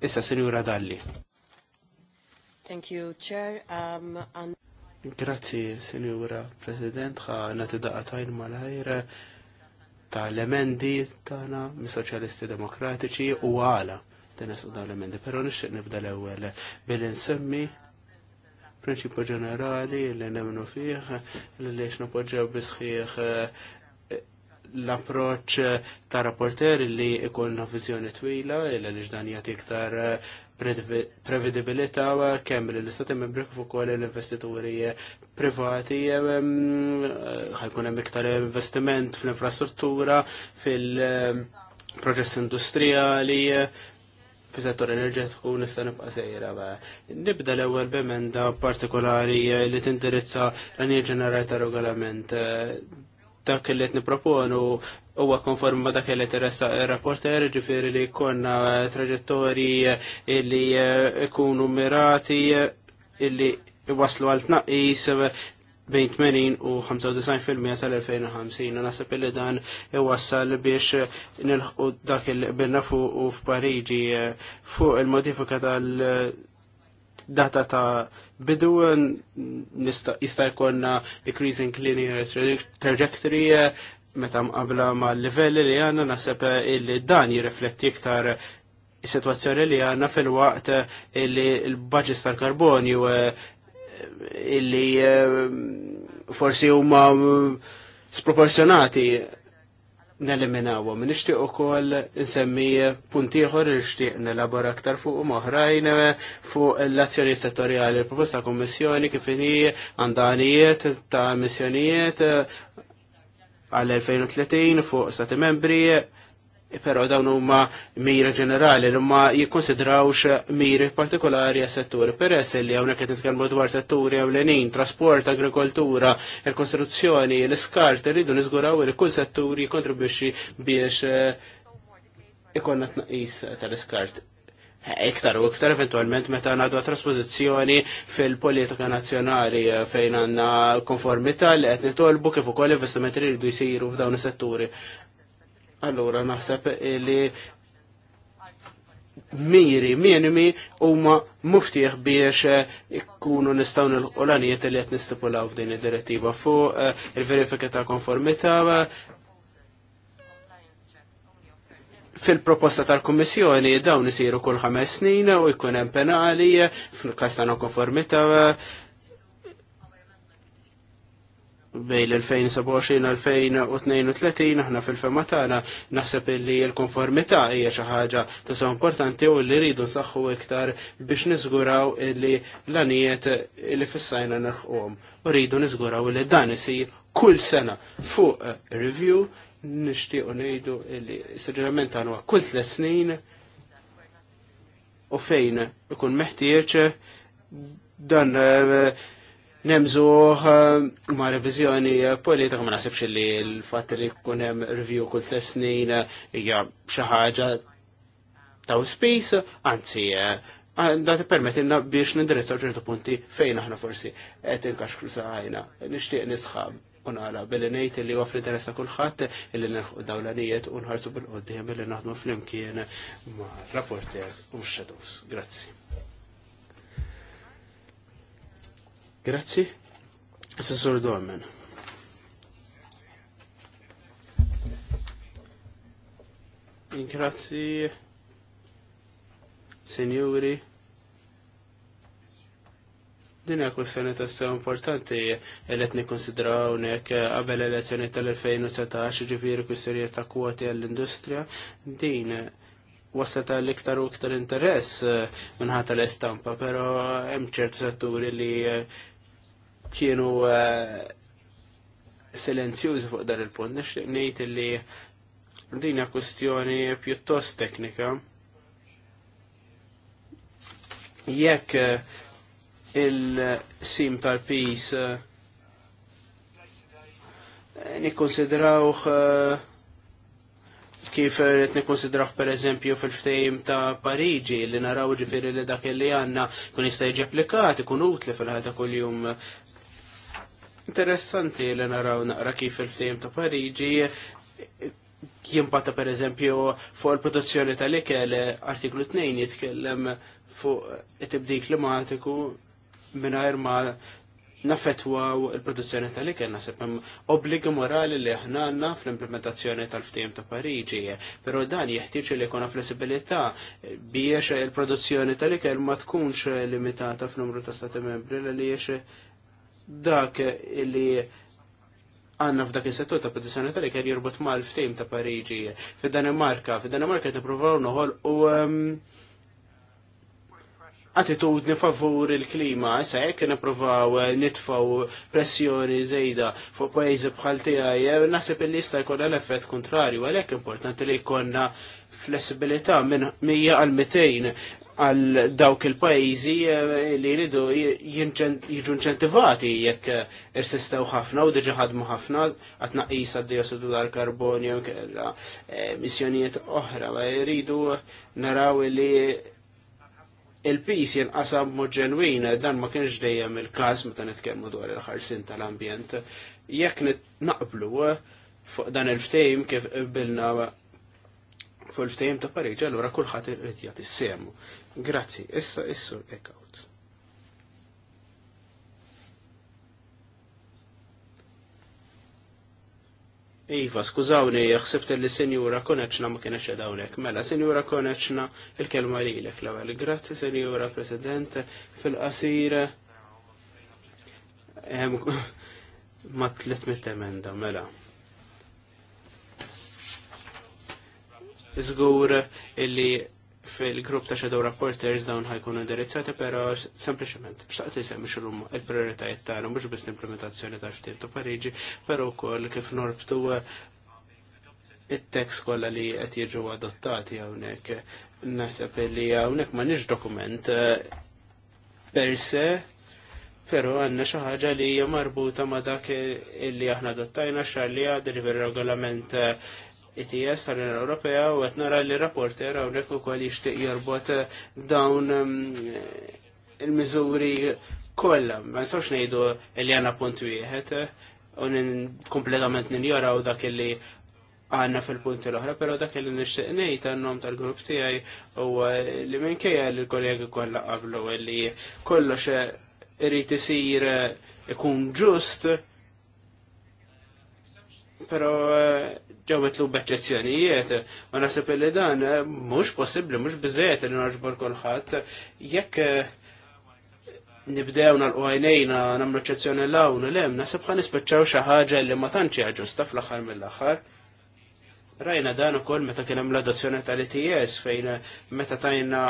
Issa, Sinjura Dalli. Thank you, Chair. Um, and... Grazzi, Signora President, Ha nati daqatajn mal ta' l-emendi tana mis-Soċjalisti Demokratiċi u għala dan da l-emendi. Pero nixtieq nibda l-ewwel bil-insemmi prinċipju ġenerali li nemnu fih li lex napoġġew bisħiħ eh, l-approċ ta' rapporter li ikolna viżjoni twila li ġdan jagħti iktar eh, prevedibilità kemm li l-istati membri kif ukoll l-investituri eh, privati eh, eh, ħajkun hemm iktar investiment fl-infrastruttura fil-proċess industrijali fis-settur enerġetiku nista' nibqa' sejra Nibda l-ewwel b'emenda partikolari li tindirizza l-għanija ġenerali regolament dak li qed niproponu huwa konform ma dak li teressa ir-rapporter, ġifiri li konna traġettorji li ikunu mirati illi waslu għal tnaqqis bejn 80 u 95% tal-2050. Nasab li dan iwassal biex nilħu dak il-binna fuq u f'Pariġi fuq il-modifika tal- data ta' bidu jista' jkollna decreasing linear trajectory eh, meta mqabla ma' livelli li għanna naseb eh, illi dan jirrifletti iktar eh, is-sitwazzjoni li għanna fil-waqt illi l-budgets tal-karbonju illi forsi huma mm, sproporzjonati neliminawa. Nishtiq u kol nsemmi puntiħor nishtiq nelabora aktar fuq moħrajn um eh, fuq l-azzjoni settoriali. proposta kommissjoni kif inhi għandanijiet ta' missjonijiet eh, għal-2030 fuq stati membri pero dawn huma mira ġenerali li ma jikkonsidrawx miri partikolari għas setturi. Peress li hawnhekk qed nitkellmu dwar setturi ewlenin, trasport, agrikoltura, il-kostruzzjoni, l-iskart, irridu niżguraw li kull settur jikkontribwixxi biex eh, ikonna tnaqis tal-iskart. Iktar u iktar eventualment meta għandu trasposizjoni fil-politika nazzjonali eh, fejn għanna konformità li qed nitolbu kif ukoll investimenti li jridu jsiru f'dawn is-setturi allura naħseb li miri, minimi huma muftieħ biex ikkunu nistgħu nil l li qed nistipulaw f'din id-direttiva fuq eh, il-verifika ta' konformita eh, fil-proposta tal-Kommissjoni dawn isiru kull ħames snin u jkun hemm penali eh, fil-każ ta' konformità bejn l-2027-2032 aħna fil-fema tagħna naħseb li l-konformità hija xi ħaġa tisa importanti u li rridu nsaħħu iktar biex niżguraw li l-anijiet li fissajna nerħqhom. U rridu niżguraw li dan isir kull sena fuq review nixtiequ ngħidu li suġġerament tagħna kull tliet snin u fejn ikun meħtieġ dan eh, nemżuħ eh, ma' revizjoni eh, politika ma' nasibx li l-fat li kunem review kull t snin eh, hija xi ħaġa ta' spis, anzi da permettilna biex nindirizzaw ċertu punti fejn aħna forsi qed inkaxklu saħajna. Nixtieq nisħab unqala billi ngħid li huwa fl-interess kulħadd illi nilħu dawlanijiet u nħarsu bil-qoddim illi naħdmu flimkien ma' rapporter u x-shadows. Grazzi. Grazzi. Assessore Dorman. Grazzi, Signori. Din hija kwestjoni tassew importanti li qed nikkonsidraw nek qabel elezzjoni tal-2019 ġifieri kwistjonijiet ta' kwoti għall-industrija. Din waslet għal iktar u iktar interess minnħata l-estampa, pero hemm ċertu setturi li kienu eh, silenzjużi fuq dar il-punt. Nixtieq ngħid li din kustjoni pjuttost teknika. Jekk eh, il-sim tal-pis eh, nikonsidrawx kif nikonsidrawx per pereżempju fil-ftehim ta' Parigi li naraw ġifieri li dak li għandna kun jista' jiġi applikat, ikun utli fil-ħata kuljum Interessanti li naraw naqra kif il-ftejm ta' Pariġi jimpata per eżempju fuq il-produzzjoni tal-ikel artiklu 2 jitkellem fuq it-tibdil klimatiku mingħajr ma nafetwa il-produzzjoni tal-ikel nasib hemm obbligi morali li aħna għandna fl-implementazzjoni tal ftim ta' Pariġi, però dan jeħtieġ li jkun flessibilità biex il-produzzjoni tal-ikel ma tkunx limitata f'numru ta' stati membri li jiex dak li għanna f'dak il-settur ta' petizjoni tal kien ma' mal ftim ta' Pariġi fid-Danimarka. Fid-Danimarka t-provaw noħol u ehm, attitudni favur il-klima, sa jekk nipprovaw nitfaw pressjoni żejda fuq pajjiżi bħal nasib eh, naħseb illi jista' jkollha l-effett kontrarju, għalhekk importanti li jkollna flessibilità minn 100 għal 200 għal dawk il-pajizi eh, li jridu jiġu inċentivati jekk eh, irsistew ħafna u diġa ħadmu ħafna għatnaqis għad diosidu tal-karbonju kella eh, missjonijiet oħra, jridu naraw li il-pis jenqasam mod ġenwin, dan ma kienx dejjem il-każ meta nitkellmu dwar il-ħarsin tal-ambjent. Jekk naqblu fuq dan il-ftejm kif bilna fuq il-ftejm ta' l-ura allura kulħadd irid jagħti semu. Grazzi, issa issur ekawt. Iva, skużawni, jaxsebt li senjura koneċna ma kieneċ dawnek. Mela, senjura koneċna il-kelma li l ewwel Grazzi, senjura president, fil-qasir. Ma tlet emenda, mela. Zgur illi fil-grupp ta' Shadow Rapporters dawn ħajkunu indirizzati, pero sempliciment, xtaqt li semmi xulum il-prioritajiet tagħna mhux biss l-implementazzjoni ta' ftit ta' Pariġi, pero wkoll kif norbtu it-tekst kollha li qed jiġu adottati hawnhekk. Naħseb li hawnhekk m'għandniex dokument eh, per se, pero għandna xi ħaġa li hija marbuta ma' dak illi aħna adottajna xahar li għad regolament eh, ITS tal-Unjoni Ewropea u qed nara li rapporter hawnhekk ukoll jixtieq jorbot eh, dawn mm, eh, il-miżuri kollha. Ma nistgħux ngħidu li għandna punt wieħed eh, u kompletament ninjoraw dak li għanna fil-punti l-oħra, pero dak li nixtieq ngħid għannom tal-grupp tiegħi u li minkejja li l-kollegi kollha qablu li kollox irid isir ikun ġust, pero ġew mitlub eċċezzjonijiet, u nasib li dan eh, mhux possibbli, mhux biżejjed li naġbor kulħadd. Jekk eh, nibdew nal għajnejna nagħmlu eċċezzjoni l-hawn l hemm nasib ħa nispiċċaw xi ħaġa li ma tantx hija ġusta fl-aħħar mill-aħħar. Rajna dan ukoll meta kien hemm l-adozzjoni tal-ITS fejn eh, meta tajna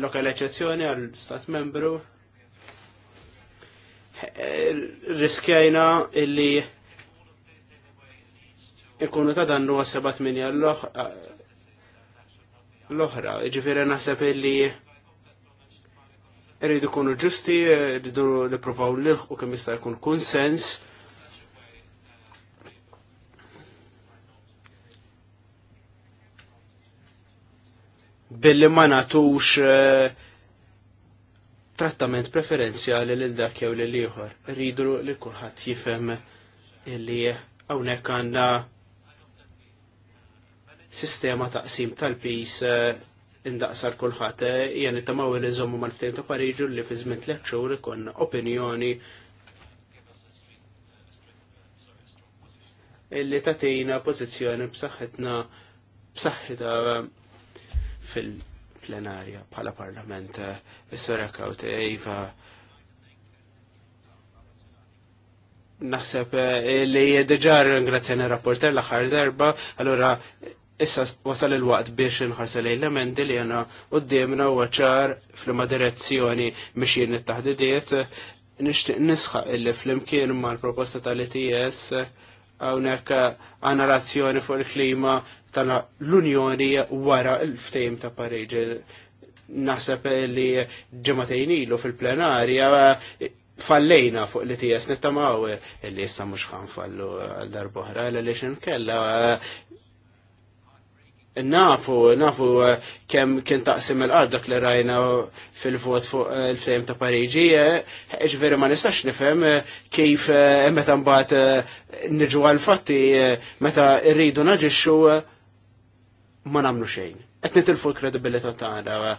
lokal eċezzjoni għal stat membru riskjajna illi ikunu ta' dannu għas-sebat minja l-oħra. Ġifiri naħseb li rridu kunu ġusti, rridu l u kemm jista' jkun konsens. Billi ma natux eh, trattament preferenzjali lil dak jew lil ieħor. Rridu li kulħadd jifhem illi hawnhekk għandna sistema taqsim tal-pis eh, indaqsar kulħadd eh, jien nittamaw li nżommu mal-ftejn ta' Pariġu li fi żmien tliet ikun opinjoni illi tagħtina pożizzjoni b'saħħitna b'saħħitha eh, fil-plenarja bħala parlament is-sora kaut Iva naħseb li deġa ringrazzjana rapporter l-aħħar darba, allura Issa wasal il-waqt biex nħarsa l-emendi li jena u d-diemna u għacħar fl-ma direzzjoni mxin it-tahdidiet nishtiq nisħa illi fl-imkien ma l-proposta tal-ETS għawnek għana razzjoni fuq il-klima tal-Unjoni wara l-ftejm ta' Pariġi. Naħseb li ġematajn ilu fil-plenarja fallejna fuq li tijas nittamaw illi jissa mux fallu għal darbohra l li kella Nafu, nafu eh, kem kien taqsim il qad dak li rajna fil-vot fuq eh, il-frame ta' Pariġi, ġveri eh, ma nistax nifhem kif meta mbagħad niġu għal-fatti meta rridu naġixxu ma nagħmlu xejn. Qed nitilfu l-kredibilità tagħna.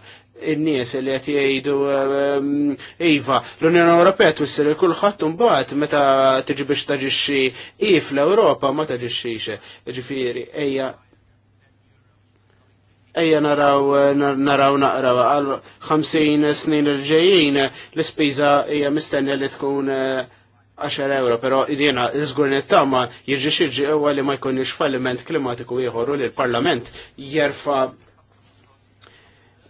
In-nies li qed jgħidu mm, iva, l-Unjoni Ewropea twissir il kulħadd imbagħad meta tiġi biex taġixxi if l ewropa ma taġixxix. Ġifieri ejja ejja naraw naraw naqra għal 50 snin il-ġejjin l-ispiża hija mistennija li tkun 10 eh, euro, pero jiena żgur tama jiġi xiġi ewa li ma jkunniex falliment klimatiku ieħor u li l-Parlament jerfa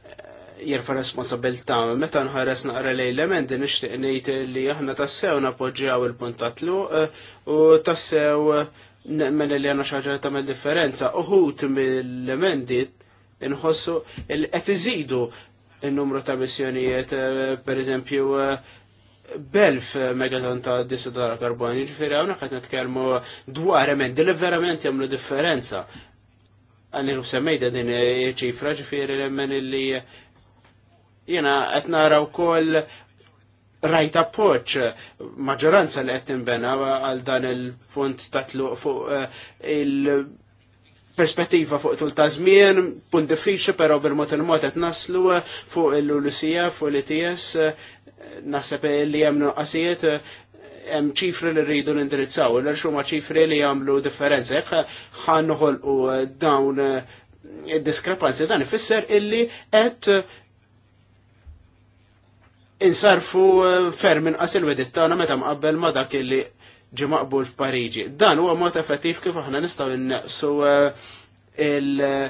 eh, jirfa responsabilta. Meta nħares naqra l element nixtieq ngħid li aħna tassew napoġġjaw il-puntatlu punt eh, u tassew nemmen li għandna xi ħaġa differenza. Uħut mill-elementi inħossu qed iżidu n-numru ta' missjonijiet, eh, per eżempju, eh, belf eh, megaton ta' disodora karboni, ġifiri għawna għat netkelmu dwar emendi li verament jamlu differenza. Għanni l semmejda din ċifra ġifiri l-emmen li jena nara naraw kol rajta poċ maġoranza li qed tinbena għal dan il-punt ta' tluq fuq il- perspettiva fuq tul ta' żmien, punt diffiċli però bil-mod il-mod qed naslu eh, fuq il-Lulusija, fuq l-ITS, eh, naħseb li hemm qasijiet eh, hemm ċifri li rridu nindirizzaw, l huma ċifri li jagħmlu differenza. Jekk ħan u dawn id-diskrepanzi dan ifisser illi qed insarfu ferm inqas il-wedit tagħna meta mqabbel ma dak illi ġi maqbul f'Pariġi. Dan huwa mod effettiv kif aħna nistgħu innaqsu eh,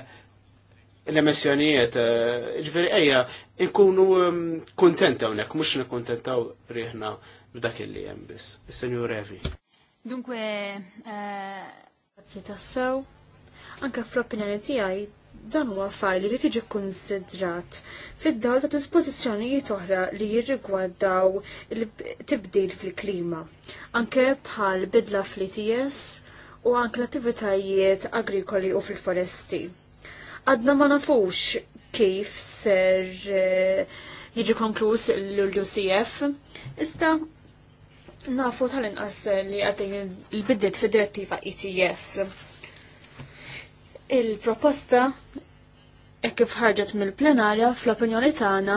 l-emissjonijiet. Eh, ġifieri ejja, nkunu mm, kuntent hawnhekk, mhux nikkuntentaw rieħna b'dak illi hemm biss. Is-Senjur Revi. Dunkwe, eh, grazzi Anke fl-opinjoni tiegħi dan huwa affar li tiġi konsidrat fid-dawl ta' dispożizzjonijiet oħra li jirrigwardaw il-tibdil fil-klima, anke bħal bidla fl-ITS u anke l-attivitajiet agrikoli u fil-foresti. Għadna ma nafux kif ser eh, jiġi konkluż l-UCF, iżda nafu tal-inqas li għaddej il-bidliet fid-direttiva ETS Il-proposta hekk kif ħarġet mill-plenarja fl-opinjoni tagħna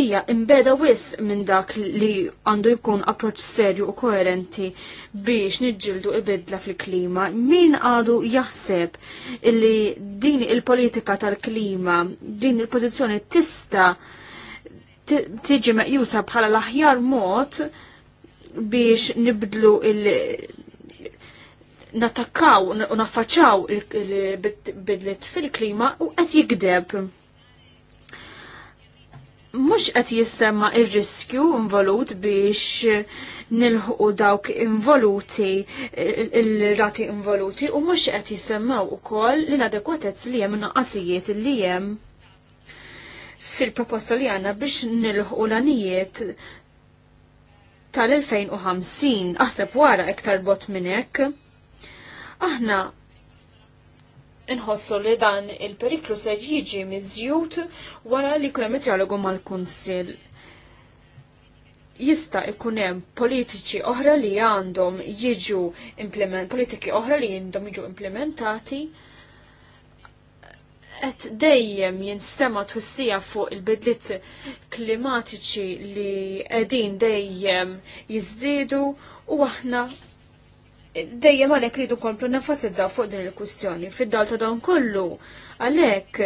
hija imbeda wis minn dak li għandu jkun approċċ serju u koerenti biex niġġildu il-bidla fil-klima. Min għadu jaħseb li din il-politika tal-klima, din il pożizzjoni tista tiġi meqjusa bħala l-aħjar mod biex nibdlu il- natakkaw u naffaċċaw bidlit fil-klima u qed jikdeb. Mhux qed jissemma il riskju involut biex nilħu dawk involuti il-rati involuti u mhux qed jissemmaw ukoll l-adekwatezz li hemm in-naqasijiet li hemm fil-proposta li għanna biex nilħu l-anijiet tal-2050, għasab wara iktar bot minnek. Aħna inħossu li dan il-periklu se jiġi miżjut wara li kunem dialogu mal-Kunsill. Jista' ikun hemm politiċi oħra li għandhom jiġu implement politiki oħra li għandhom jiġu implementati qed dejjem jinstema' twissija fuq il-bidliet klimatiċi li qegħdin dejjem jiżdiedu u aħna dejjem għalhekk ridu komplu nenfasizzaw fuq din il-kwistjoni. Fid-dal ta' dawn kollu, għalhekk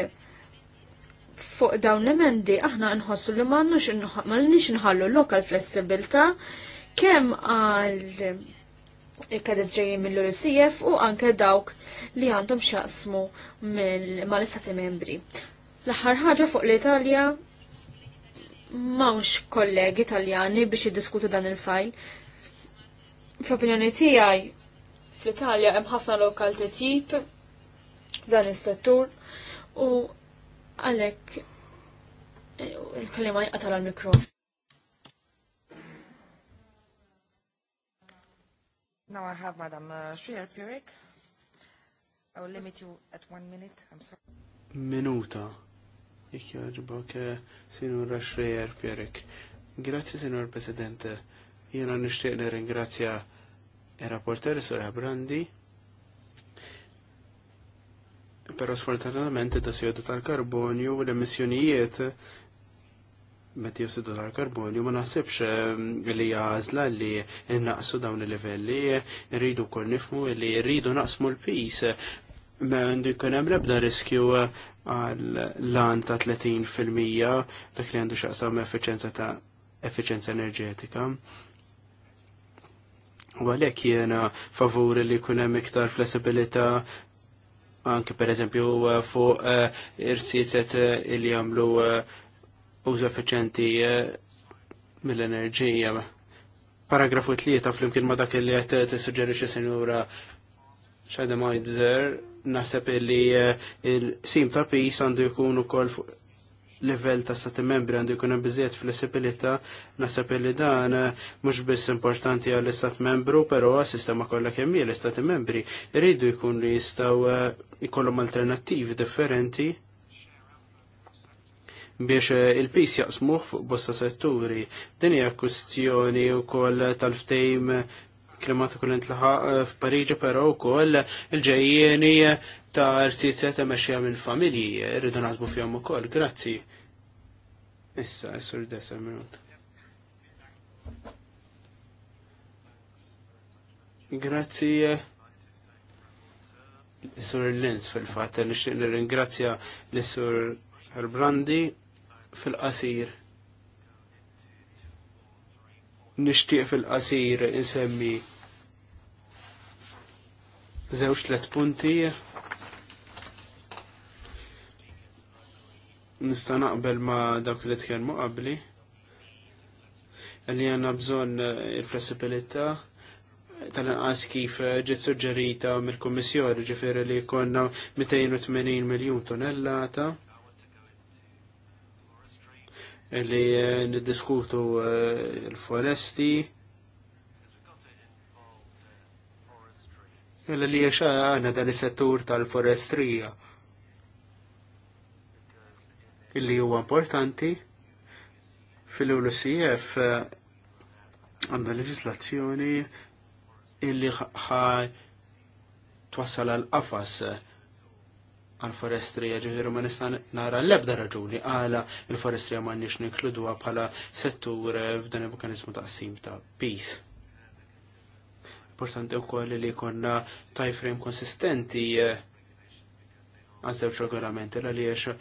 fuq dawn l-emendi aħna nħossu li m'għandniex nħallu lokal flessibilta kemm għal il-kredits ġejjin mill-UCF u anke dawk li għandhom xaqsmu mal-istati membri. L-aħħar ħaġa fuq l-Italja mawx kollegi Italjani biex jiddiskutu dan il-fajl Fl-opinjoni tiegħi fl-Italja hemm ħafna lokal tip dan is u għalek eh, il-kalima jqatal għal-mikrofon. Now I have Madam uh, Shrier Purik. I will limit you at one minute. I'm sorry. Minuta. Ik jaġbok eh, Sinur Shrier Purik. Grazie, Sinur Presidente. Jena nishtiq li ringrazzja il-rapporter Sur Brandi. Pero sfortunatament id-diossidu tal-karbonju u l-emissjonijiet meta jifsidu tal-karbonju ma naħsibx eh, li għażla li naqsu dawn il-livelli, rridu kol nifmu li rridu naqsmu l-pis. Ma għandu jkun hemm l-ebda riskju eh, għal lan ta' 30% dak li għandu xaqsam effiċenza ta' effiċenza enerġetika. U għalhekk jiena favur li jkun hemm iktar flessibilità anke pereżempju uh, fuq uh, irsizet uh, il jagħmlu użu effiċenti mill-enerġija. Paragrafu tlieta flimkien ma dak li qed tissuġġerixxi sinjura Shademizer naħseb li il-sim ta' pis għandu jkun ukoll kol livell ta' stati membri għandu jkunu bizziet flessibilita flessibilità naħseb li dan eh, mhux biss importanti għall istat membru, però sistema kollha kemm hija l-istati membri jridu jkun li jistgħu eh, jkollhom alternattivi differenti biex eh, il-pis jaqsmuh fuq bosta setturi. Din hija kwistjoni wkoll tal-ftejm klimatiku li ntlaħaq pero però wkoll il-ġejjieni ta' rsiet ta' temexxija mill-familji, irridu naħsbu fihom ukoll. Grazzi. Issa, s-sur minut. Grazzi l-sur eh, Lins fil-fat, nixtieq nirringrazzja l-sur Herbrandi fil-qasir. Nixtieq fil-qasir insemmi żewġ tliet punti nista' naqbel ma' dawk li tkellmu qabli li għanna bżon eh, il-flessibilità tal-inqas kif eh, ġiet suġġerita mill-Kummissjoni ġifieri li jkollna 280 miljun tonnellata li eh, niddiskutu l-foresti Mela li għana dan settur tal-forestrija illi huwa importanti fil-ULCF eh, għandna leġislazzjoni illi ħaj twassal għal-qafas eh, għal-forestrija ġifiru ma nista nara l-ebda raġuni għala il-forestrija ma nix ninkluduha bħala settur eh, f'dan il-mekanizmu ta' sim ta' peace. Importanti wkoll li konna time frame konsistenti għaż żewġ regolamenti l għaliex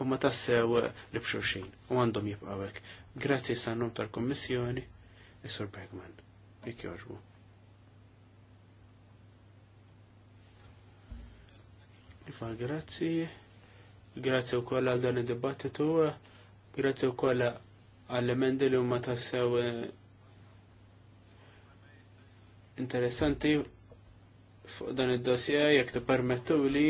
u ma tassew li bxurxin u għandhom jibqawek. Grazzi sannum tal-Kommissjoni, Isur Bergman. Jek joġbu. Ifa, grazzi. Grazzi u kolla għal dan id-dibattitu. Grazzi u kolla għall-emendi li huma tassew eh, interessanti fuq dan id-dossier jekk permettu li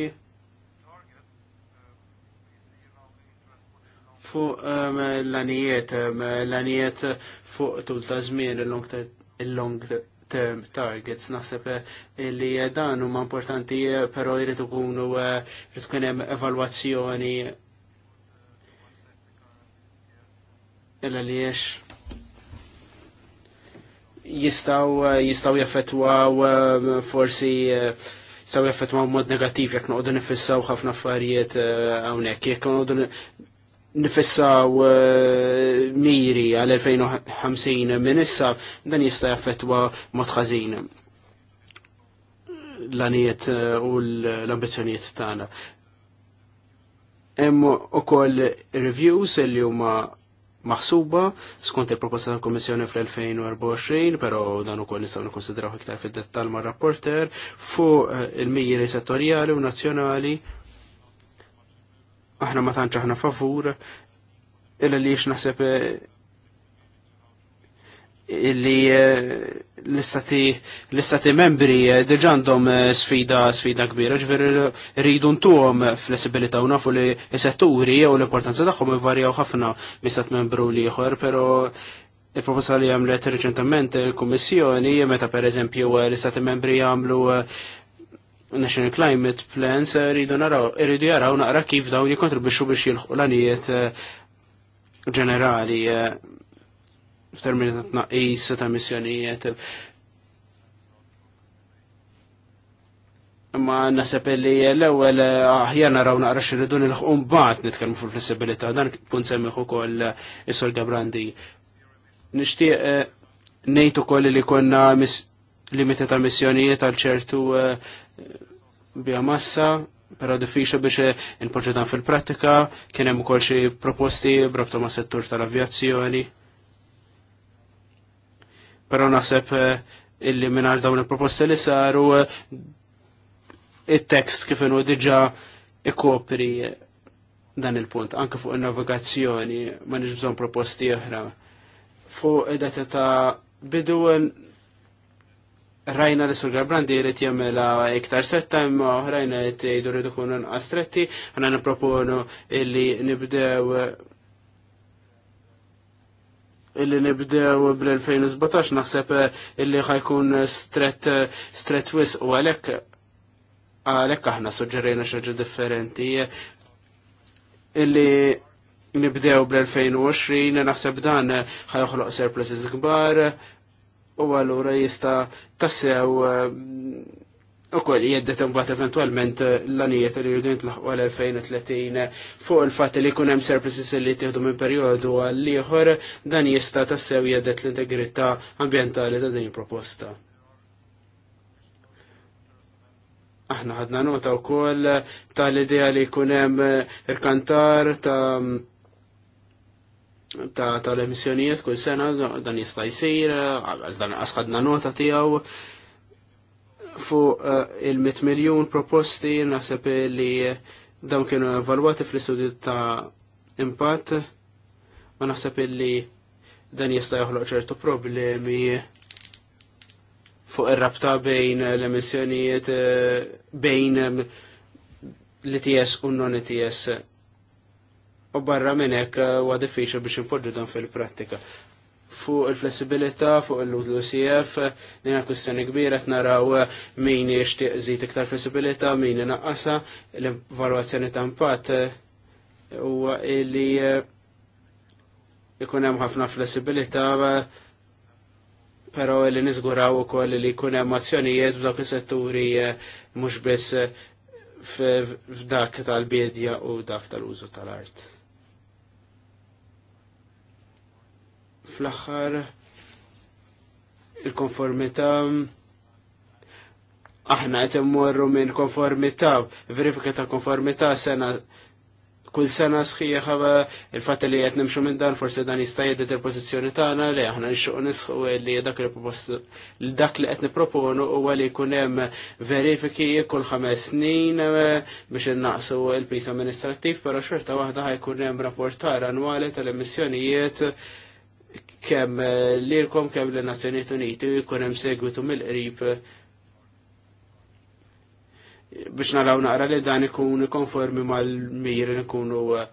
fuq ehm, l-anijiet, ehm, l-anijiet fuq tul ta' żmien il-long term targets naħseb eh, li eh, dan huma importanti eh, però jrid ikunu jrid tkun hemm evalwazzjoni illa li jiex jistaw jistaw jaffetwaw ehm, forsi jistaw jaffetwaw mod negativ jekk noqogħdu nifissaw ħafna affarijiet hawnhekk jekk noqdu nifissaw eh, miri għal-2050 minn issa dan jista' jaffettwa mod ħażin l-anijiet eh, u l ambizzjonijiet tagħna. Hemm ukoll reviews li huma maħsuba skont il-proposta tal kommissjoni fl-2024, però dan ukoll nistgħu nikkonsidraw iktar fid-dettall mar-rapporter fuq eh, il-miri settorjali u nazzjonali aħna ma tantx aħna favur illa li naħseb eh, li eh, l-istati l-istati membri eh, diġandhom sfida sfida kbira ġver rridu ntuhom flessibilità u nafu li s-setturi u l-importanza tagħhom ivarjaw ħafna mistat membru li ieħor, pero il-proposta li għamlet reċentament il-Kummissjoni, meta per eżempju l-Istati membri għamlu National Climate Plans eh, rridu naraw, rridu jaraw naqra kif dawn jikontribuxu biex jilħu l-anijiet eh, ġenerali eh, f'termini ta' tnaqqis ta' missjonijiet. Ma nasab li l-ewwel aħjar naraw naqra x'irridu nilħu mbagħad nitkellmu fil-flessibilità dan punt semmiħ ukoll is-Sol Gabrandi. Nixtieq ngħid ukoll li konna limiti ta' missjonijiet għal ċertu Bija massa, però diffiċa biex inpoġġu dan fil-prattika, kien hemm ukoll xi proposti brabtu ma' settur tal-avjazzjoni. Però naħseb eh, illi mingħajr dawn il-proposti li saru eh, it-tekst kif inhu diġà ikkopri eh, dan il-punt, anke fuq il-navigazzjoni, ma nix proposti oħra. Fuq id-data ta' bidu rajna li sur Garbrandi jrid jagħmilha iktar setta imma oħrajn li jgħidu rridu jkunu inqas stretti, ħana nipproponu illi nibdew illi nibdew bl-2017 naħseb illi ħajkun stret stret wis u għalhekk għalhekk aħna suġġerejna xaġġa differenti illi nibdew bl-2020 naħseb dan ħajħloq surpluses kbar u għallura jista tassew eh, u koll jeddet mbat eventualment eh, l-anijiet li jridu jintlaħqu għal-2030 fuq il-fat li kunem hemm services li tieħdu minn perjodu għal ieħor dan jista tassew jeddet l-integrità ambientali ta' din proposta. Aħna ħadna nota wkoll tal-idea li jkun hemm eh, irkantar ta' ta' tal-emissjonijiet kull sena dan jista' jsir, dan asħadna nota tiegħu fuq eh, il-100 miljun proposti naħseb li dawn kienu evalwati fl-istudju ta' impatt ma naħseb li dan jista' joħloq ċertu problemi fuq ir-rabta bejn l-emissjonijiet eh, bejn eh, l-ITS u non-ITS u barra minn hekk eh, huwa diffiċli biex infoġġu dan fil-prattika. Fuq il-flessibilità, fuq l-UCF, nina kustjoni kwistjoni kbira qed naraw eh, min jixtieq żid iktar flessibilità, min inaqqasha, l-evalwazzjoni ta' impatt eh, u illi ikun hemm ħafna flessibilità pero li nizguraw u koll li hemm emozjonijiet f'dak il-setturi mux biss f'dak tal-bidja u dak tal-użu tal-art. fl-axħar il-konformità aħna qed immorru minn konformità, verifika ta' konformità sena kull sena sħiħa il-fatt li qed nimxu minn dan forsi dan jista' jgħidet il-pożizzjoni tagħna li aħna nixuq nisħu li dak li dak li qed nipproponu huwa li jkun hemm verifiki kull ħames snin eh, biex innaqsu l-pis amministrattiv, però xorta waħda ħajkun hemm rapportar annwali tal-emissjonijiet kemm eh, lilkom kemm l-Nazzjonijiet Uniti jkun hemm segwitu mill-qrib biex naraw naqra li dan ikun konformi mal-mir li nkunu eh,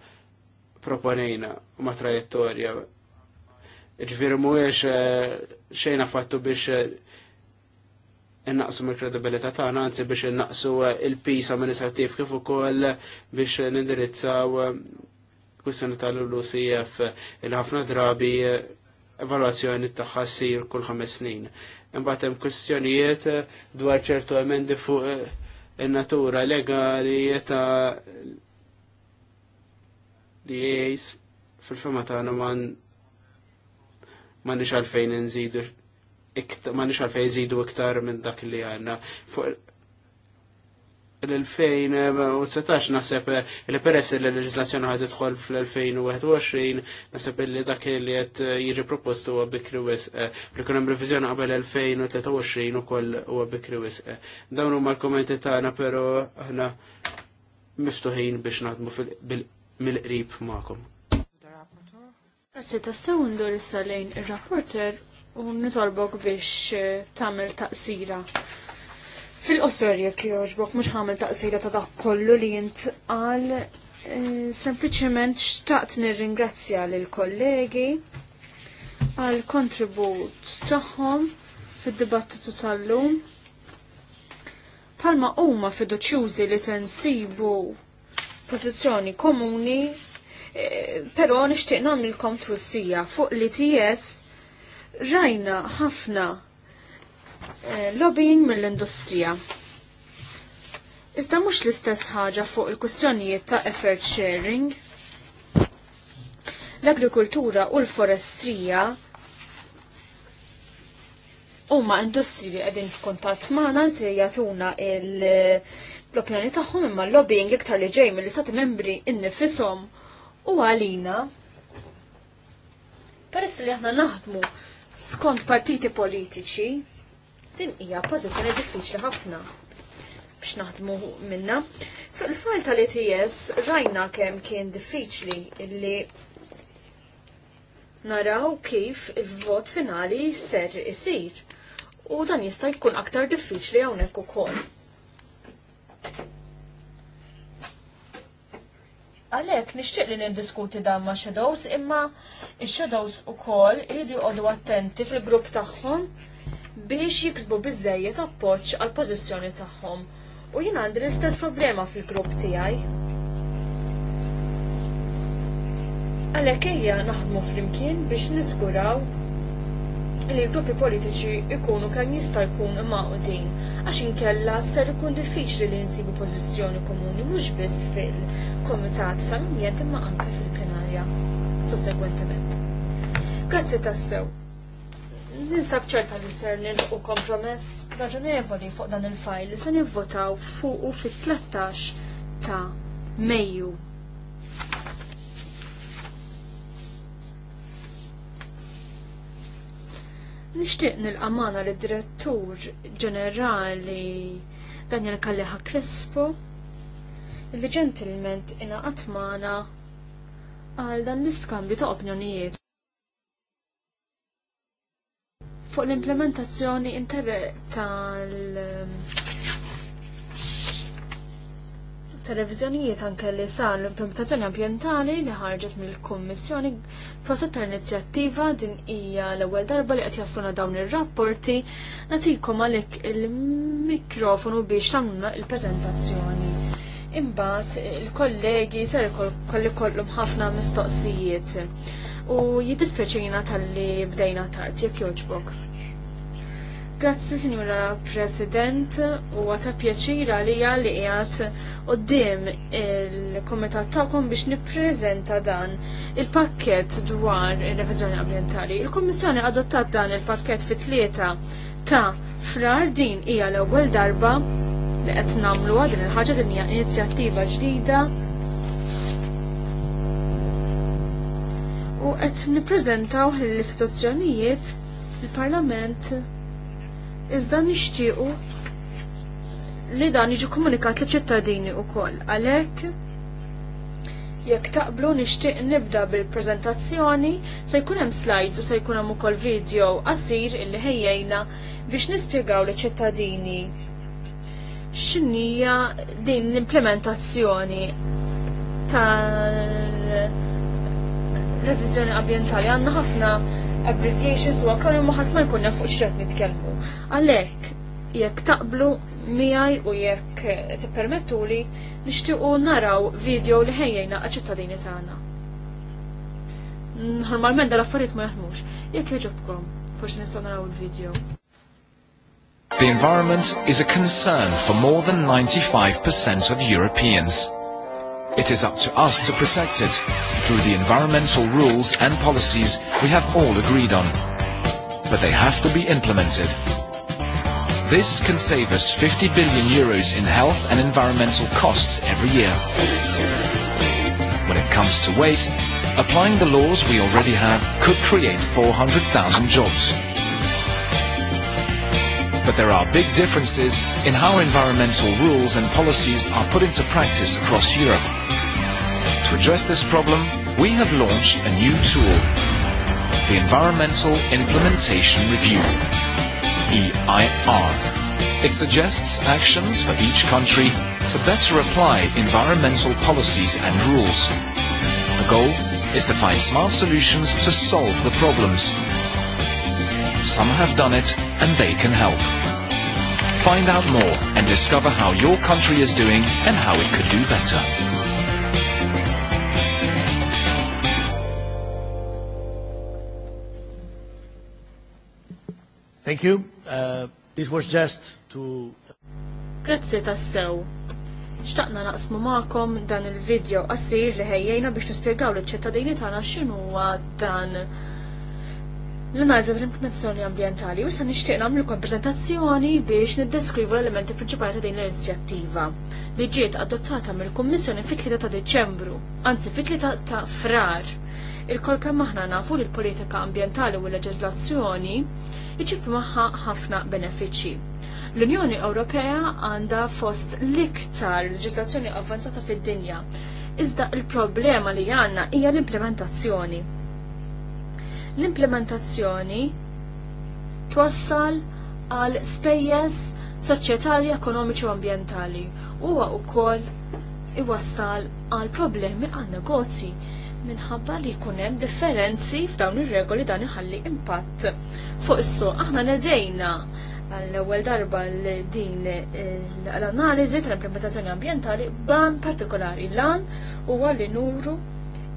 proponejna ma' trajettorja. Ġifieri mhuwiex eh, xejn affattu biex innaqsu mill-kredibilità tagħna, anzi biex innaqsu il-pis amministrattiv kif ukoll biex nindirizzaw kussjoni tal-LUCF il-ħafna drabi evalwazzjoni tagħha ssir kull ħames snin. Imbagħad hemm kwistjonijiet dwar ċertu emendi fuq eh, in-natura legali ta' li jgħis e fil-fema tagħna man man nix għalfejn nżidu nix għalfejn nżidu iktar minn dak li għanna. Fuq l 2017 nasib li peress li l-leġislazzjoni ħad idħol fl-2021 nasib li dak li għed jiġi propostu huwa bikri wisq eh, li kien hemm reviżjoni qabel 2023 ukoll huwa bikri wisq. Eh, dawn huma l-kommenti tagħna però aħna miftuħin biex naħdmu mill-qrib magħkom. Grazie ta' sewndu l salajn ir-rapporter u nitolbok biex eh, tagħmel taqsira Fil-qosor jekk joġbok mhux ħamel taqsira ta' dak kollu li jint għal eh, sempliċement xtaqt nirringrazzja l kollegi għal kontribut tagħhom fid-dibattitu tal-lum. Palma huma fiduċjużi li se nsibu pożizzjoni komuni eh, pero nishtiq namilkom twissija fuq li TS rajna ħafna Eh, lobbying mill-industrija. Iżda mhux l-istess ħaġa fuq il-kwistjonijiet ta' effort sharing. L-agrikultura u l-forestrija huma industri li qegħdin f'kuntatt magħna li jagħtuna l-opinjoni tagħhom imma l-lobbying iktar li ġej mill-istati membri innifisom u għalina. Peress li aħna naħdmu skont partiti politiċi Din hija pożizzjoni diffiċli ħafna biex naħdmu minna. fil fall tal-ETS rajna kemm kien diffiċli li naraw kif il-vot finali ser isir. U dan jista' jkun aktar diffiċli hawnhekk ukoll. Għalhekk nixtieq li nindiskuti dan ma' Shadows imma x-Shadows ukoll iridu jqogħdu attenti fil-grupp tagħhom biex jiksbu bizzejiet appoġġ għal pożizzjoni tagħhom. U jien għandi l-istess problema fil-grupp tiegħi. Għalhekk ejja naħdmu flimkien biex niżguraw li l-gruppi politiċi ikunu kemm jista' jkun maqdin għax inkella ser ikun diffiċli li nsibu pożizzjoni komuni mhux biss fil-komitat samimiet imma anke fil-plenarja sosegwentement. Grazzi tassew. Ninsab ċerta li ser nilħu kompromess raġunevoli fuq dan il-fajl li se nivvotaw fuq u fit-13 ta' Mejju. Nixtieq nil lid li direttur ġenerali Daniel Kalleħa Crespo li ġentilment ina għatmana għal dan l-iskambju ta' opinjonijiet. fuq l-implementazzjoni tal televizjonijiet anke li sar l-implementazzjoni ambientali li ħarġet mill-Kummissjoni prosetta inizjattiva din hija l-ewwel darba li qed jasluna dawn ir-rapporti nagħtikom għalhekk il-mikrofonu biex tagħmluna l-preżentazzjoni. Imbagħad il-kollegi ser ikollu kollhom ħafna mistoqsijiet u jiddispjaċina tal-li bdejna tard jekk joġbok. Grazzi, Signora President, u għata pjaċira li għalli għat u dim il-komitat ta'kom biex niprezenta dan il-pakket dwar il-revizjoni ambientali. Il-Kommissjoni adottat dan il-pakket fit tlieta ta' frar din hija l-ewwel darba li qed namlu din il-ħaġa din hija inizjattiva ġdida qed nippreżentaw l-istituzzjonijiet il-Parlament iżda nixtiequ li dan jiġi komunikat li ċittadini wkoll għalhekk jekk taqblu nixtieq nibda bil prezentazzjoni se jkun hemm slides u se jkun hemm ukoll video qasir illi ħejjejna biex nispjegaw li ċittadini x'inhija din l-implementazzjoni tal revizjoni ambientali għandna ħafna abbreviations u għakar ma ħadd ma jkunna fuq x'qed nitkellmu. Għalhekk jekk taqblu miegħi u jekk tippermettuli nixtiequ naraw video li ħejjejna għaċ-ċittadini tagħna. Normalment dal-affarijiet ma jaħdmux. Jekk jogħġobkom, forsi nistgħu naraw il-video. The environment is a concern for more than 95% of Europeans. It is up to us to protect it through the environmental rules and policies we have all agreed on. But they have to be implemented. This can save us 50 billion euros in health and environmental costs every year. When it comes to waste, applying the laws we already have could create 400,000 jobs. But there are big differences in how environmental rules and policies are put into practice across Europe. To address this problem, we have launched a new tool, the Environmental Implementation Review, EIR. It suggests actions for each country to better apply environmental policies and rules. The goal is to find smart solutions to solve the problems. Some have done it and they can help. Find out more and discover how your country is doing and how it could do better. Thank you. Uh, this was just to... Grazie tassew. Xtaqna naqsmu ma'kom dan il-video qassir li ħejjejna biex nispjegaw liċ ċittadini tagħna x'inhuwa dan l-analiza tal-implementazzjoni ambientali u san nixtieq nagħmlilkom prezentazzjoni biex niddeskrivu l-elementi principali ta' din l-inizjattiva li ġiet adottata mill-Kummissjoni fit-3 ta' Deċembru, anzi fit-3 ta' Frar. Il-kol kemm aħna nafu li l-politika ambientali u l leġislazzjoni iġib magħha ħafna benefiċċji. L-Unjoni Ewropea għandha fost l-iktar leġislazzjoni avvanzata fid-dinja. Iżda il-problema li għandna hija l-implementazzjoni. L-implementazzjoni twassal għal spejjeż soċjetali, ekonomiċi u ambjentali. Huwa wkoll iwassal għal problemi għan negozji minħabba li jkun hemm differenzi f'dawn ir-regoli dan iħalli impatt fuq issu. Aħna nedejna għall-ewwel darba l din l-analiżi tal-implementazzjoni ambjentali ban partikolari lan huwa li nuru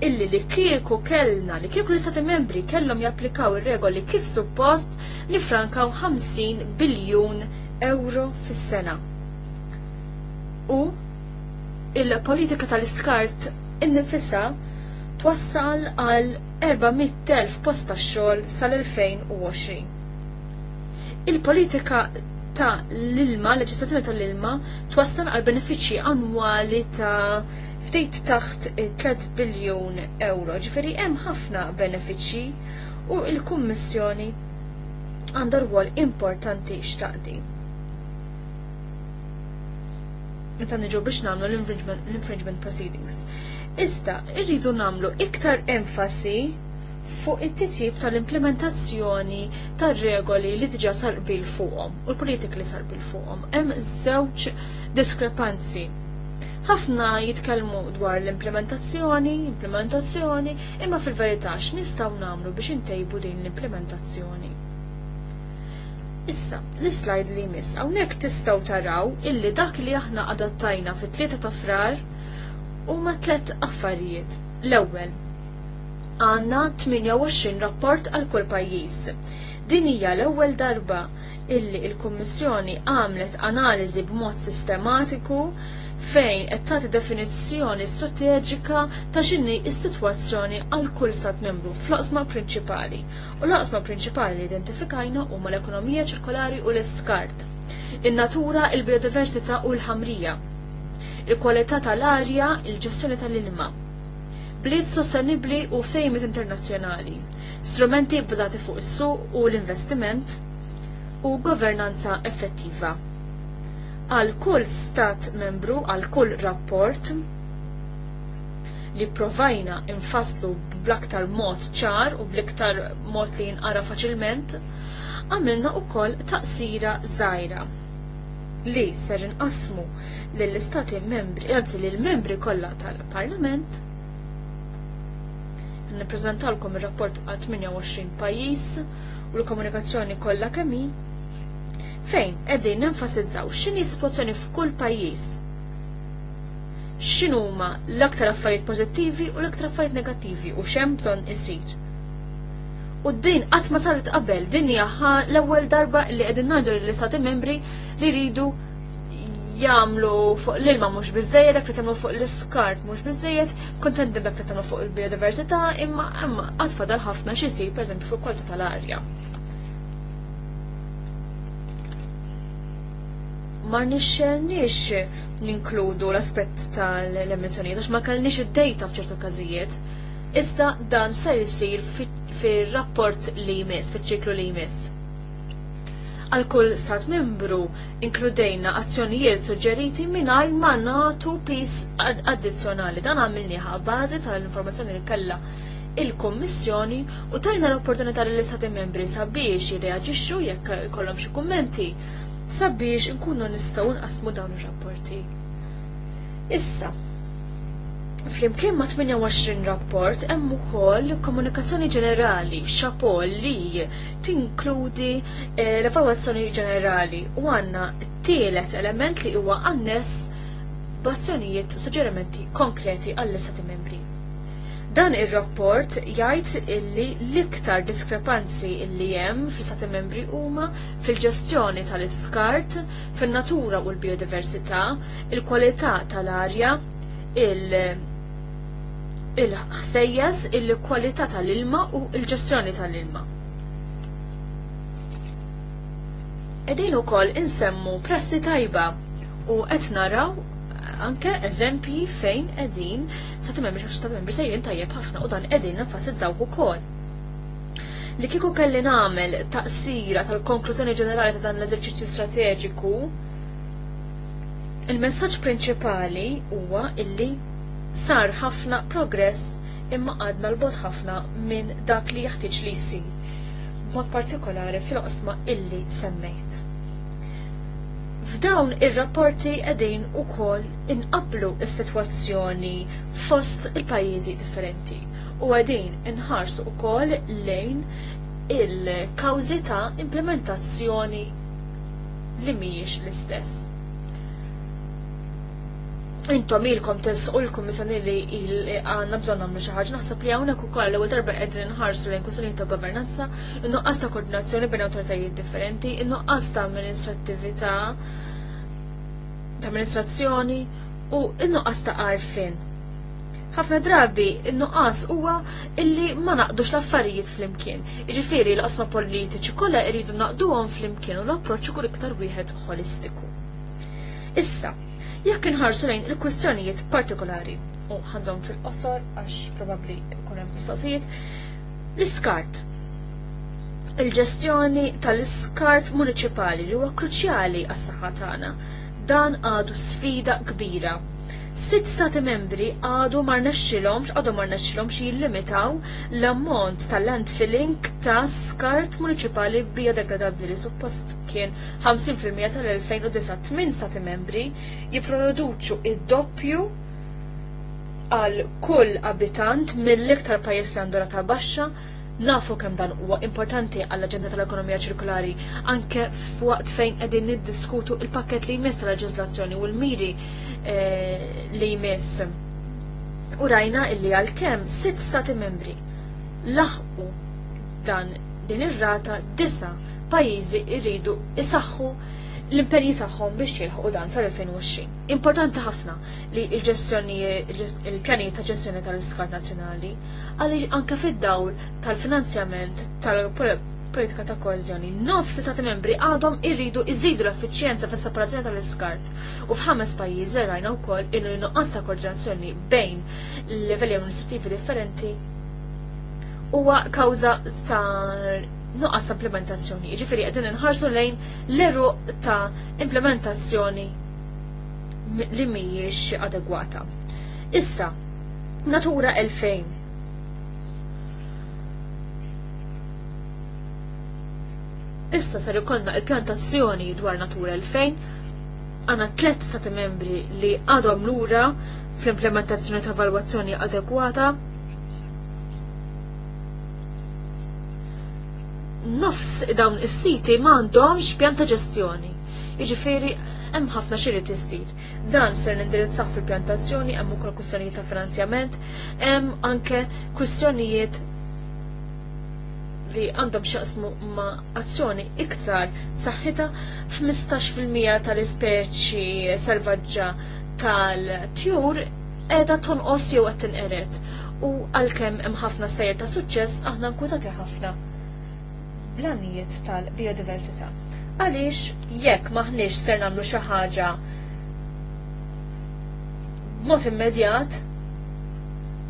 illi li kieku kellna li kieku l-istati membri kellhom japplikaw ir-regoli kif suppost li frankaw 50 biljun euro fis-sena. U il-politika tal-iskart innifissa twassal għal 400.000 posta xogħol sal-2020. Il-politika ta' l-ilma, leġislazzjoni ta' l-ilma, twassal għal benefiċċji annwali ta' ftit taħt 3 biljun euro. ġifiri hemm ħafna benefiċċji u l-Kummissjoni għandha rwol importanti xtaqdi. Meta niġu biex nagħmlu l-infringement proceedings. Iżda irridu namlu iktar enfasi fuq it-titjib tal-implementazzjoni tar-regoli li diġa sarbil fuqhom u l-politik li sarbil fuqhom. Hemm żewġ diskrepanzi. Ħafna jitkellmu dwar l-implementazzjoni, implementazzjoni, imma fil-verità x'nistgħu nagħmlu biex intejbu din l-implementazzjoni. Issa, l-slide li jmiss hawnhekk tistgħu taraw illi dak li aħna adattajna fit-3 ta' frar huma tlet affarijiet. L-ewwel, għandna 28 rapport għal kull pajjiż. Din hija l-ewwel darba illi l-Kummissjoni għamlet analiżi b'mod sistematiku fejn qed tagħti definizzjoni strateġika ta' x'inhi s-sitwazzjoni għal kull stat membru fl-oqsma prinċipali. U l-oqsma prinċipali li identifikajna huma l-ekonomija ċirkolari u l-iskart, in-natura, il-biodiversità u l-ħamrija il-kwalità tal-arja, il-ġestjoni tal-ilma. Bliet sostenibli u fejmit internazzjonali, strumenti bbażati fuq is-suq u l-investiment u governanza effettiva. Għal kull stat membru, għal kull rapport, li provajna infaslu bl-aktar mod ċar u bl-aktar mod li jinqara faċilment, għamilna u koll taqsira zaħira li ser inqasmu lill-istati membri, anzi lill-membri kollha tal-Parlament. Nippreżentalkom ir-rapport għal 28 pajjiż u l-komunikazzjoni kollha kemm hi fejn qegħdin nenfasizzaw x'inhi sitwazzjoni f'kull pajjiż x'inhuma l-aktar affarijiet pożittivi u l-aktar affarijiet negattivi u x'hemm bżonn isir U din qatt ma saret qabel, din hija l-ewwel darba li qegħdin ngħidu lill-istati membri li jridu jagħmlu fuq l-ilma mhux biżejjed, dak li fuq l-iskart mhux biżejjed, kontent dak li tagħmlu fuq il-biodiversità, imma imma qatt fadal ħafna xi jsir pereżempju fuq kwalità tal-arja. ma nixxenix ninkludu l-aspett tal-emissjonijiet għax ma kellniex id-dejta f'ċertu każijiet Iżda dan se jsir fir-rapport li jmiss, fiċ-ċiklu li jmiss. Għal kull stat membru inkludejna azzjonijiet suġġeriti mingħajr ma nagħtu pis addizzjonali. Dan għamilniħa bażi tal-informazzjoni li kellha il-Kommissjoni u tajna l-opportunità li l istati membri sabiex jirreaġixxu jekk ikollhom xi kummenti sabiex inkunu nistgħu nqasmu dawn ir-rapporti. Issa, Flimkien ma' 28 rapport hemm ukoll komunikazzjoni ġenerali xapol li tinkludi eh, l-evalwazzjoni ġenerali u għandna tielet element li huwa annes b'azzjonijiet u suġġerimenti konkreti għall-istati membri. Dan ir-rapport jgħid illi l-iktar diskrepanzi illi hemm fl-istati membri huma fil-ġestjoni tal-iskart, fin-natura u l-biodiversità, il-kwalità tal-arja, il il-ħsejjes il-kwalità tal-ilma u il-ġestjoni tal-ilma. Edin ukoll insemmu prassi tajba u qed naraw eh, anke eżempji fejn edin sa timem biex għax timem biex sejrin tajjeb ħafna u dan edin nfasizzaw ukoll. Li kiku kelli namel taqsira tal-konklużjoni ġenerali ta' dan l-eżerċizzju strateġiku, il-messaġġ prinċipali huwa illi sar ħafna progress imma għadna l-bot ħafna minn dak li jaħtieġ li jsir, b'mod partikolari fil-qosma illi semmejt. F'dawn ir-rapporti qegħdin ukoll inqablu s-sitwazzjoni fost il-pajjiżi differenti u għedin inħarsu ukoll lejn il-kawżi ta' implementazzjoni li mhijiex l-istess. Intom ilkom tesqu l-Kummissjoni li għandna bżonna nagħmlu xi ħaġa naħseb li hawnhekk ukoll l-ewwel darba qegħdin inħarsu lejn kwistjonijiet ta' governanza, in-nuqqas ta' koordinazzjoni bejn awtoritajiet differenti, in-nuqqas ta' amministrattività ta' amministrazzjoni u in-nuqqas ta' għarfien. Ħafna drabi in-nuqqas huwa illi ma naqdux l-affarijiet flimkien. Jiġifieri l-qosma politiċi kollha jridu naqduhom flimkien u l-approċċ ikun iktar wieħed ħolistiku. Issa, jekk inħarsu lejn il-kwistjonijiet partikolari u ħanżom fil-qosor għax probabbli jkun hemm mistoqsijiet l-iskart. Il-ġestjoni tal-iskart municipali li huwa kruċjali għas-saħħa tagħna dan għadu sfida kbira Sitt stati membri għadu mar nexxilhomx għadu mar xie jillimitaw l-ammont tal-landfilling ta' skart municipali biodegradabili. suppost kien 50% tal-2009 tmien stati membri jipproduċu id-doppju għal kull abitant mill-iktar pajjiż li għandu ta' baxxa Nafu kemm dan huwa importanti għall aġenda tal-ekonomija ċirkulari anke f'waqt fejn qegħdin niddiskutu il-pakket li jmiss tal-leġiżlazzjoni u l-miri eh, li jmiss. U rajna illi għal-kem sitt stati membri laħqu dan din ir-rata disa pajjiżi rridu isaħħu l imperi tagħhom biex jilħqu dan sal-2020. Importanti ħafna li l-ġestjoni il-pjani ta' ġestjoni tal-iskart nazzjonali għaliex anke fid-dawl tal-finanzjament tal-politika ta' koeżjoni nofs stati membri għadhom irridu iżidu l-effiċjenza fis separazzjoni tal-iskart u f'ħames pajjiż rajna wkoll inhu jinnu għasta koordinazzjoni bejn livelli amministrativi differenti huwa kawża ta' nuqqas implementazzjoni. Jiġifieri qegħdin inħarsu lejn l-eru ta' implementazzjoni li mhijiex adegwata. Issa, Natura 2000. Issa sar ikollna il-pjantazzjoni dwar Natura 2000 għana tlet stati membri li għadhom lura fl-implementazzjoni ta' valwazzjoni adegwata nofs dawn is-siti m'għandhomx pjan ta' ġestjoni. Jiġifieri hemm ħafna xiri tisir. Dan ser nindirizzaw fil-pjantazzjoni, hemm ukoll kwistjonijiet ta' finanzjament, hemm anke kwistjonijiet li għandhom xaqsmu ma azzjoni iktar saħħita 15% tal-ispeċi selvaġġa tal-tjur edha tonqos jew qed tinqeret u għalkemm hemm ħafna sejjer ta' suċċess aħna nkwetati ħafna Planijiet tal-biodiversità. Għaliex jekk maħniex ser nagħmlu xi ħaġa b'mod immedjat,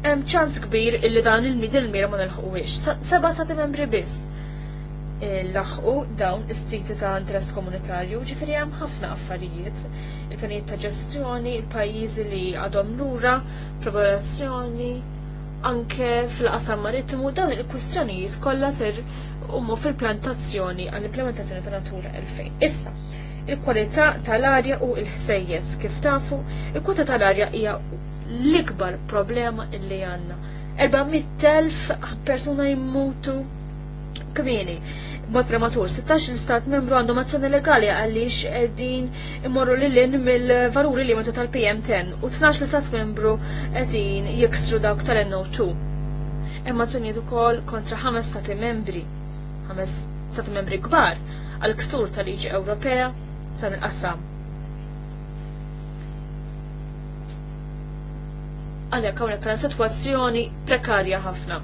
hemm ċans kbir illi dan il-midil mira ma nilħuqwix. Seba' sati membri biss eh, laħqu dawn is-siti ta' interess komunitarju, ġifieri hemm ħafna affarijiet. Il-pjanijiet ta' ġestjoni, il-pajjiżi li għadhom lura, popolazzjoni, anke fil-qasam marittimu dawn il-kwistjonijiet kollha ser umu fil-plantazzjoni għall-implementazzjoni ta' Natura 2000. Issa, il-kwalità tal-arja u l-ħsejjes kif tafu, il-kwalità tal-arja hija l-ikbar problema illi għandna. 400.000 persuna jmutu kmini mod prematur. 16 stat membru għandhom azzjoni legali għaliex qegħdin imorru lilin mill-valuri li metu tal-PM10 u 12 stat membru qegħdin jiksru dawk tal-NO2. t azzjonijiet ukoll kontra ħames stati membri ħames stati membri kbar għal kstur tal-liġi Ewropea tan il-qassam. Għalhekk hawnhekk għandna sitwazzjoni prekarja ħafna.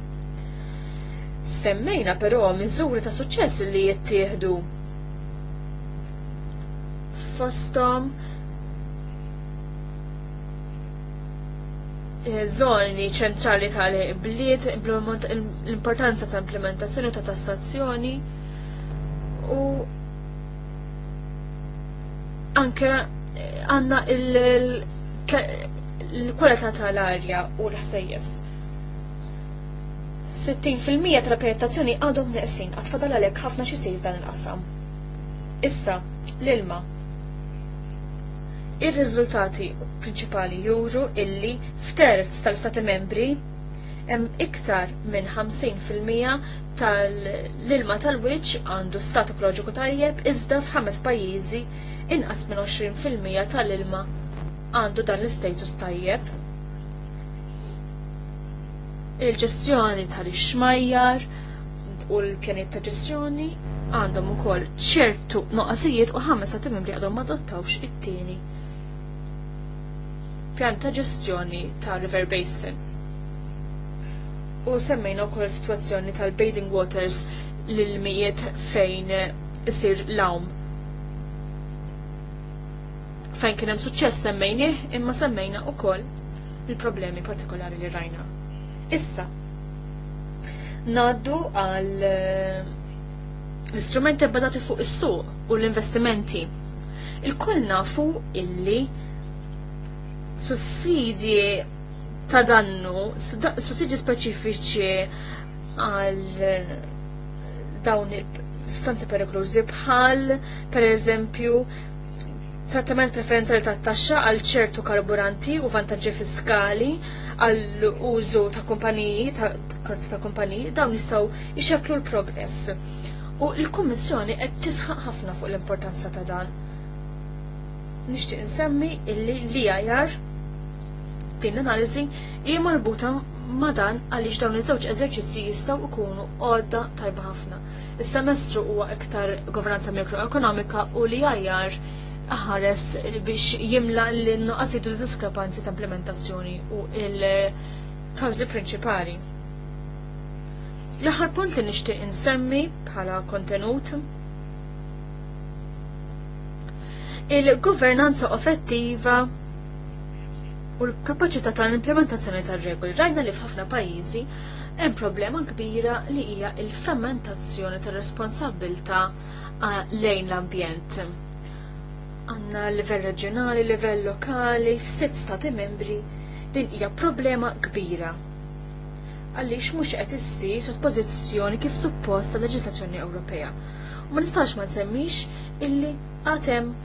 Semmejna però miżuri ta' suċċess li jittieħdu fosthom Eh, zoni ċentrali tal-bliet, l-importanza ta' implementazzjoni ta' stazzjoni u anke eh, għanna il-kwalità tal-arja u l-ħsejjes. 60% tal-pjantazzjoni għadhom neqsin, għatfadal għalek ħafna xisir dan il-qasam. Issa, l-ilma, Ir-riżultati prinċipali juru illi f'terz tal-Stati membri hemm iktar minn 50% tal-ilma tal-wiċ għandu stat ekoloġiku tajjeb iżda f'ħames pajjiżi inqas minn 20% tal-ilma għandu dan l-istatus tajjeb. Il-ġestjoni tal-ixmajjar u l pjaniet ta' ġestjoni għandhom ukoll ċertu noqasijiet u ħames ta' membri għadhom ma it-tieni pjan ta' ġestjoni ta' River Basin. U semmejna wkoll is-sitwazzjoni tal-Bathing Waters l-mijiet fejn isir l Fejn kien hemm suċċess semmejni, imma semmejna wkoll il-problemi partikolari li rajna. Issa, naddu għal eh, l-istrumenti badati fuq is-suq u l-investimenti. Il-koll nafu illi sussidji ta' dannu, sussidji speċifiċi għal eh, dawn il-sustanzi periklużi bħal, per eżempju, trattament preferenzjali ta' taxxa għal ċertu karburanti u vantaġġi fiskali għall użu ta' kumpaniji, ta' karzi ta' kumpaniji, dawn jistgħu jxeklu l-progress. U l-Kummissjoni qed tisħaq ħafna fuq l-importanza ta' dan. Nixtieq insemmi illi li jar din l analizi hija marbuta ma' dan għaliex dawn iż-żewġ eżerċizzji jistgħu jkunu għodda tajba ħafna. Is-semestru huwa iktar governanza mikroekonomika u li jajjar ħares biex jimla l jidu l-diskrepanzi ta' implementazzjoni u l kawżi prinċipali. L-aħħar punt li nixtieq insemmi bħala kontenut il-governanza offettiva u l-kapacità tal-implementazzjoni tal-regoli. Rajna li f'ħafna pajjiżi hemm problema kbira li hija il-frammentazzjoni tar responsabilità lejn l-ambjent. Għanna livell reġjonali, livell lokali, f'sitt stati membri din hija problema kbira għaliex mhux qed issir s-pożizzjoni kif suppost tal-leġislazzjoni Ewropea. U ma nistax ma nsemmix illi għad hemm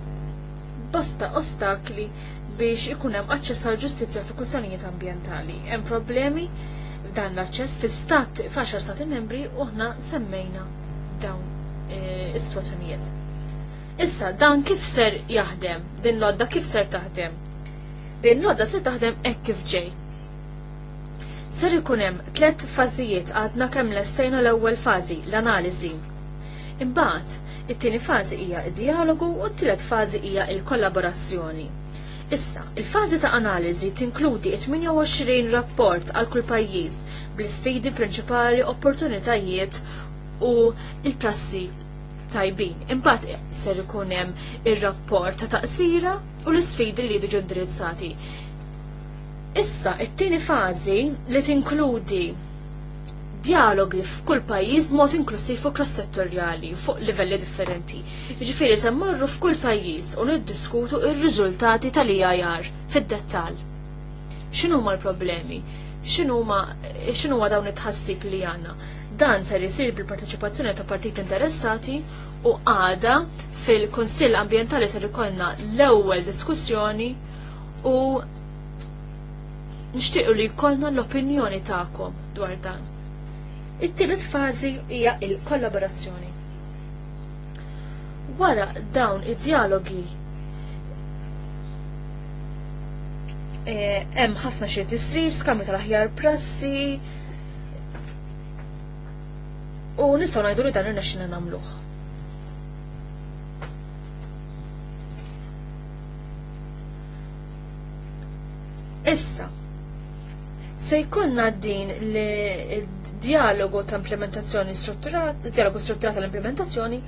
bosta ostakli biex ikun hemm aċċess għal ġustizzja fi kwistjonijiet ambjentali. Hemm problemi dan l-aċċess fi stat f'għaxar stati membri u semmejna dawn e, is-sitwazzjonijiet. Issa dan kif ser jaħdem, din l-odda kif ser taħdem. Din l-odda ser taħdem hekk kif ġej. Ser ikun hemm tliet fażijiet għadna kemm lestejna l-ewwel fażi, l-analiżi. Imbagħad, it-tieni fażi hija d-dialogu u t-tielet fażi hija l-kollaborazzjoni. Issa, il-fazi ta' analiżi tinkludi 28 rapport għal kull pajjiż bl-istidi prinċipali, opportunitajiet u il-prassi tajbin. Imbagħad ser ikun hemm ir-rapport ta' taqsira u l-isfidi li jiġu indirizzati. Issa, it-tieni fażi li tinkludi dialogi f'kull pajjiż mod inklusiv u cross-settorjali fuq livelli differenti. Ġifieri se mmorru f'kull pajjiż u niddiskutu r-riżultati tal-IAR fid-dettall. X'inhuma l-problemi? X'inhuma dawn it-tħassib li għandna? Dan ser isir bil-parteċipazzjoni ta' partit interessati u għada fil kunsill Ambientali ser ikollna l-ewwel diskussjoni u nixtiequ li jkollna l-opinjoni tagħkom dwar dan. It-tielet fażi hija il-kollaborazzjoni. Wara dawn id-dialogi e, hemm ħafna xi issir skambju tal-aħjar prassi, u nistgħu ngħidu li dan xina nagħmluh. Issa, Se jkollna din li dialogu ta' implementazzjoni strutturata, dialogu strutturata tal implementazzjoni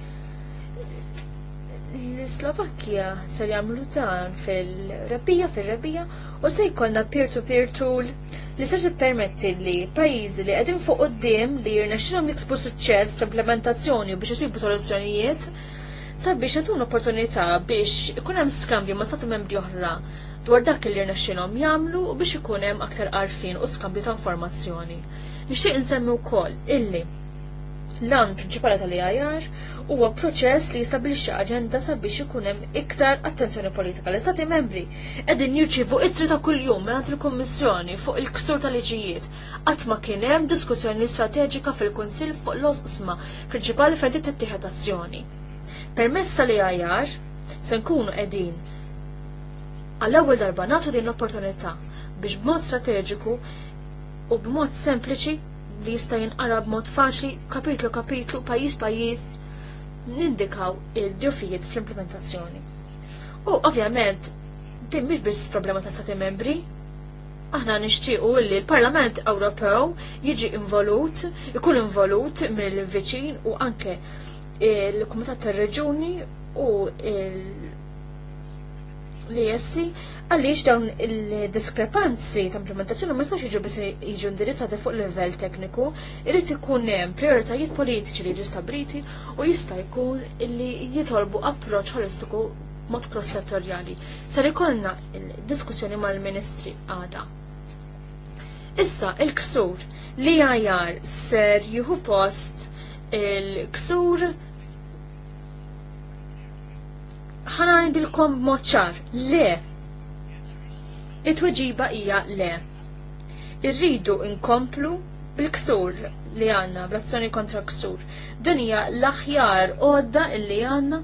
l-Slovakkja ser jagħmlu dan fil rabija fil-rebija u se jkollna peer-to-peer tool li se tippermetti li pajjiżi li qegħdin fuq quddiem li jirnexxinhom jiksbu suċċess fl-implementazzjoni u biex isibu soluzzjonijiet sabiex jagħtun opportunità biex ikun hemm skambju ma' stati membri oħra dwar dak li rnexxinhom jagħmlu biex ikun hemm aktar arfin u skambju ta' informazzjoni. Nixtieq insemmi wkoll illi l-an prinċipali tal-IAR huwa proċess li jistabilixxi aġenda sabiex ikun hemm iktar attenzjoni politika. L-Istati membri qegħdin jirċievu ittri ta' kuljum mingħand il-Kummissjoni fuq il-ksur tal-liġijiet qatt ma kien hemm diskussjoni strateġika fil-Kunsill fuq l osma prinċipali fejn tittieħed azzjoni. Permezz tal-IAR se nkunu qegħdin għall-ewwel darba nagħtu din l-opportunità biex b'mod strateġiku u b'mod sempliċi li jista' jinqara b'mod faċli kapitlu kapitlu pajjiż pajjiż nindikaw il-djufijiet fl-implementazzjoni. U ovvjament din mhix biss problema ta' stati membri, aħna nixtiequ li l-Parlament Ewropew jiġi involut, ikun involut mill-viċin u anke il-Kumitat tar-Reġuni u il l-ISC għaliex dawn il-diskrepanzi ta' implementazzjoni ma jistax jiġu biex jiġu indirizzati fuq livell tekniku, irid ikun hemm prioritajiet politiċi li jiġu stabriti u jista' jkun li jitolbu approċċ ħolistiku mod cross-settorjali. Sar ikollna diskussjoni mal-Ministri għada. Issa il-ksur li għajar ser juhu post il-ksur il ksur ħana għandilkom moċċar, le. It-tweġiba hija le. Irridu inkomplu bil-ksur li għanna, blazzoni kontra ksur. Din hija l-aħjar għodda illi għanna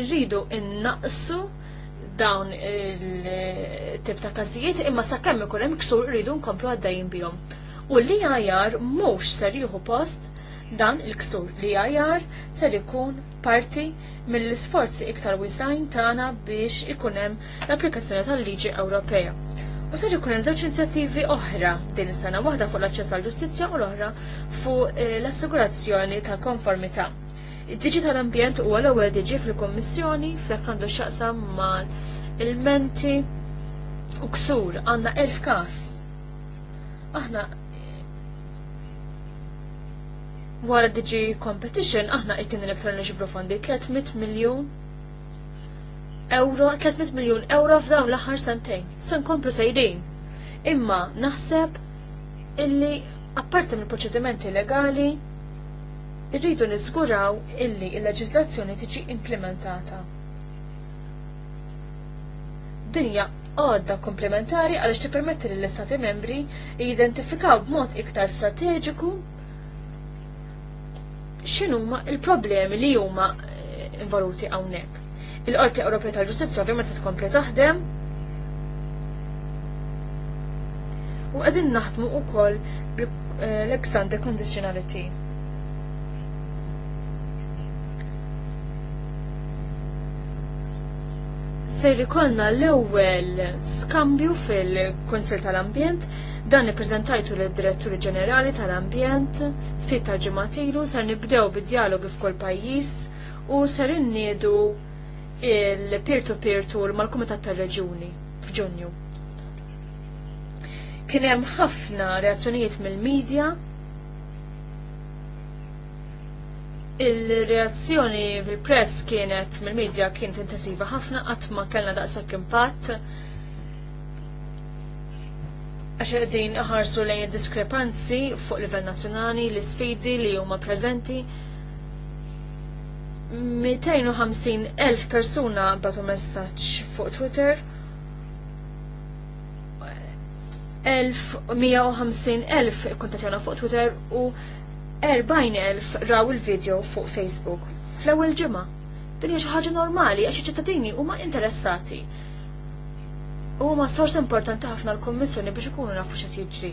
irridu innaqsu dawn il tib ta' każijiet imma sakemm ikun hemm ksur irridu nkomplu għaddajn bihom. U li għajar mhux ser jieħu post Dan il-ksur li għajar ser ikun parti mill-isforzi iktar wisajn tagħna biex ikunem l-applikazzjoni tal-liġi Ewropea. U ser ikun hemm żewġ inizjattivi oħra din is-sena waħda fuq l-aċċess għall-ġustizzja u l-oħra fuq eh, l-assigurazzjoni tal-konformità. Id-digital ambjent huwa l-ewwel diġi fil-Kummissjoni f'dak għandu x'aqsam mal-ilmenti u ksur għandna elf każ aħna Wara diġi Competition aħna qed niffer niġbru fondi 300 miljon euro, 300 miljun euro f'dawn l-aħħar sentejn. Se nkomplu sejdin. Imma naħseb illi apparti mill proċedimenti legali irridu niżguraw illi il leġislazzjoni tiġi implementata. Dinja għodda komplementari għaliex tippermetti lill istati membri jidentifikaw b'mod iktar strateġiku x'inhuma il-problemi li huma eh, involuti hawnhekk. Il-Qorti Ewropea tal-Ġustizzja ovvjament se tkompli taħdem u qegħdin naħdmu wkoll l exante eh, conditionality. Ser ikollna l-ewwel skambju fil kunsill tal-Ambjent Dan ippreżentajtu lid direttur ġenerali tal-ambjent, ftit ta' ġematilu, sar nibdew bid dialog f'kull pajjiż u sar inniedu il-peer-to-peer tour mal-Kumitat tal-Reġuni f'Ġunju. Kien hemm ħafna reazzjonijiet mill-medja Il-reazzjoni fil-press kienet mill-medja kienet intensiva ħafna qatt ma kellna daqshekk impatt għax qegħdin ħarsu lejn id diskrepanzi fuq livell nazzjonali, l-isfidi li huma preżenti. 250.000 elf persuna batu messaġġ fuq Twitter. 150.000 kontatjana fuq Twitter u 40.000 raw il-video fuq Facebook. Fl-ewwel ġimgħa. Din hija xi ħaġa normali għax iċ-ċittadini huma interessati huma sors importanti ħafna l-Kommissjoni biex ikunu nafu x'qed jiġri.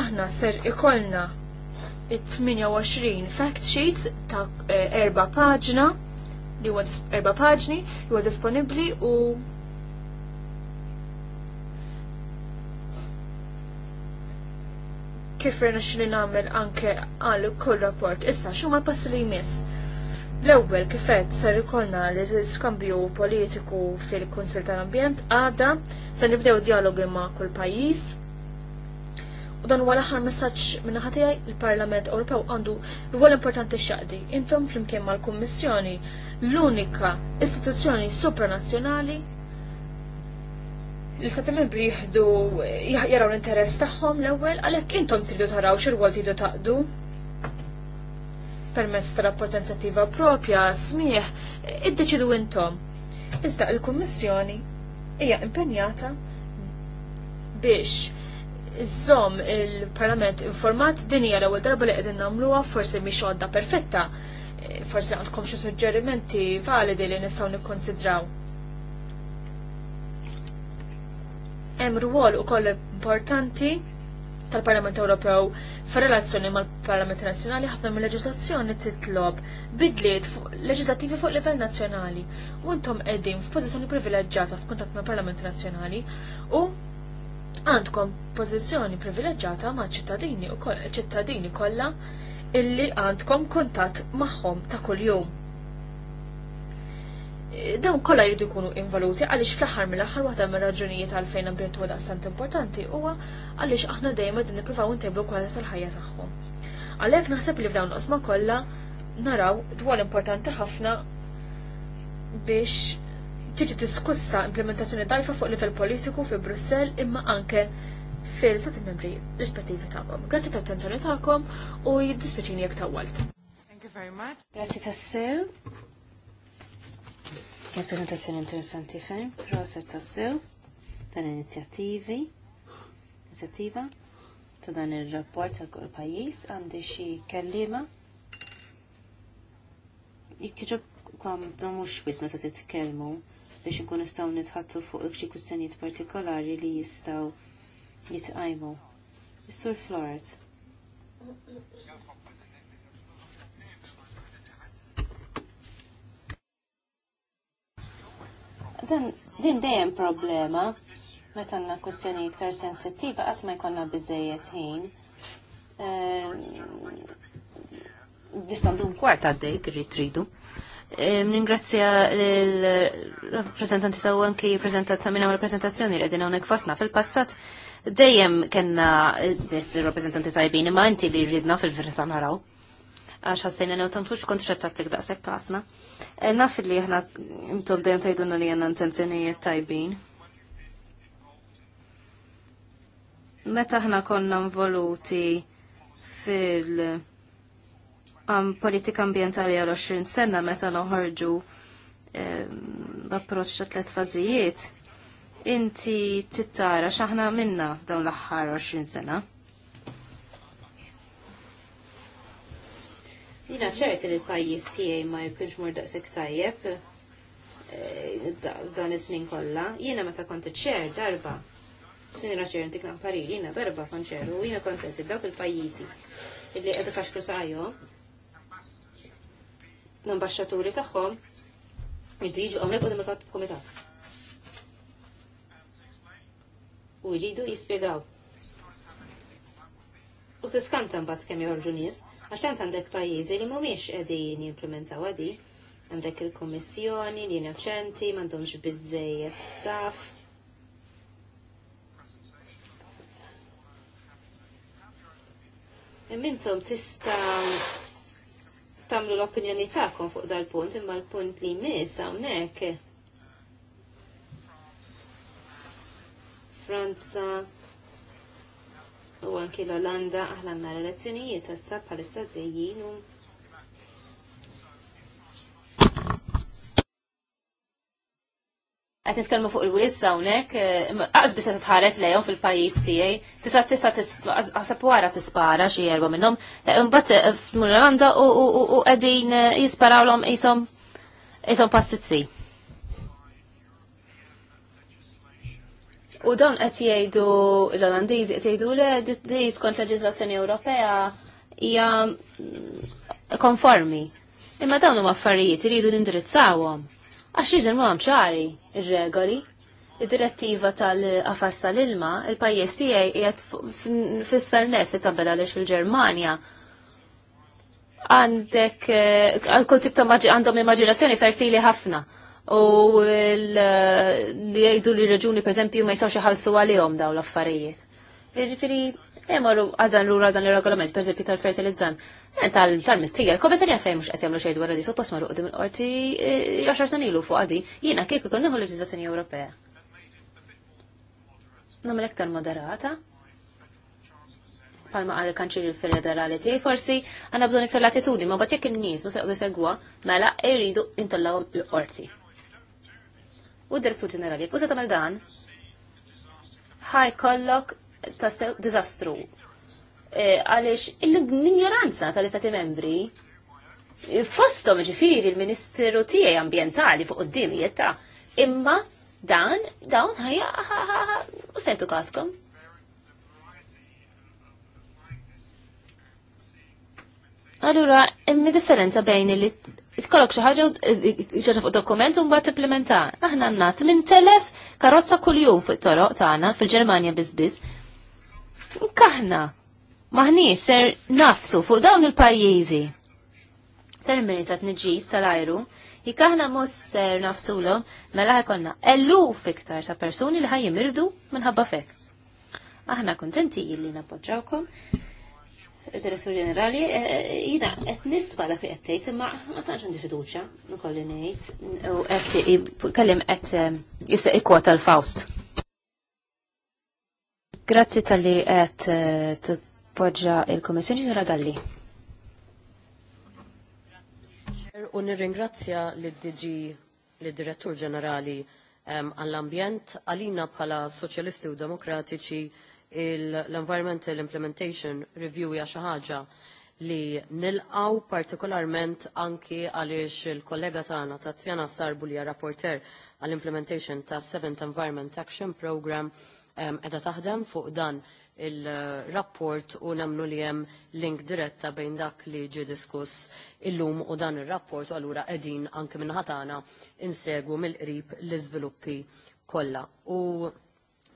Aħna ser ikollna 28 fact sheets ta' erba' paġna li huwa erba' paġni li huwa disponibbli u kif rena xli nagħmel anke għal kull rapport. Issa x'huma l-passi li jmiss L-ewwel kifet ser ikollna li l-iskambju politiku fil-Kunsil tal-Ambjent għada se nibdew dialogi ma' kull pajjiż. U dan huwa l-aħħar messaġġ minn ħatijaj il-Parlament Ewropew għandu rwol importanti x'aqdi. Intom flimkien mal-Kummissjoni l-unika istituzzjoni supranazzjonali l-istati membri jihdu jaraw l-interess tagħhom l-ewwel għalhekk intom tridu taraw x'irwol tridu taqdu permezz ta' rapport inizjattiva propja smieħ iddeċidu intom. Iżda il-Kummissjoni hija impenjata biex iżżomm il-Parlament informat din hija l-ewwel darba li qegħdin nagħmluha forsi mhix għodda perfetta. Forsi għandkom xi suġġerimenti validi li nistgħu nikkonsidraw. Hemm rwol ukoll importanti tal-Parlament Ewropew fir-relazzjoni mal-Parlament Nazzjonali ħafna mill-leġislazzjoni titlob bidliet leġislattivi fuq livell nazzjonali u intom qegħdin f'pożizzjoni privileġġjata f'kuntatt mal-Parlament Nazzjonali u għandkom pożizzjoni privileġġjata ma' ċittadini u ċittadini kollha illi għandkom kuntatt magħhom ta' kuljum dawn kollha jridu jkunu involuti għaliex fl-aħħar mill-aħħar waħda mir-raġunijiet għalfejn ambjent huwa daqstant importanti huwa għaliex aħna dejjem qegħdin nippruvaw intejblu kwalità tal-ħajja tagħhom. Għalhekk naħseb li f'dawn qosma kollha naraw dwar importanti ħafna biex tiġi diskussa implementazzjoni dajfa fuq livell politiku fi Brussell imma anke fil sati membri rispettivi tagħhom. Grazzi tal-attenzjoni tagħkom u jiddispjaċini jekk tawwalt. Thank you very much. Grazzi tassew. Kienet prezentazzjoni interessanti fejn, pro ta' sew, dan inizjattivi, inizjattiva ta' dan il-rapport ta' kull pajis, għandi xi kellima. Jikġob kwam mhux biss meta titkellmu biex nkun nistgħu nitħattu fuq xi kwistjonijiet partikolari li jistgħu jitqajmu. Is-Sur Floret. din dejjem problema meta għandna kwestjoni iktar sensittiva qatt ma jkollna biżejjed ħin. Distandu ehm, kwart għaddej irrid tridu. Ehm, ningrazzja l-rappresentanti ta' anki prezentat ta' minna l-prezentazzjoni li għedin għonek fasna fil-passat. Dejjem kena ir rappresentanti tajbin imma inti li rridna fil-verita naraw. Għax għassajna new tantux kontra t-tikdaqsek daqshekk asna. Eh, naf li aħna imtom dejjem tajdunna li għandna intenzjonijiet tajbin. Meta aħna konna involuti fil politika ambientali għal 20 sena meta noħorġu b'approċċ ta' tliet fażijiet, inti tittara x'aħna minna dawn l-aħħar 20 sena. Jina ċerti li l-pajis tijaj ma jkunx mur daqsek tajjeb eh, dan is-snin kollha. Jiena meta kont ċer darba. Sinira ċer intik paril, jiena darba kont ċer u jiena kont qed dawk il-pajjiżi illi qed ifaxkru sajhom. L-ambasċaturi tagħhom jridu jiġu għamlek qudiem il-komitat. U jridu jispjegaw. U tiskanta mbagħad kemm jorġu nies. Għaxtant għandek pajizi li mumiex edin jimplementaw għadi, għandek il-kommissjoni li innoċenti, mandomx bizzejiet staff. Mintom tista tamlu l-opinjoni ta'kom fuq dal-punt, imma l-punt li mis hawnhekk. Franza, u anki l-Olanda aħna l-elezzjonijiet issa bħalissa dejjin u għet nitkellmu fuq il-wissa unek, għaz bisa tħares lejhom fil-pajis tiegħi, tista' tista' għasab wara tispara xi erba minnhom, mbagħad eh, f'Murlanda u qegħdin eh, jisparawlhom qishom qishom pastizzi. U dawn qed jgħidu l-Olandiżi qed jgħidu le di skont leġiżlazzjoni Ewropea hija mm, konformi. Imma dawn huma affarijiet iridu nindirizzawhom. Għax jiġu mhom ċari ir-regoli. Id-direttiva tal-qafas tal-ilma, il-pajjiż tiegħi qiegħed fis-sfel net fit-tabella għaliex fil-Ġermanja għandek eh, għal kull tip ta' għandhom immaġinazzjoni fertili ħafna u eh, li jgħidu li reġuni per esempio ma jistawx jħalsu għalihom daw l-affarijiet. Ġifiri, jemorru eh, għadan l-ura dan il-regolament, per esempio eh, tal fertilizzan tal-mistijer, kobe sen jaffej mux għatjamlu xejdu għarra di, so marru għodim l-orti 10 sanilu fuq għadi, jina kieku konniħu l-leġizzazzjoni Ewropea. Namel ektar moderata, palma għal kanċir federali tiegħi forsi għandna bżonn iktar latitudni, ma bad jekk in-nies mhux segwa mela jridu intollaw l-qorti u d ġenerali. Kusa tamel dan, ħaj kollok ta' dizastru. E, Għalix, l-ignoranza tal-istati membri, fostom ġifiri il ministru tiegħi ambientali fuq qoddim jitta, imma dan, dan ħajja, u sentu kaskom. Allura, immi differenza bejn li tkollok xi ħaġa fuq dokument u mbagħad tipplementa. Aħna għandna minn telef karozza kuljum fuq it-toroq tagħna fil-Ġermanja biss. Kaħna maħniex ser nafsu fuq dawn il-pajjiżi. Termini ta' tniġis tal-ajru, jekk aħna mhux ser nafsulhom mela ħajkonna ellu iktar ta' persuni li ħajjimirdu minħabba fek. Aħna kuntenti illi nappoġġawkom direttur ġenerali, eh, jina qed nisba dak li tgħid, imma ma tantx għandi fiduċja nkolli ngħid. U għet kellim qed eh, jista' ikkwa l-Faust. Grazzi tal-li qed eh, tippoġġa il komissjoni Ġenerali Galli. U nirringrazzja l dg l direttur Ġenerali għall-ambjent għalina bħala Soċjalisti u Demokratiċi l-Environmental Implementation Review hija xi ħaġa li nilqaw partikolarment anki għaliex il-kollega tagħna Tazzjana Sarbu li rapporter għall-implementation ta' 7th Environment Action Program edha taħdem fuq dan il-rapport u nemnu li hemm link diretta bejn dak li ġi diskuss illum u dan il-rapport u allura qegħdin anke minħatana insegu mill-qrib l-iżviluppi kollha. U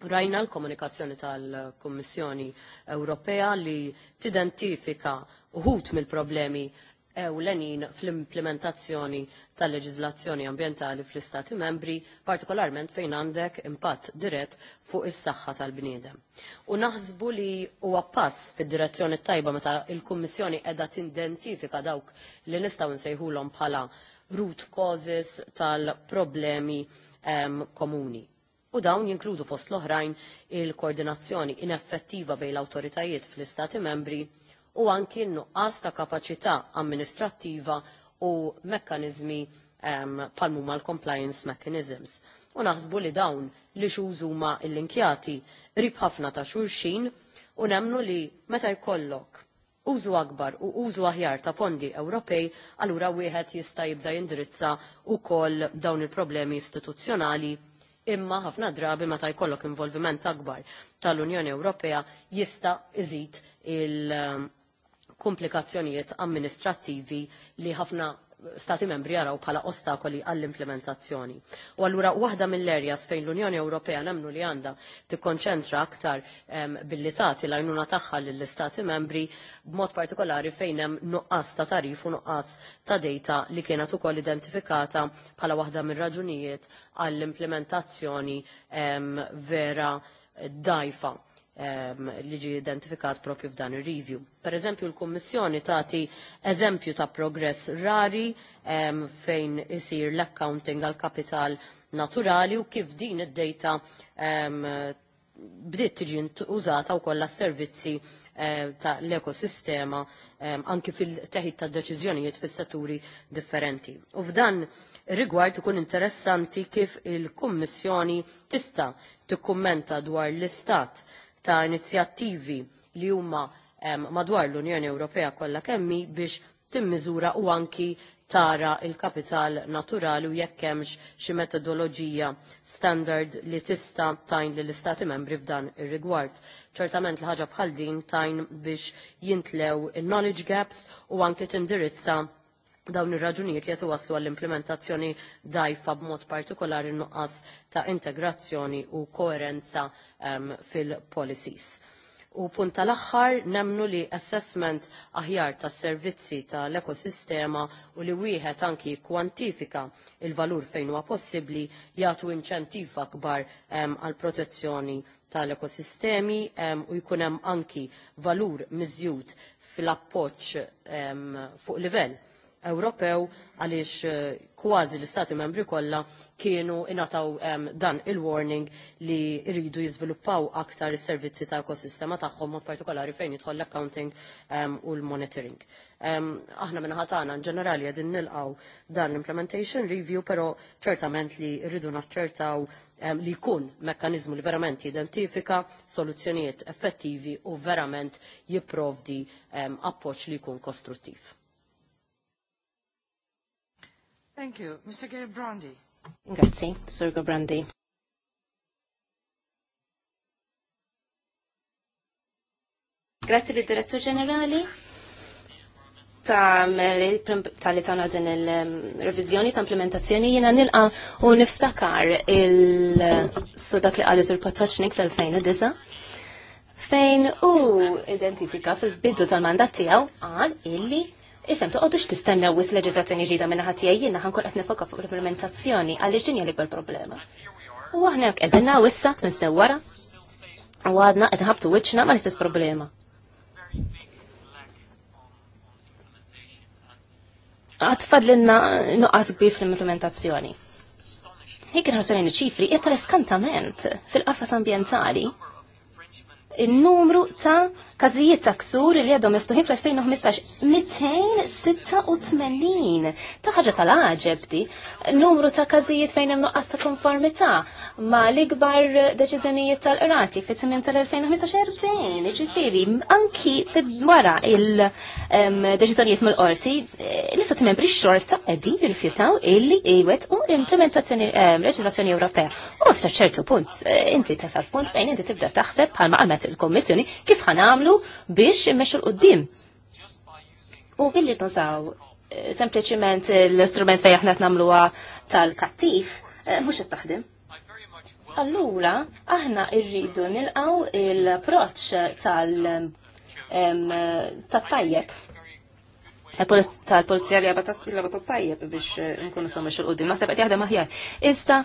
Rajna l-komunikazzjoni tal-Kommissjoni Ewropea li tidentifika uħut mill-problemi ewlenin fl-implementazzjoni tal-leġizlazzjoni ambientali fl-Istati membri, partikolarment fejn għandek impatt dirett fuq is-saħħa tal-bniedem. U naħsbu li huwa pass fid-direzzjoni tajba meta l kummissjoni qiegħda tindentifika dawk li nistgħu nsejħulhom bħala root causes tal-problemi ehm, komuni u dawn jinkludu fost l-oħrajn il-koordinazzjoni ineffettiva bejn l-autoritajiet fl-istati membri u anki nuqqas ta' kapacità amministrattiva u mekkanizmi pal-mumma l compliance mechanisms. U naħsbu li dawn li xużuma l-inkjati rib ħafna ta' xulxin u nemnu li meta jkollok użu akbar u użu aħjar ta' fondi Ewropej, allura wieħed jista' jibda u wkoll dawn il-problemi istituzzjonali imma ħafna drabi meta jkollok involviment akbar tal-Unjoni Ewropea jista' iżid il-komplikazzjonijiet um, amministrattivi li ħafna stati membri jaraw bħala ostakoli għall-implementazzjoni. U allura waħda mill-erjas fejn l-Unjoni Ewropea nemnu li għandha tikkonċentra aktar billi l-għajnuna tagħha lill-istati membri b'mod partikolari fejn hemm nuqqas ta' tarif u nuqqas ta' data li kienet ukoll identifikata bħala waħda mir-raġunijiet għall-implementazzjoni vera dajfa li ġi identifikat propju f'dan il-review. Per eżempju, l-Kommissjoni tati eżempju ta' progress rari um, fejn isir l-accounting għal-kapital naturali u kif din id-data um, bdiet tiġi użata u kollha servizzi eh, ta' l-ekosistema anki fil-teħid ta' deċiżjonijiet fis-setturi differenti. U f'dan rigward ikun interessanti kif il-Kummissjoni tista' tikkummenta dwar l-istat ta' inizjattivi li huma madwar l-Unjoni Ewropea kollha kemmi biex timmiżura u anki tara il-kapital naturali u jekk hemmx xi metodoloġija standard li tista' tajn lill istati membri f'dan ir-rigward. Ċertament l-ħaġa bħal din tajn biex jintlew il-knowledge gaps u anke tindirizza dawn ir-raġunijiet li qed waslu għall-implementazzjoni dajfa b'mod partikolari nuqqas ta' integrazzjoni u koerenza um, fil-policies. U punt tal-axħar nemnu li assessment aħjar tas servizzi tal-ekosistema u li wieħed anki kwantifika il-valur fejn huwa possibbli jagħtu inċentiva kbar ehm, għal protezzjoni tal-ekosistemi ehm, u jkun hemm anki valur miżjud fil-appoġġ fuq livell Ewropew għaliex eh, kważi l-istati membri kollha kienu inataw dan il-warning li rridu jiżviluppaw aktar is-servizzi ta' ekosistema tagħhom mod partikolari fejn jidħol l-accounting u l-monitoring. aħna minn ħatana ġenerali qegħdin nilqaw dan l-implementation review, però ċertament li rridu naċċertaw li jkun mekkanizmu li verament jidentifika soluzzjonijiet effettivi u verament jipprovdi appoċ appoġġ li jkun kostruttiv. Thank you. Mr. Gerbrandi. Grazie, Sir Gerbrandi. Grazie lil direttur ġenerali eh, tal-li tana din il-revizjoni ta' implementazzjoni jina nilqa u niftakar il-sudak li għal-izur pataċnik fl-2009 fejn u identifika fil-biddu tal-mandat tijaw għal illi Ifem, toqgħodux tistennew wis leġiżlazzjoni ġdida minn ħadd jgħinna ħankun qed nifoka fuq l-implementazzjoni għaliex din hija l-ikbar problema. U aħna hekk qegħdinna issa minn sewwara u għadna qed ħabtu wiċċna ma l-istess problema. Għad fadlinna nuqqas kbir fl-implementazzjoni. Hik nħarġu ċifri hija l iskantament fil-qafas ambjentali il numru ta' każijiet ta' ksur li għadhom miftuħin fl-2015 286 ta' ħaġa tal-aġeb di numru ta' każijiet fejn hemm nuqqas ta' konformità ma' l-ikbar deċiżjonijiet tal-qrati fit tmiem tal-2015 40 ġifieri anki wara il-deċiżjonijiet mill-qorti eh, l-istat membri xorta qegħdin jirrifjutaw illi iwet u l-implementazzjoni leġislazzjoni Ewropea. U f'ċertu punt eh, inti tasal punt fejn inti tibda taħseb bħalma għamet il-Kommissjoni kif ħanam jagħmlu biex immexxu l-qudiem. U billi tużaw eh, sempliċiment l-istrument fejn aħna nagħmluha tal-kattif eh, mhux qed taħdem. Allura aħna rridu nilqaw il approċċ tal- tat-tajjeb tal-polizija li għabat tajjeb biex nkunu s-somma xil-qoddim. ma s-sebqet jahdem aħjar. Iżda,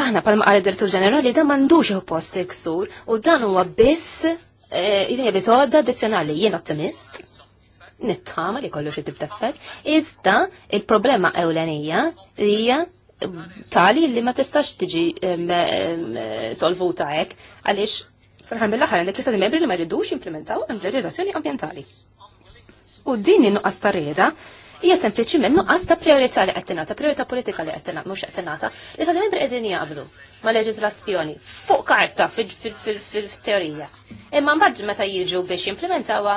Aħna palma għal direttur ġenerali da mandux post iksur u dan huwa biss eh, idea biss għodda addizzjonali jien ottimist nittama li kollu xie tibteffek, iżda il-problema ewlenija hija tali li ma tistax tiġi solvuta hekk għaliex fil-ħan mill-aħħar għandek l membri li ma jridux jimplementaw għand leġiżazzjoni ambjentali. U din innuqqas ta' reda hija sempliċiment nuqqas ta' priorità li qed tingħata, priorità politika li qed tingħata, mhux qed tingħata, li sa membri qegħdin jaqblu ma' leġislazzjoni fuq karta fil-teorija. Imma mbagħad meta jiġu biex jimplementawha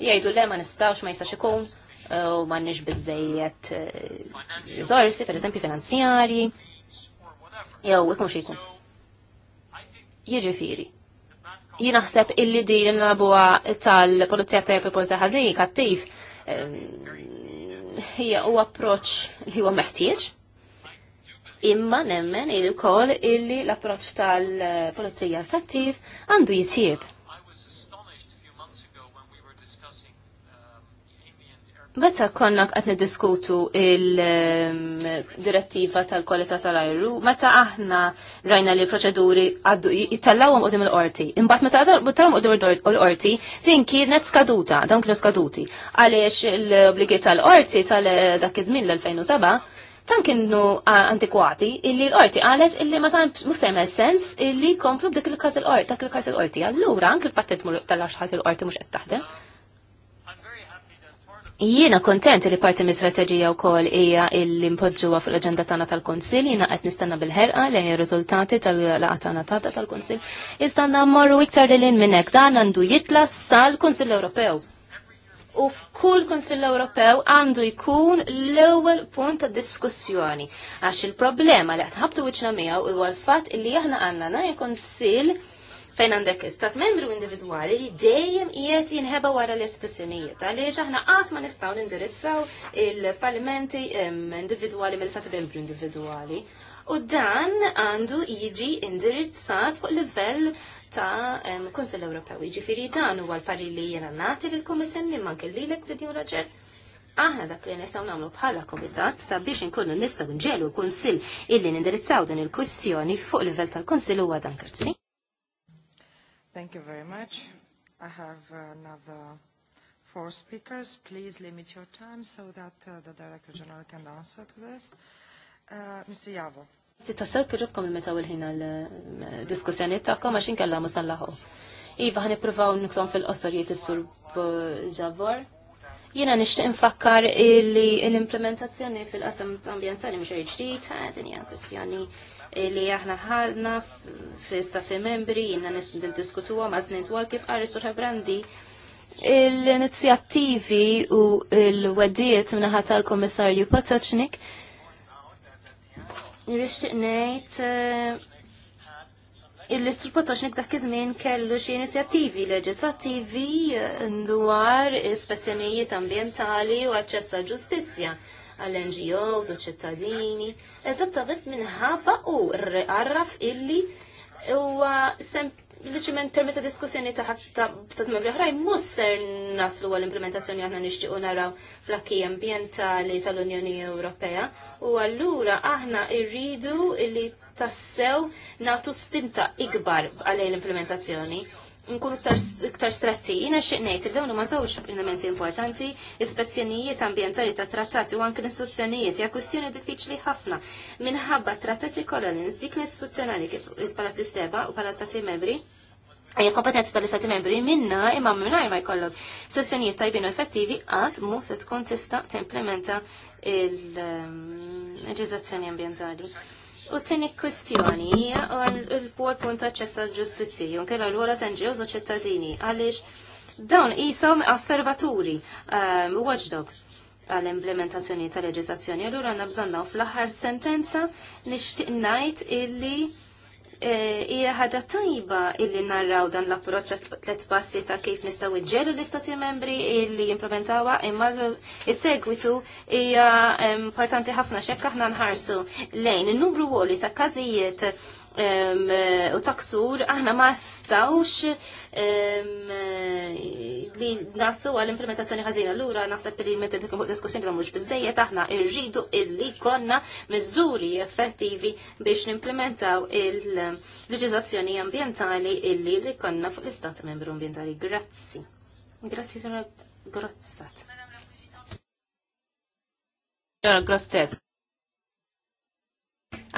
jgħidu le ma nistgħux ma jistax ikun u m'għandniex biżejjed eh, riżorsi, pereżempju finanzjarji, jew ikun xi jkun. Jiġifieri jinaħseb illi din nabuwa tal-polizija ta' proposta ħażin kattiv hija u approċ li huwa meħtieġ. Imma nemmen il-kol illi l-approċ tal-polizija kattiv għandu jitjieb Meta konna qed niddiskutu il-direttiva tal-kwalità tal-ajru, meta aħna rajna li proċeduri għaddu jittallawhom qudiem il-qorti. Imbagħad meta tallhom qudiem il-qorti, din kienet skaduta, dawn kienu skaduti. Għaliex l-obbligi tal-qorti tal-dak iż-żmien l-2007 tan kienu antikwati illi l-qorti qalet illi ma tant mhux sejmel sens illi komplu dik il-każ il-qorti, dak il-każ il-qorti. Allura anke l-patent tal-għax ħadd il-qorti mhux qed taħdem. Jiena kontent li parti mill-strateġija wkoll hija l il fuq l-aġenda tagħna tal-Kunsill, jiena qed nistenna bil-ħerqa li ir-riżultati tal laqa tagħna Tata tal-Kunsill. Iżda mmorru iktar li l minn hekk dan għandu jitla sal-Kunsill Ewropew. U f'kull Kunsill Ewropew għandu jkun l-ewwel punt ta' diskussjoni għax il-problema li qed ħabtu wiċċna miegħu huwa l-fatt li aħna għandna ngħid Kunsill fejn għandek istat membru individwali li dejjem qiegħed jinħeba wara l-istituzzjonijiet għaliex aħna qatt ma nistgħu nindirizzaw il-fallimenti individwali mill-istat membru individwali. U dan għandu jiġi indirizzat fuq livell ta' um, Kunsel Ewropew. Ġifiri dan huwa l parri li jena nati lill-Kummissjoni ma kelli l raġel. Aħna dak li nistgħu nagħmlu bħala komitat sabiex inkunu nistgħu nġelu l-Kunsill illi nindirizzaw din il-kwistjoni fuq livell tal-Kunsill huwa dan kerzi. Thank you very much. I have another four speakers. Please limit your time so that uh, the Director General can answer to this. Uh, Mr. Javo. Tassew kħiġobkom il-metaw il-ħin għal-diskussjoni ta'kom għax inkella musallaħu. Iva, ħan ipruvaw niksom fil-qossarijiet il-sur ġavor. Jena nishtiq nfakkar li l-implementazzjoni fil-qasam ambjenzali mux ġdid, għadin hija kustjoni li aħna ħadna fi staffi membri, jina diskutuwa ma' znin għal kif għarri surħa brandi l-inizjattivi u l-wedijiet minnaħat tal-komissarju Patoċnik Nirriċtiq nejt eh, il-listur Potoċnik dak iż-żmien kellu xi inizjattivi leġislattivi eh, dwar ispezzjonijiet ambientali u aċċess għal ġustizzja għall-NGOs u ċittadini, eżattament minħabba u għarraf illi u liċiment permessa diskussjoni ta' ta' membri oħrajn mhux ser naslu għall-implementazzjoni aħna nixtiequ naraw fl-akki ambjentali tal-Unjoni Ewropea u allura aħna rridu illi tassew nagħtu spinta ikbar għalej l-implementazzjoni nkunu iktar stretti. Jina xieqnejt, il-dawn ma nżawx elementi importanti, ispezzjonijiet ambientali ta' trattati u anke l-istituzzjonijiet, ja' kwestjoni diffiċli ħafna. Minħabba trattati kolonins, dik l-istituzzjonali kif pala sistema u pala stati membri, Ejja kompetenza tal-istati membri minna imma minna ma jkollok sessjonijiet tajbin u effettivi għad mu se tkun tista' timplementa il ehm, ġizazzjoni ambientali. U t-tini kwestjoni hija l-pol punt għacċessa għall ġustizzi junkella l-wara tanġewż u ċittadini, għaliex dawn qishom asservaturi ehm, watchdogs għall-implementazzjoni tal-leġislazzjoni. Allura għandna bżonn fl-aħħar sentenza nixtieq ngħid illi Eh, hija ħaġa tajba illi narraw dan l-approċċ ta' tliet passi ta' kif nistgħu iġġelu l-istati membri illi jimproventawha, imma is-segwitu hija importanti ħafna x'hekk aħna nħarsu lejn in-numru woli ta' każijiet Eh, u taksur, aħna ma stawx eh, li nasu għal-implementazzjoni ħazina. L-ura naħseb li meta tkun fuq diskussjoni mhux bizzejet aħna rridu illi konna miżuri effettivi biex nimplementaw il leġizazzjoni ambientali illi li konna fuq l-istat membru ambientali. Grazzi. Grazzi, sono Grazzi. Grazzi.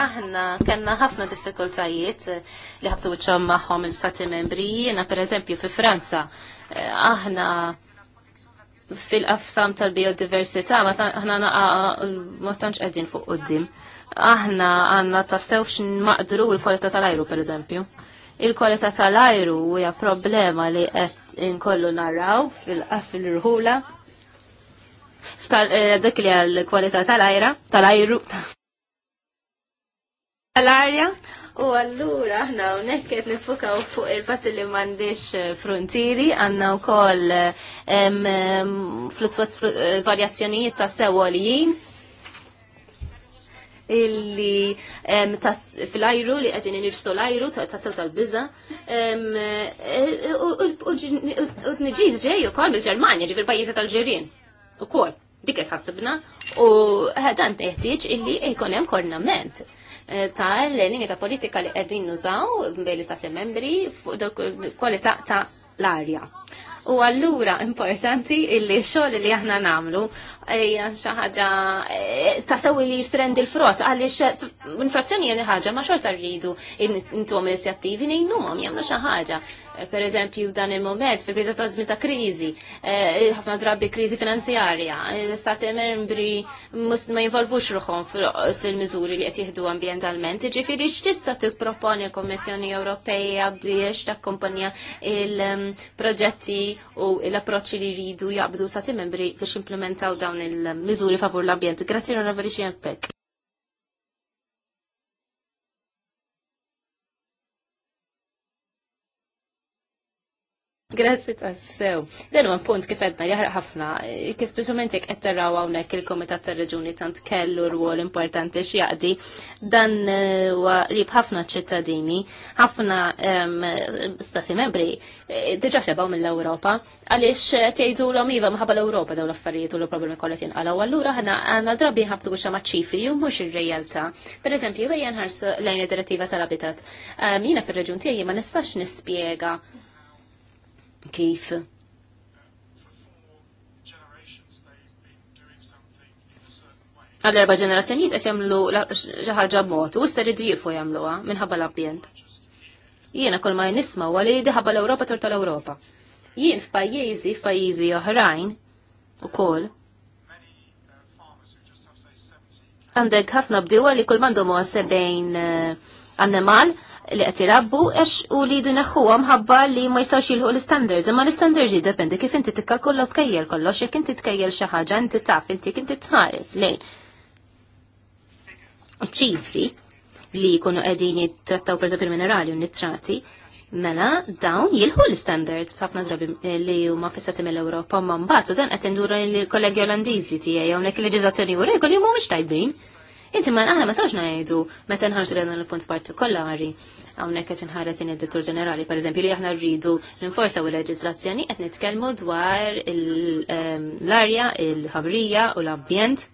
Aħna kellna ħafna diffikultajiet eh, li ħabtu wiċċhom magħhom il-stati membri, jiena pereżempju fi Franza. Eh, aħna fil-qafsam tal-biodiversità, aħna naqa ma tantx qegħdin fuq qudiem. Aħna għandna tassewx maqdru l-kwalità tal-ajru pereżempju. Il-kwalità tal-ajru hija problema li qed inkollu naraw fil-irħula. Eh, Dik li għal kwalità tal-ajra, tal-ajru, għal-arja. U allura aħna hawnhekk qed nifukaw fuq il-fatt li m'għandix eh, frontieri, għandna wkoll eh, eh, varjazzjonijiet ta' sewolijin illi fil-ajru li qed nirsu l-ajru ta' sew tal-biża. U t-nġiż ġej kol bil ġermanja ġifil pajjiżi tal-ġirien. Ukoll dik qed ħassibna u dan teħtieġ illi jkun hemm kornament ta' l-linja ta' politika li qegħdin nużaw bejn ta' se membri fuq kwalità ta' l-arja. U allura importanti illi xogħol li aħna nagħmlu ejja xaħġa eh, ta' sewi li jiftrend l frott għaliex eh, infrazzjoni jenni ħaġa ma xorta rridu intom inizjattivi nejnu ma jamlu xaħġa. Eh, per eżempju, dan il-moment, fil bidu ta' ta' krizi, ħafna drabi krizi finanzjarja, l-istati membri ma jinvolvux ruħom fil-mizuri li qed jihdu ambientalment, ġifiri x'tista' tipproponi l-Kommissjoni Ewropeja biex kompanja il-proġetti mm, u l-approċċi li jridu jaqbdu stati membri biex implementaw dawn dawn il-miżuri favur l-ambjent. Grazzi l-onorevoli Xienpek. Grazzi tassew. Dan huwa punt kif għedna jahra ħafna, kif biżument jekk qed għawnek hawnhekk il-Komitat tar-Reġuni tant kellu rwol importanti x'jaqdi, dan eh, huwa li b'ħafna ċittadini, ħafna stati membri eh, diġa' xebgħu mill-Ewropa, għaliex tgħidulhom iva maħabba l europa dawn l-affarijiet u l-problemi kollha jinqalgħu. Allura aħna għandna drabi ħabtu għuxa maċċifi, ċifri mux mhux ir-realtà. Pereżempju, ejja nħarsu lejn id-direttiva tal-Habitat. Jiena fir-reġun tiegħi ma nistax nispjega kif għal erba ġenerazzjoniet ġenerazzjonijiet qed jagħmlu xi ħaġa b'mod u issa jridu jiefu jagħmluha minħabba l abjent Jiena kol ma jnisma u għal diħabba l europa torta l-Europa. Jien f'pajjiżi f'pajjiżi oħrajn u kol. Għandeg ħafna b'diwa li kol mandu mu sebgħin eh, annemal li qed rabbu għax u li dineħħuhom ħabba li ma jistgħux jilħu l-standards. Imma l-standards jiddependi kif inti tikkalkulla tkejjel kollox, jekk inti tkejjel xi ħaġa inti taf inti inti tħares lejn. Ċifri li jkunu qegħdin jittrattaw pereżempju minerali u nitrati, mela dawn jilħu l-standards f'ħafna drabi li huma fissati mill-Ewropa ma mbagħad u dan qed indura l-kollegi Olandiżi tiegħi hawnhekk il leġizazzjoni u regoli mhumiex tajbin. Inti ma aħna ma sawx ngħidu meta nħarġu lejn il-punt partikolari hawnhekk qed inħares din id-Dittur Ġenerali eżempju, li aħna rridu ninforsaw il-leġiżlazzjoni qed nitkellmu dwar l-arja, il-ħabrija u l-ambjent.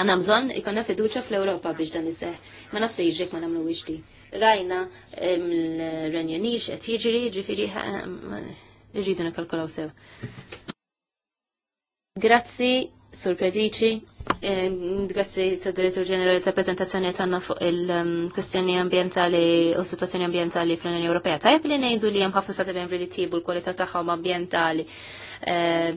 Għanna bżonn ikonna fiduċja fl-Ewropa biex dan iseħ. Ma nafse jiġrek ma nagħmlu wixti. Rajna l-Renjonix qed jiġri, ġifieri irridu nikkalkulaw sew. Grazzi Sur Pedici, eh, grazzi ta' Direttur Ġenerali ta' prezentazzjoni tanna fuq il-kwestjoni ambientali u situazzjoni ambientali fl-Unjoni Ewropea. Tajb li ngħidu li hemm ħafna stati membri li l-kwalità tagħhom ambientali Eh,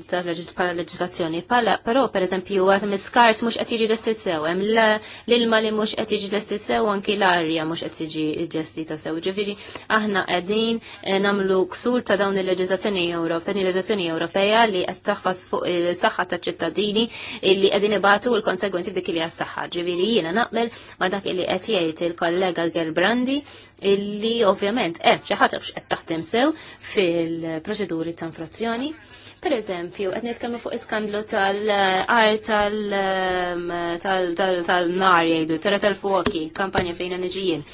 pala leġislazzjoni. Però pereżempju għat miskart mhux qed jiġi ġestit sew, għem l-ilma li mhux qed jiġi ġestit sew anki l-arja mhux qed jiġi ġestita sew. Ġifiri, aħna qegħdin eh, nagħmlu ksur ta' dawn il-leġislazzjoni Ewropa, ta' leġislazzjoni Ewropeja li qed taħfas fuq il saħħa ta' ċittadini li qegħdin ibatu l-konsegwenzi dik li għas-saħħa. Ġifiri jiena naqbel ma' dak illi qed il-kollega Gerbrandi illi ovvjament eh, xi ħaġa biex qed taħdem sew fil-proċeduri ta' infrazzjoni. Per eżempju, qed nitkellmu fuq iskandlu tal-ar tal-nar jgħidu, tal-fuoki, kampanja fejn enerġijin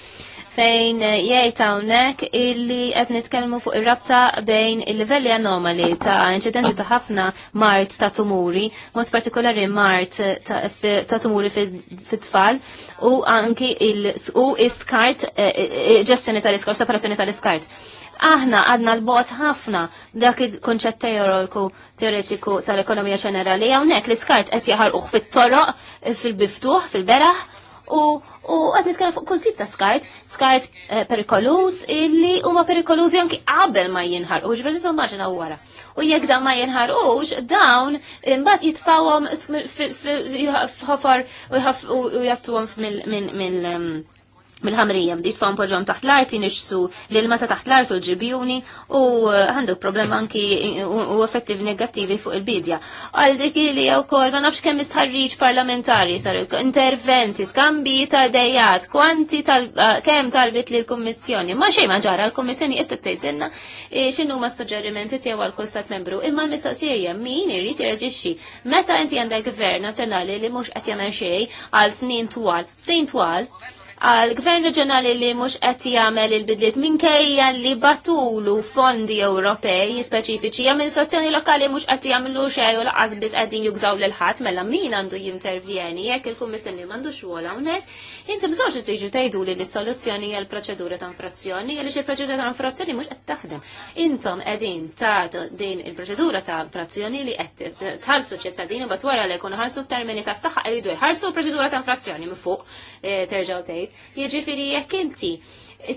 fejn eh, jgħid hawnhekk illi qed nitkellmu fuq ir-rabta bejn il-livelli anomali ta' inċidenti ta' ħafna mart ta' tumuri, mod partikolari mart ta' tumuri fit-tfal u anki il-skart, eh, eh, ġestjoni tal-iskart, separazzjoni tal-iskart aħna għadna l-bot ħafna dak il-konċett teoriku teoretiku tal-ekonomija ġenerali hawnhekk l-iskart qed jaħarquh fit-toroq fil-biftuħ fil-beraħ u u għed nitkellem fuq kull tip ta' skart, skart eh, perikolus illi huma perikolużi anki qabel ma jinħarqux, biex immaġina wara. U jekk dan ma jinħarqux, dawn imbagħad eh, jitfawhom f'ħofar u jħaftuhom minn mill-ħamrija bdiet fan poġom taħt l-arti nixsu l mata taħt l-artu l-ġibjuni u uh, għandu problem anki u effettiv negattivi fuq il-bidja. Għal dikili li jew kol ma nafx kemm istħarriċ parlamentari sar interventi, skambi ta' dejjat, kwanti uh, kemm talbit li l-Kummissjoni. Ma xejn ma ġara l-Kummissjoni issa tgħidilna eh, x'inhu ma suġġerimenti tiegħu għal kull sat membru. Imma l-mistoqsija min irid jirreġixxi meta inti għandek gvern nazzjonali li mhux qed jagħmel xejn għal snin twal, snin twal għal gvern reġjonali li mhux qed jagħmel il-bidliet minkejja li batulu fondi Ewropej speċifiċi amministrazzjoni lokali mhux qed jagħmlu xejn u laqas biss qegħdin jugżaw lil ħadd mela min għandu jintervjeni jekk il-kummissjoni m'għandux xogħol hawnhekk, inti bżonx tiġi tgħiduli li s-soluzzjoni hija proċedura ta' infrazzjoni għaliex il-proċedura ta' infrazzjoni mhux qed taħdem. Intom qegħdin tagħtu din il-proċedura ta' infrazzjoni li qed tħallsu ċittadini bat wara li jkunu ħarsu termini tas-saħħa jridu jħarsu l-proċedura ta' infrazzjoni minn fuq eh, terġgħu tgħid Jiġifieri jekk inti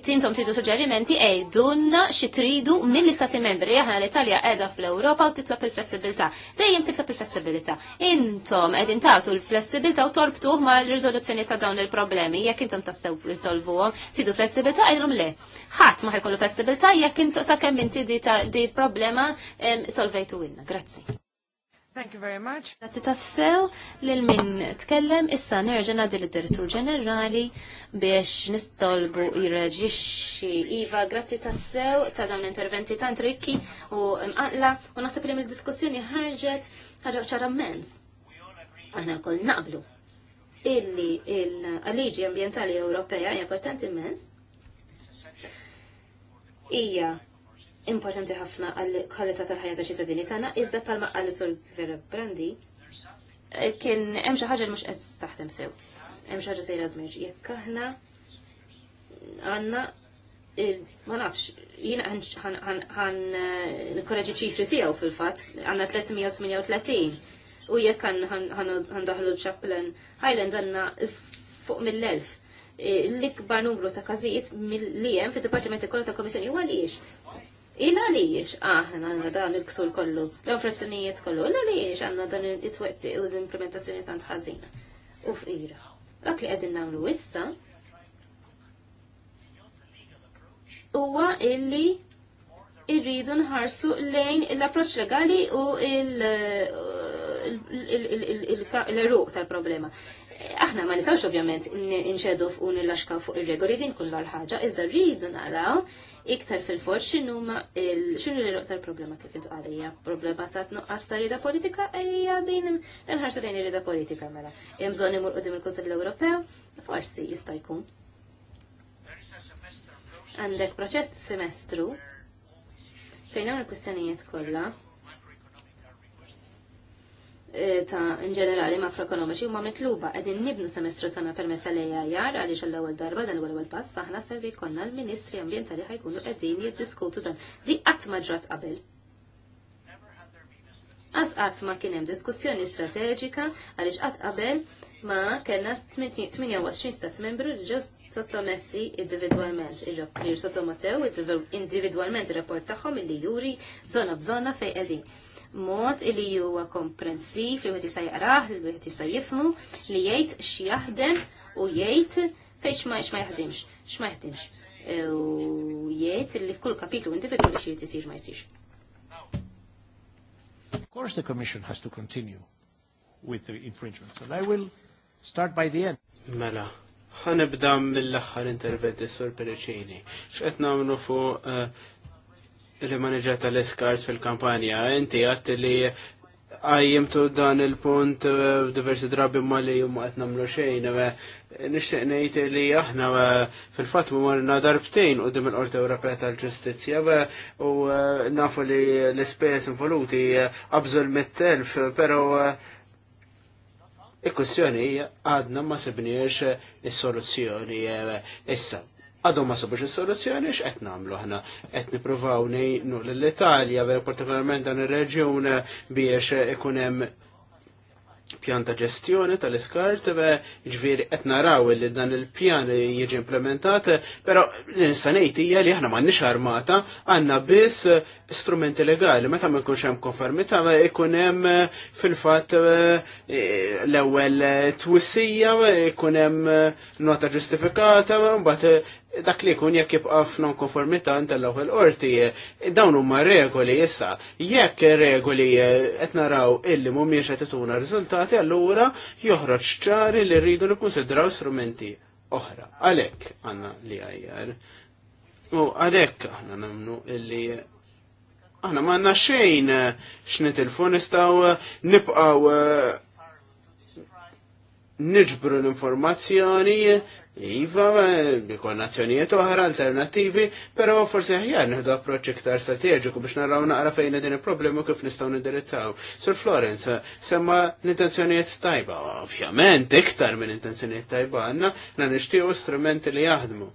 tintom tridu suġġerimenti ejdunna xi tridu mill-istati membri. Aħna l-Italja qiegħda fl-Ewropa u titlob il-flessibilità. Dejjem titlob il-flessibilità. Intom qegħdin tagħtu l-flessibilità u torbtuh ma' l-riżoluzzjoni ta' dawn il-problemi. Jekk intom tassew risolvuhom, tidu flessibilità qegħdhom le. Ħadd ma ħajkollu flessibilità jekk intom sakemm inti di problema solvejtu inna. Grazzi. Thank you very much. Grazzi tassew lil min tkellem issa nerġa' nadi lid-Direttur Ġenerali biex nistolbu jirreġixxi. Iva, grazzi tassew ta' dawn l interventi ta' trikki u mqaqla u naħseb li mill-diskussjoni ħarġet ħaġa ċara mmens. Aħna wkoll naqblu illi l-liġi ambjentali Ewropea hija importanti immens. Ija importanti ħafna għall kwalità tal-ħajja ta' ċittadini tagħna, iżda palma għal sol vera brandi eh, kien hemm xi ħaġa li mhux qed taħdem sew. Hemm xi ħaġa sejra żmiġ. Jekk aħna għandna ma nafx, jiena ħan eh, nikkoreġi ċifri tiegħu fil-fatt, għandna 338 u jekk għan daħlu l chaplin Highlands għandna fuq mill-elf eh, l-ikbar numru ta' każijiet mill-li hemm fid-dipartimenti kollha ta' kommissjoni għaliex Ila għaliex aħna ah, għanna dan il ksul kollu, l-offressjonijiet kollu, ila għaliex għanna dan il-twetti u l-implementazzjoni tant ħażina u f'ira. Dak li qegħdin nagħmlu issa huwa illi irridu nħarsu lejn l-approċ legali u l ruq tal-problema. Aħna ma nisawx ovvjament nxedu fuq nilaxkaw fuq ir-regoli din kull ħaġa, iżda rridu naraw iktar fil-for x'inhuma x'inhu li l-iktar problema kif intqal għalija. problema ta' tnuqqas ta' rida politika għalija din inħarsu din rida politika mela. Hemm bżonn u dim il-Kunsill Ewropew, forsi jista' jkun. Għandek proċess semestru fejn hawn il-kwistjonijiet kollha Eh, ta' in ġenerali makroekonomiċi huma mitluba qegħdin nibnu semestru tagħna permezz tal-EIR għaliex għall ewwel darba dan l-ewwel pass aħna ser li jkollna l-Ministri Ambjentali ħajkunu qegħdin jiddiskutu dan li qatt ma ġrat qabel. Għas qatt ma kien hemm diskussjoni strateġika għaliex qatt qabel ma kellna 28 stat membru li ġew sottomessi individwalment. Ir-sottomatew individwalment ir-rapport tagħhom illi juri żona b'żona fejn qegħdin mod li huwa komprensiv li wieħed jista' jaqrah, li wieħed jista' jifmu, li jgħid x'jaħdem u jgħid fejn x'ma jaħdimx, x'ma jaħdimx. E u jgħid li f'kull kapitlu individwali xi jrid isir ma jsirx. Of course the commission has to continue with the infringements and I will start by the end. Mela, ħanibda mill-aħħar interventi sur Pereċini. X'qed nagħmlu fuq eh, li manager tal-Escars fil-kampanja, inti għatt li għajjimtu dan il-punt eh, diversi drabi ma li jumma għat namlu xejn, eh, nishtiq nejti li aħna eh, fil-fat marna darbtejn u dim il-Qorti Ewropea tal-Ġustizja u nafu li l-ispejjeż involuti qabżu mit-telf, pero il-kussjoni għadna ma sebniex is-soluzzjoni issa għadhom ma sabux is-soluzzjoni x'qed nagħmlu aħna qed nippruvaw ngħinu lill-Italja vera partikolarment dan ir-reġjun biex ikun hemm pjanta ġestjoni tal-iskart, ġviri qed naraw li dan il-pjan jiġi implementat, però l-insanejt hija li aħna m'għandniex armata, għandna biss strumenti legali, meta ma jkunx hemm konformità, ikun hemm fil-fatt e, l-ewwel twissija, ikun hemm nota ġustifikata, mbagħad dak li kun jekk jibqa konformità ntellaw il-qorti, dawn huma regoli issa. Jekk regoli eh, qed naraw illi mhumiex qed ituna riżultati, allura joħroġ ċari li rridu nikkunsidraw strumenti oħra. Għalhekk għandna li għajjar. U għalhekk aħna nagħmlu illi aħna ma għandna xejn eh, x'nitilfu nistgħu eh, nibqgħu niġbru l-informazzjoni Iva, bi nazzjonijiet oħra alternativi, pero forsi ħjar nħdu approċċ iktar strateġiku biex narraw naqra fejn din il-problema kif nistgħu nindirizzaw. Sur Florence, semma l-intenzjonijiet tajba, ovvjament iktar minn intenzjonijiet tajba għandna, na nixtiequ strumenti li jaħdmu.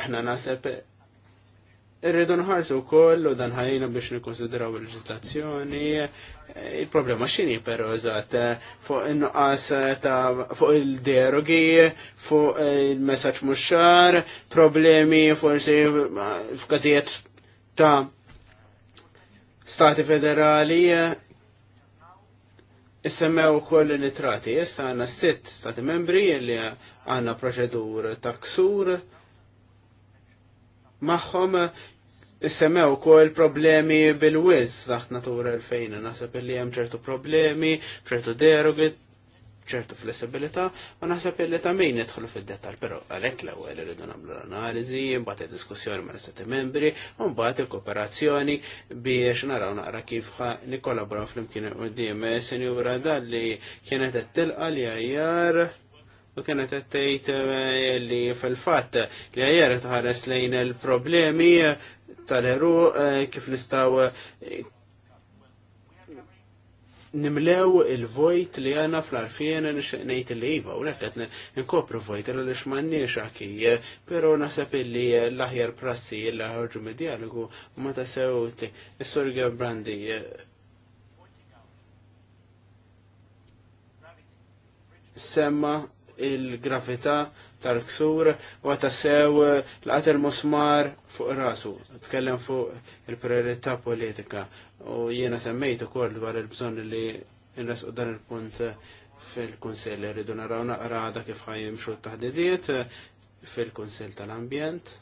Aħna naħseb irridu nħarsu wkoll u dan ħajjina biex nikkonsidraw il-leġislazzjoni il-problema xini pero eżat eh, fuq il-nuqqas eh, ta' fuq il-derogi, fuq eh, il-messaċ muxxar, problemi forsi f'każijiet ta' stati federali Issemmew ukoll nitrati, issa għandna sitt stati membri li għandna proċedur ta' ksur maħħom Issemew kol problemi bil-wiz taħt natura l-fejn, naħseb li hemm ċertu problemi, ċertu derogi, ċertu flessibilità, ma naħseb li ta' min nidħlu fid-dettal, però għalhekk l-ewwel li nagħmlu l-analiżi, mbati id-diskussjoni l seti membri, u mbagħad il-kooperazzjoni biex naraw naqra kif nikkollabraw flimkien qudiem. Eh, Sinjura dalli kienet qed tilqa li għajjar u kienet qed tgħid eh, li fil-fatt li ajjar tħares lejn il-problemi tal-eru eh, kif nistaw eh, nimlew il-vojt li għana fl-arfien nixnejt il-liva u l-eklet nkopru vojt l xmanniex għakije, pero nasab li l-ħjar prassi l-ħarġu mid-dialogu ma ta' sewti. Is-sorga brandi semma il-gravità tal-ksur u sew l għater musmar fuq rasu. Tkellem fuq il-priorità politika u jiena semmejt ukoll dwar il bżon li nresqu dan il-punt fil li rridu naraw naqra għada kif ħajjimxu t-taħdidiet fil-Kunsell tal-Ambjent.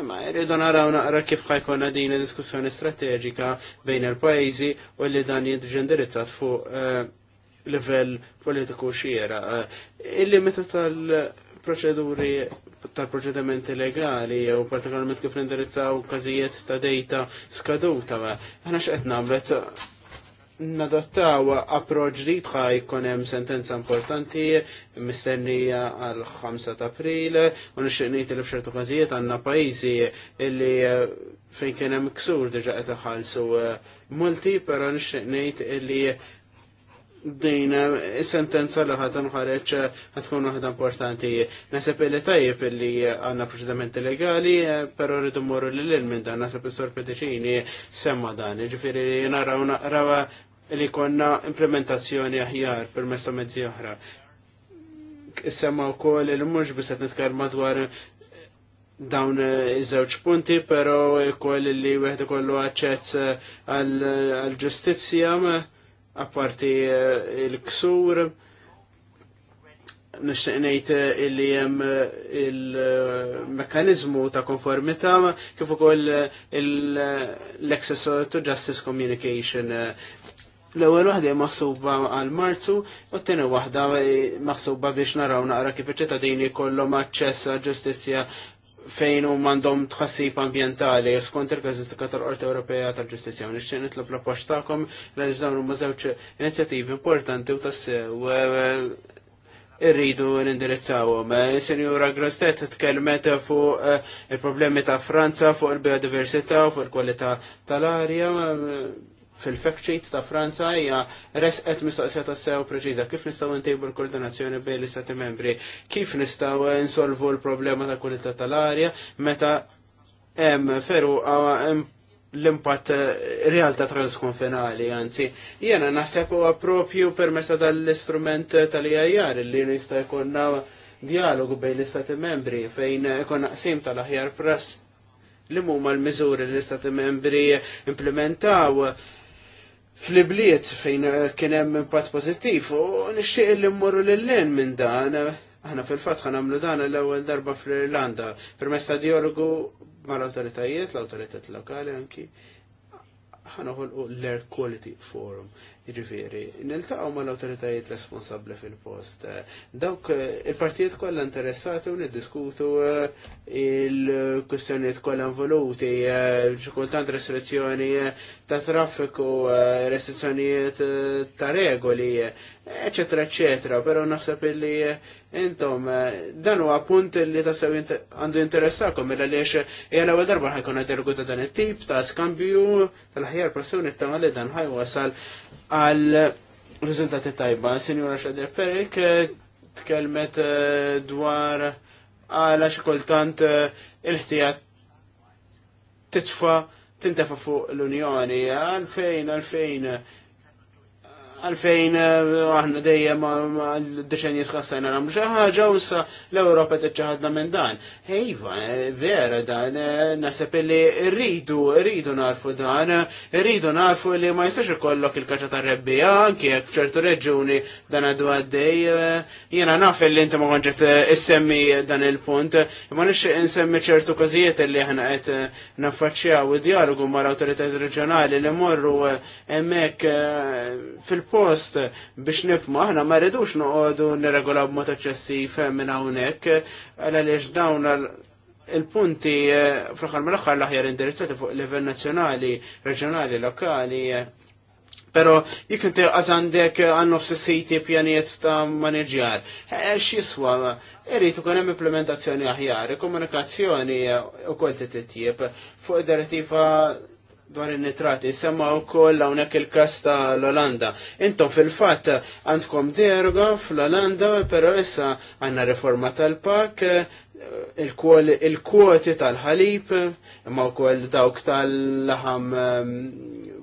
Imma rridu naraw naqra kif ħajkonna din diskussjoni strateġika bejn il-pajjiżi u li dan jidġendirizzat fuq eh, livell politiku xiera. Eh, Il-limita tal-proċeduri tal-proċedimenti legali u partikolarment kif nindirizzaw każijiet ta' dejta skaduta. Aħna x'qed nagħmlet nadottaw approċ ġdid jkun hemm sentenza importanti mistennija għal 5 ta' April u nixtieq ngħid li f'xertu każijiet għandna pajjiżi illi eh, fejn kien hemm ksur diġà qed iħallsu eh, multi, però nixtieq ngħid illi din eh, sentenza li ħadd nħareġ eh, ħatkun waħda importanti. Naseb li tajjeb li għandna proċedimenti legali, eh, però rridu mmorru lil il minn dan naseb is-sor Pediċini semma dan. Ġifieri naraw naqrawa li konna implementazzjoni aħjar permezz ta' mezzi oħra. Semma wkoll li mhux biss qed nitkellma dwar dawn iż-żewġ punti, però jkoll li wieħed ikollu aċċess għall-ġustizzja apparti eh, il-ksur nishtiqnejt ngħid eh, illi hemm eh, il mekanizmu ta' konformità kif ukoll l-access to justice communication. L-ewwel waħda maħsuba għal Marzu u t-tieni waħda maħsuba biex naraw naqra kif iċ-ċittadini kollhom aċċess għal ġustizzja fejn u mandom tħassib ambientali skont il-kazistika tal-Qorti Ewropea tal-Ġustizja. nixċen nitlob l-appoġġ tagħkom għaliex dawn huma żewġ inizjattivi importanti u tassew eh, irridu nindirizzawhom. Eh, Senjura Grostet tkellmet fuq eh, il-problemi ta' Franza, fuq il-biodiversità, fuq il-kwalità tal-arja fil-fact sheet ta' Franza hija resqet mistoqsija ta' sew preċiża kif nistgħu ntejbu l-koordinazzjoni bejn l-istati membri, kif nistgħu nsolvu l-problema ta' kwalità tal-arja meta hemm feru l-impatt eh, realtà transkonfinali, anzi, jena naħseb huwa propju permessa tal-istrument tal-IAR li nista' jkollna dialog bejn l-istati membri fejn ikun naqsim tal-aħjar press li huma l-miżuri li l-istati membri implementaw fl-ibliet fejn eh, kien hemm impatt pożittiv u nixtieq li mmorru lil-len minn dan. Aħna fil-fatt ħan nagħmlu dan l-ewwel darba fl-Irlanda permezz ta' dialogu mal-awtoritajiet, l-awtoritajiet lokali anki ħanoħolqu l-Air Quality Forum. Ġifiri, niltaqgħu mal-awtoritajiet responsabbli fil-post. Dawk eh, il-partijiet kollha interessati u niddiskutu eh, il-kwistjonijiet kollha involuti, eh, xikultant restrizzjoni ta' traffiku, restrizzjonijiet ta' regoli, eċetera, eċetera, però naħseb illi intom dan huwa punt li sew għandu interessakom mela għaliex hija l darba ħajkun qed ta' dan it-tip ta' skambju tal-aħjar persuni ta' dan ħajwasal għal rizultati tajba. Sinjura Xader Perik eh, tkellmet eh, dwar għala xikultant eh, il-ħtija titfa tintefa fuq l-Unjoni. Għalfejn, għalfejn għalfejn eh, aħna dejjem għal-deċenji skassajna namlu xaħġa u sa l-Europa t-ċaħadna minn dan. Ejva, eh, vera dan, eh, nasib li rridu, rridu narfu dan, rridu narfu li ma jistax ikollok il-kaċa ta' rebbi anki jek fċertu reġuni dan għaddu għaddej, jena naf li inti ma konġet issemmi dan il-punt, ma nix insemmi ċertu kazijiet li ħana għet naffaċċjaw id-dialogu mal l-autoritet reġjonali li morru emmek fil-punt suppost biex nifmu aħna ma rridux noqogħdu nirregola b'mod eċċessiv minn hawnhekk għaliex dawn il-punti eh, fl-aħħar mill-aħħar l-aħjar indirizzati fuq livell nazzjonali, reġjonali, lokali. Eh. Pero jik inti għazandek għannu f-sissiti pjaniet ta' maneġjar. Eh, x'jiswa, irrit ukoll hemm implementazzjoni aħjar, komunikazzjoni u kol titjib fuq id-direttiva dwar in-nitrati, semma u koll hawnhekk il kasta ta' l-Olanda. Intom fil-fatt għandkom deroga fl-Olanda, però issa għandna riforma tal-pak, eh, il-kwoti tal-ħalib, imma wkoll dawk tal-laħam ehm,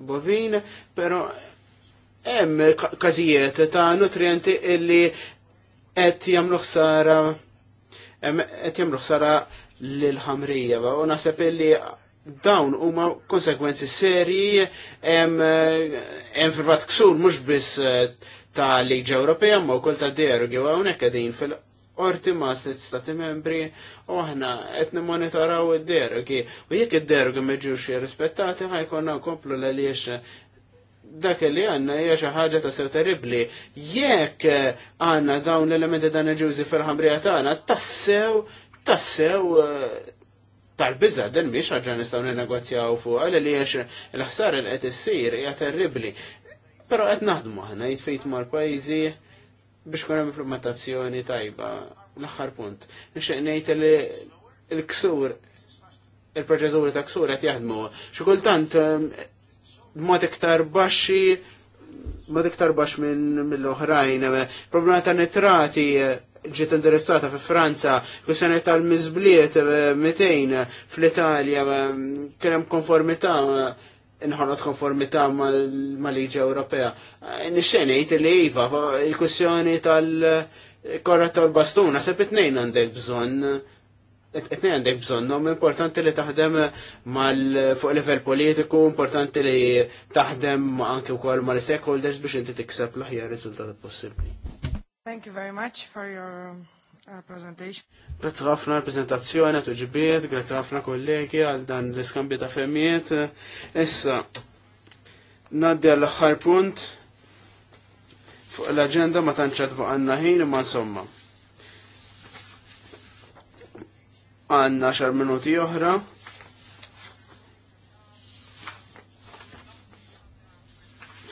bovin, pero hemm każijiet ta' nutrienti illi qed jagħmlu ħsara qed jagħmlu ħsara lil ħamrija u naħseb illi dawn huma konsekwenzi serji eh, hemm fil-fatt ksur mhux biss eh, ta' liġi Ewropea ma wkoll ta' derogi u hawnhekk qegħdin fil-qorti ma' sitt stati membri u aħna qed nimmonitoraw id-derogi u jekk id-derogi ma ġewx irrispettati ħajkonna nkomplu għaliex dak li għanna hija xi ħaġa ta' sew terribli. Jekk eh, għanna dawn l-elementi dan ġużi fil-ħamrija tagħna tassew tassew tal biza din mhix ħaġa nistgħu ninnegozjaw fuq għal li għax l-ħsar li qed issir hija terribbli. Però qed naħdmu aħna jitfejt mal-pajjiżi biex kunem implementazzjoni tajba. L-aħħar punt. Nixtieq ngħid li l-ksur il-proċeduri ta' ksur qed jaħdmu. Xi kultant um, mod iktar baxxi mod iktar baxx minn mill-oħrajn. Eh, problema ta' nitrati eh, ġiet indirizzata fi Franza, sena tal mizbliet 200 eh, fl-Italja, kien hemm konformità eh, inħorrot konformità mal-liġi Ewropea. Eh, Nixxenejt li iva, il kwissjoni tal-korrettor bastuna, sepp it-nejn għandek bżon. Etnej għandek no, importanti li taħdem mal fuq level politiku, importanti li taħdem anke u kol mal stakeholders biex inti tikseb l aħjar rizultat possibli. Thank you very much for your uh, presentation. Grazie ħafna l-prezentazzjoni tu ġibiet, grazie ħafna kollegi għal dan l-iskambju ta' femmijiet. Issa, naddi għall aħħar punt fuq l-agenda ma tanċad fuq għanna ħin imma insomma. Għanna xar minuti oħra.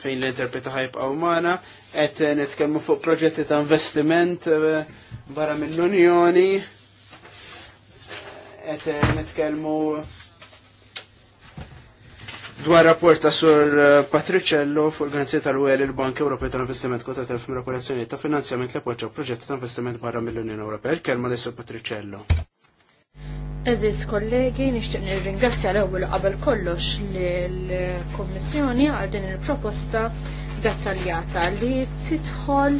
fejn l-interpreta ħajbqaw mana, qed nitkellmu fuq proġetti ta' investiment eh, barra mill-Unjoni, qed nitkellmu dwar rapport ta' Sur eh, Patricello fuq il-Garanzija tal-UEL il-Bank Ewropej tal-Investiment kontra tal mirakolazzjoni ta' finanzjament li appoġġaw proġetti ta' investiment barra mill-Unjoni Ewropea. Il-kelma li Sur Patricello. Eżis kollegi, nixtieq nirringrazzja l-ewwel qabel kollox lill-Kummissjoni għal din il-proposta dettaljata li tidħol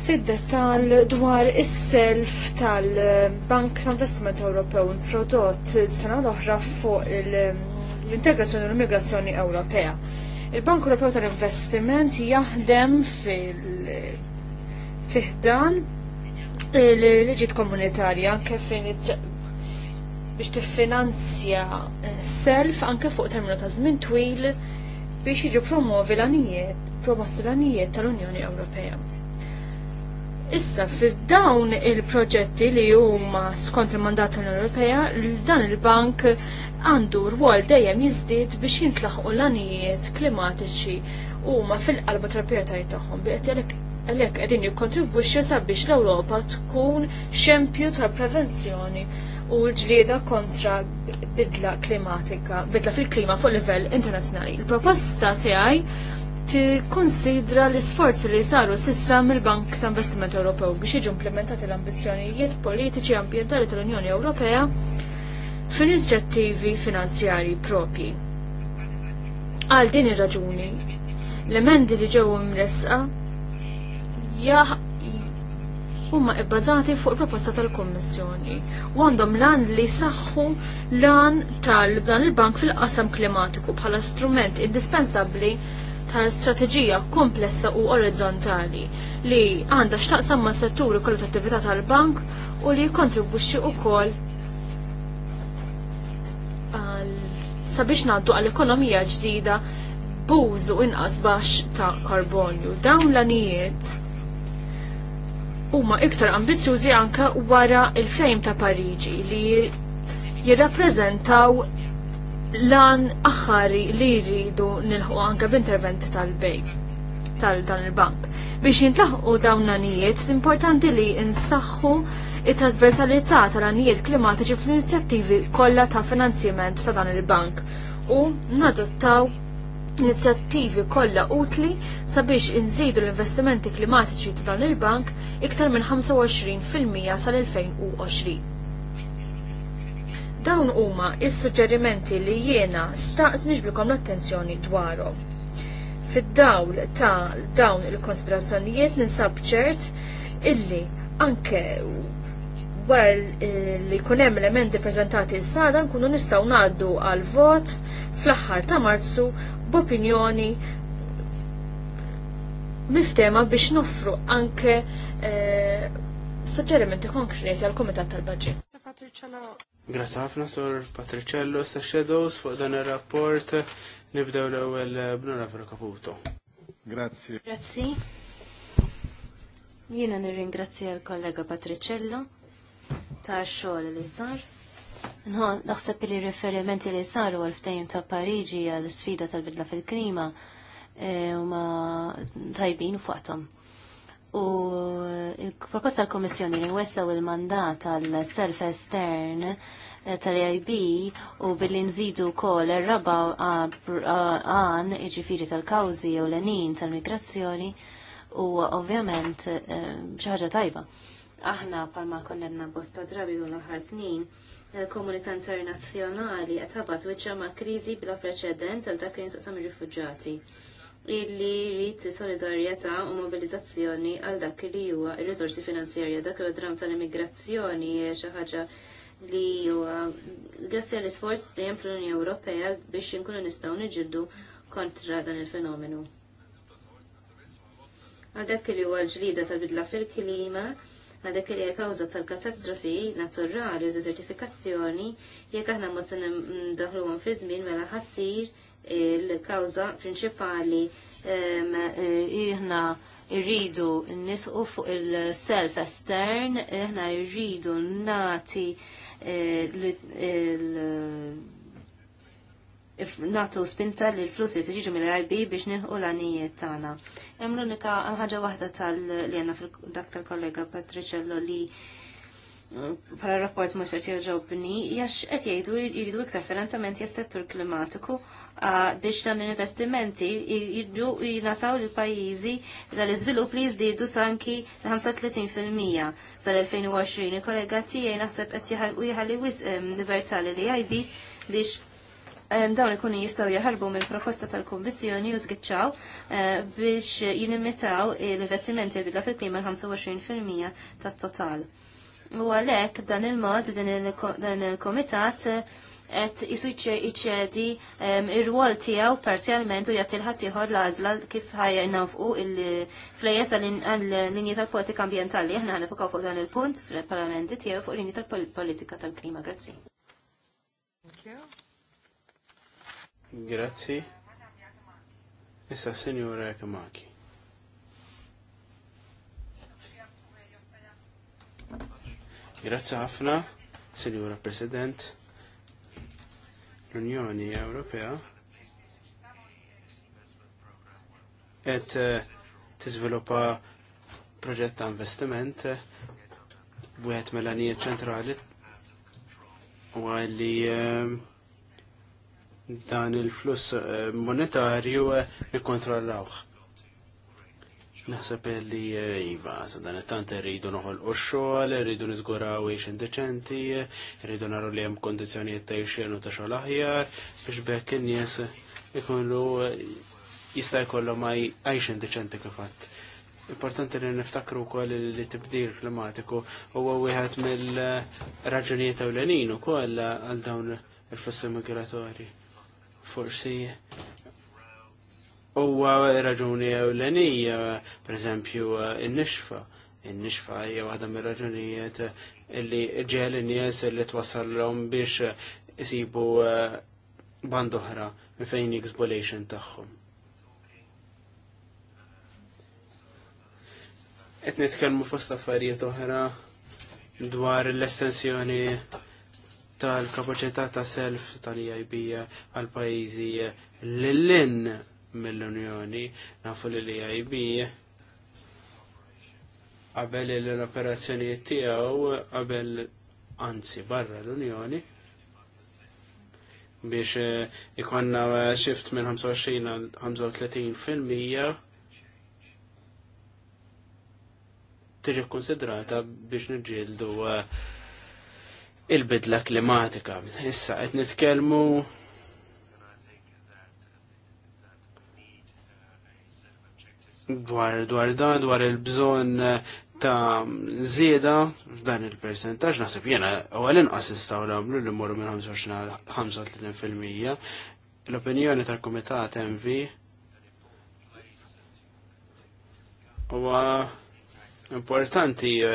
fid-dettal dwar is-self tal-Bank tal Investiment Ewropew introdott sena l-oħra fuq l-integrazzjoni u l-immigrazzjoni Ewropea. Il-Bank Ewropew tal-Investiment jaħdem fil fihdan l leġit komunitarja anke biex tiffinanzja eh, self anke fuq terminu ta' żmien twil biex jiġu promuvi l-anijiet, promossi l-anijiet tal-Unjoni Ewropea. Issa, fil dawn il-proġetti li huma skont il-mandat tal-Unjoni Ewropea, dan il-bank għandu rwol dejjem jiżdied biex jintlaħqu l-anijiet klimatiċi huma fil-qalba tal-prijatajiet tagħhom biqed għalhekk qegħdin jikkontribwixxu sabiex l-Ewropa tkun xempju tal-prevenzjoni u l-ġlieda kontra bidla klimatika, bidla fil-klima fuq livell internazzjonali. Il-proposta tiegħi tikkonsidra l-isforzi li saru sissa mill-Bank ta' Investiment Ewropew biex jiġu implementati l-ambizzjonijiet politiċi ambjentali tal-Unjoni Ewropea fil-inizjattivi finanzjari propji. Għal din ir-raġuni, l-emendi li ġew imresqa huma ibbażati fuq proposta tal-Kommissjoni u għandhom lan li saħħu lan tal-dan il-bank fil-qasam klimatiku bħala strument indispensabbli tal-strateġija komplessa u orizzontali li għandha x'taqsam ma' setturi kollu attività tal-bank u li jikkontribwixxi wkoll sabiex ngħaddu għal ekonomija ġdida bużu inqas baxx ta' karbonju. Dawn l-anijiet huma iktar ambizzjużi anke wara il-fejm ta' Pariġi li jirrappreżentaw lan aħħari li jridu nilħu anke b'interventi tal bej tal-dan il-bank. Biex jintlaħqu dawn l-anijiet, importanti li insaħħu it-trasversalità tal-anijiet klimatiċi fl-inizjattivi kollha ta' finanzjament ta' dan il-bank u nadottaw inizjattivi kollha utli sabiex inżidu l-investimenti klimatiċi ta' dan il-bank iktar minn 25% sal-2020. Dawn huma is-suġġerimenti li jiena staqt niġbilkom l-attenzjoni dwarhom. Fid-dawl ta' dawn il-konsiderazzjonijiet ninsab ċert illi anke wara li jkun hemm elementi preżentati s-sada nkunu nistgħu ngħaddu għal vot fl-aħħar ta' Marzu b'opinjoni miftema biex noffru anke eh, suġġerimenti konkreti għal komitat tal-budget. Grazie ħafna sur Patricello sa Shadows fuq dan ir-rapport nibdew l-ewwel b'Nura Caputo. Grazzi. Grazzi. Jiena nirringrazzja l-kollega Patricello ta' xogħol li sar Naħseb li riferimenti li saru għal-ftejn ta' Pariġi għal-sfida tal-bidla fil-klima e, u ma tajbin u fuqtom. U il-proposta l-Komissjoni li wessaw il-mandat għal self estern e, tal-IB u billi nżidu kol il-raba għan iġifiri tal-kawzi u l-enin tal-migrazzjoni u ovvjament e, xaħġa tajba. Aħna palma konnenna bosta drabi u l-ħar snin komunità internazzjonali qed ħabat wiċċa ma' kriżi bla preċedent għal dak li soqsam ir-rifuġġati illi jrid solidarjetà u mobilizzazzjoni għal dak li huwa r-riżorsi finanzjarja dak huwa dram tal-immigrazzjoni xi ħaġa li huwa grazzi għall isforz li hemm fl-Unjoni Ewropea biex inkunu nistgħu niġildu kontra dan il-fenomenu. Għal dak li huwa l-ġlida tal-bidla fil-klima, ma dak li kawza tal-katastrofi naturali u desertifikazzjoni jekk aħna ma se ndaħluhom fi żmien mela ħassir il-kawża prinċipali eh, aħna irridu nisqu fuq il-self estern, aħna irridu nati eh, l natu spinta li l-flussi tiġiġu mill-IB biex nilħu l-għanijiet tagħna. Hemm l-unika ħaġa waħda tal li għandna fil-dak tal-kollega Patricia Loli eh, bħala rapport mhux qed jogħġobni jax qed jgħidu jridu iktar finanzjament settur klimatiku ah, biex dan l-investimenti jiddu jinataw l-pajjiżi dal-iżvilupp li jiżdiedu sanki l-35% sal-2020. Il-kollega tiegħi naħseb qed jħalli wisq eh, libertali li IB biex dawn ikunu jistgħu jaħarbu minn proposta tal-Kummissjoni u żgiċċaw eh, biex jilimitaw l-investimenti bidla fil-klima l-25% tat-total. U għalhekk b'dan il-mod dan il-komitat et eh, jisu iċedi ir-rwol tiegħu parzjalment u ieħor l għażla kif ħajja nafqu il-flejes għall linji tal-politika ambjentali. Aħna ħana fuq dan il-punt fil-parlamenti tiegħu fuq linji tal-politika tal-klima. Grazzi. Grazzi. Issa Signora Kamaki. Grazie Afna, Signora President. L-Unjoni Ewropea et eh, tiżviluppa proġett ta' investiment wieħed mill-għanijiet ċentrali u għalli eh, dan il-fluss eh, monetarju eh, nikkontrollawh. Naħseb li eh, Iva, sa dan it-tant rridu noħol u xogħol, rridu niżguraw iċ indeċenti, rridu naru li hemm kondizjoni ta' xejn u ta' xogħol aħjar biex bekk in-nies jistaj jista' jkollhom iċ indeċenti kif fatt. Importanti li niftakru wkoll li tibdil klimatiku huwa wieħed mill-raġunijiet ewlenin ukoll għal dawn il-flussi migratorji forsi huwa raġuni ewlenija, eżempju, in-nixfa. In-nixfa hija waħda mir-raġunijiet illi ġel in-nies li twassallhom biex isibu eh, band oħra fejn jiksbolation tagħhom. Qed nitkellmu fost affarijiet oħra dwar l-estensjoni tal-kapacità ta' self tal ib għal pajjiżi l-lin mill-Unjoni nafu li l ib qabel l-operazzjonijiet tiegħu għabel anzi barra l-Unjoni biex eh, ikonna xift eh, minn 25 għal 35 fil-mija tiġi konsidrata biex nġildu eh, il-bidla klimatika. Issa qed nitkellmu dwar dwar dan dwar il-bżonn ta' zieda f'dan il-percentaġ naħseb jena għal inqas nistgħu nagħmlu li mmorru minn 35%. L-opinjoni tal-Kumitat MV huwa importanti uh,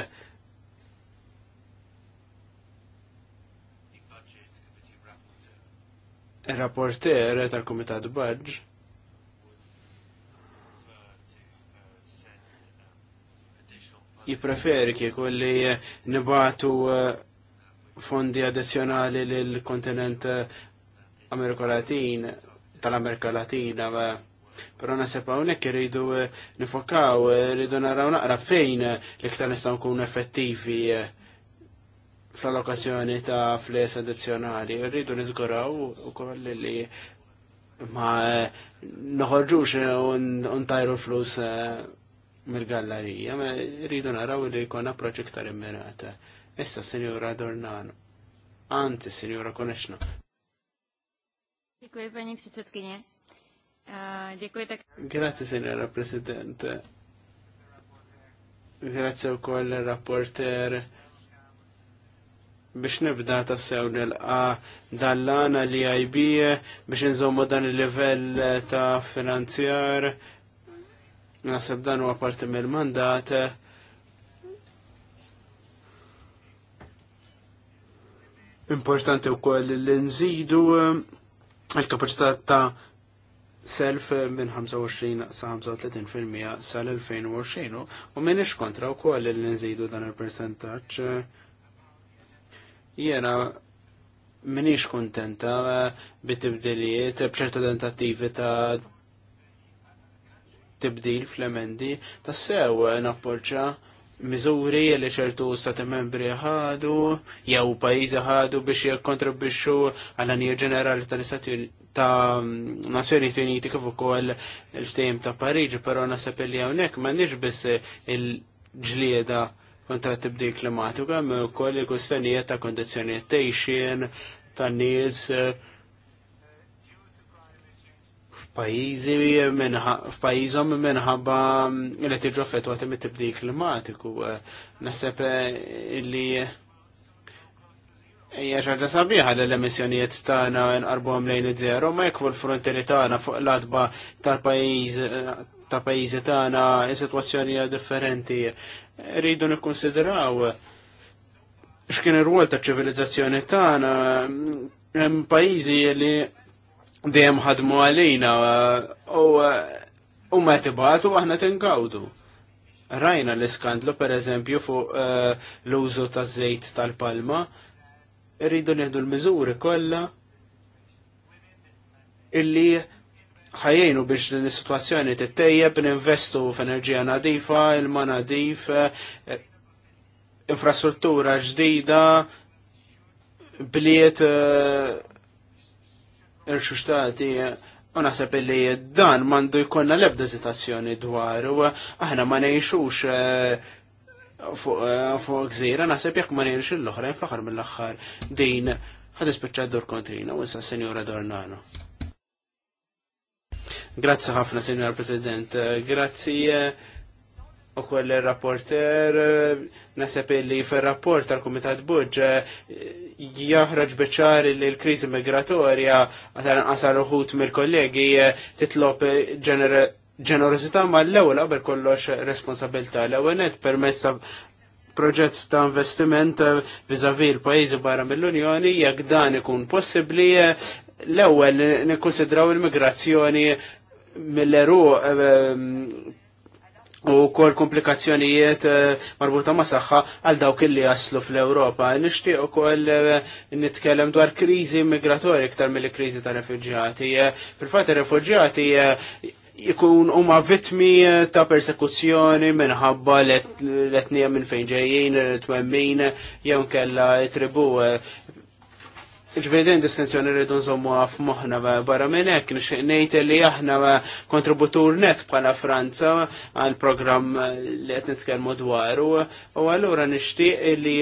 rapporter tal-Kumitat Budge jipreferi kieku li nibatu eh, fondi addizjonali l-kontinent eh, Amerika Latin, tal-Amerika Latina, pero nasepa hawnhekk iridu eh, nifokaw, iridu naraw naqra fejn l-iktar nistgħu nkunu effettivi fl-allokazzjoni ta' fles addizzjonali. Rridu niżguraw ukoll li ma noħorġux tajru flus eh, mill-gallerija, ma rridu naraw li jkun approċ iktar immirata. Issa, senjura Dornano. Anzi, senjura Konexna. Dziękuję Pani Przewodniczący. Eh, dziękuję tak. Grazie, Sinjura Presidente. Grazie u koll rapporter biex nibda tassew nilqa dallana li għajbije biex nżommu dan il-level ta' finanzjar nasib dan huwa parti mill-mandat importanti wkoll li nżidu il-kapaċità ta' self minn 25 sa 35% sal-2020 u ix kontra u koll li nżidu dan il-percentaċ Jena minix kontenta eh, bitibdiliet, tibdilijiet bċerta tentattivi ta' tibdil fl-emendi ta' sew eh, napporġa miżuri li ċertu stati membri ħadu jew pajjiżi ħadu biex jikkontribwixxu għal anija ġenerali tal-Istati ta' mm, Nazzjonijiet Uniti kif ukoll il-ftehim ta' Pariġi, però naħseb li hawnhekk m'għandniex biss il-ġlieda il ġlieda kontra tibdil klimatiku hemm ukoll il-kustanijiet ta' kondizzjonijiet tgħixin tan nies eh, f'pajjiżi f'pajjiżhom minħabba mm, li tiġu affettwati mit-tibdil klimatiku. Eh, naħseb eh, li hija ċarta sabiħa l emissjonijiet tagħna nqarbuhom lejn iż-żero ma jekk l-frontieri tagħna fuq l-adba tal-pajjiż ta' pajjiżi tagħna situazzjoni sitwazzjoni differenti. Rridu nikkonsidraw x'kien ir-rwol ta' ċivilizzazzjoni tagħna hemm pajjiżi li dejjem ħadmu għalina u u ma tibatu aħna tingawdu. Rajna l-iskandlu pereżempju fuq eh, l-użu taż-żejt tal-palma, rridu neħdu l-miżuri kollha illi ħajjenu biex din is-sitwazzjoni tittejjeb ninvestu f'enerġija nadifa, ilma nadif, eh, infrastruttura ġdida, bliet eh, irxustati. U naħseb li dan mandu jkollna l-ebda zitazzjoni dwar u aħna ma nejxux eh, fuq gżira, naħseb jekk ma nejxux l-oħrajn fl-aħħar mill-aħħar din ħad ispiċċa dur kontrina u issa Senjora Dornano. Grazzi ħafna, Signor President. Eh, grazzi eh, u koll il-rapporter, eh, nasab li fil-rapport tal-Komitat Budġ jaħraġ beċari li l-krizi migratorja għatan qasar uħut mill-kollegi titlob ġenerosità ma l-ewel qabel kollox responsabilta l-ewel net permess proġett ta' investiment vizavi l-pajizi barra mill-Unjoni, jekk dan ikun possibli, l-ewwel nikkonsidraw il-migrazzjoni mill-eru ehm, u kol komplikazzjonijiet eh, marbuta ma' saħħa għal dawk li jaslu fl-Ewropa. Nixtieq ukoll eh, nitkellem dwar kriżi migratori iktar mill-kriżi ta' refuġjati. Eh, fil-fatt ir-refuġjati jikun huma vittmi ta' persekuzzjoni minħabba l-etnija minn fejn ġejjin, twemmin, jew kella tribu Ġveri din distinzjoni rridu nżommu għaf moħna barra minn hekk ngħid li aħna kontributur net bħala Franza għal programm li qed nitkellmu dwaru u allura nixtieq li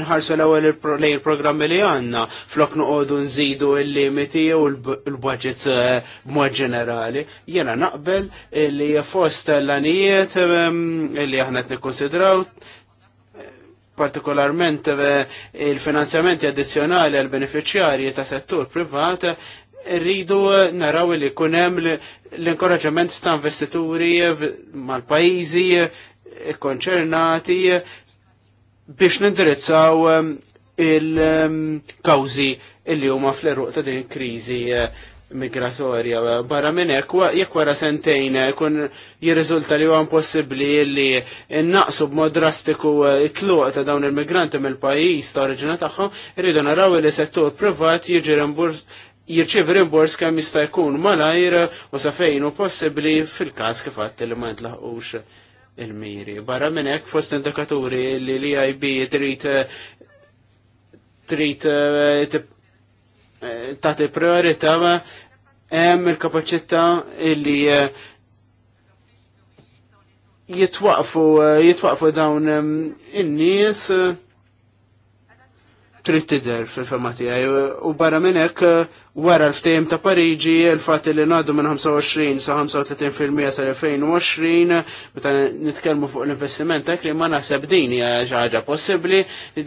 inħarsu l-ewwel lej il-programmi li għandna flok noqogħdu nżidu l-limiti u l-budgets eh, b'mod ġenerali. Jiena naqbel li fost l-anijiet ehm, li aħna qed nikkonsidraw partikolarment eh, il-finanzjamenti addizzjonali għal beneficjarji ta' settur privat, rridu eh, naraw li kunem l-inkoraġament ta' investituri eh, mal-pajizi konċernati biex nindirizzaw il-kawzi il-li huma fl-eruq ta' din krizi migratorja. Barra minn hekk jekk wara sentejn kun jirriżulta li huwa impossibbli li innaqsu b'mod drastiku eh, it-tluq ta' dawn il-migranti mill-pajjiż ta' oriġina tagħhom, irridu naraw li settur privat jiġi rimburs jirċiv rimbors kemm jista' jkun malajr u sa fejn u possibbli fil-każ kif għadt li ma jintlaħqux il-miri. Barra minn hekk fost indikaturi li l-IB trid trid eh, tagħti priorità hemm il-kapaċità illi eh, jitwaqfu eh, jitwaqfu dawn eh, in-nies trid tidher fil-fema tiegħi u barra minn hekk wara l-ftehim ta' Pariġi il-fatt li ngħaddu minn 25 sa 35% sal-2020 meta nitkellmu fuq l-investiment ta' ma naħseb din hija xi ħaġa possibbli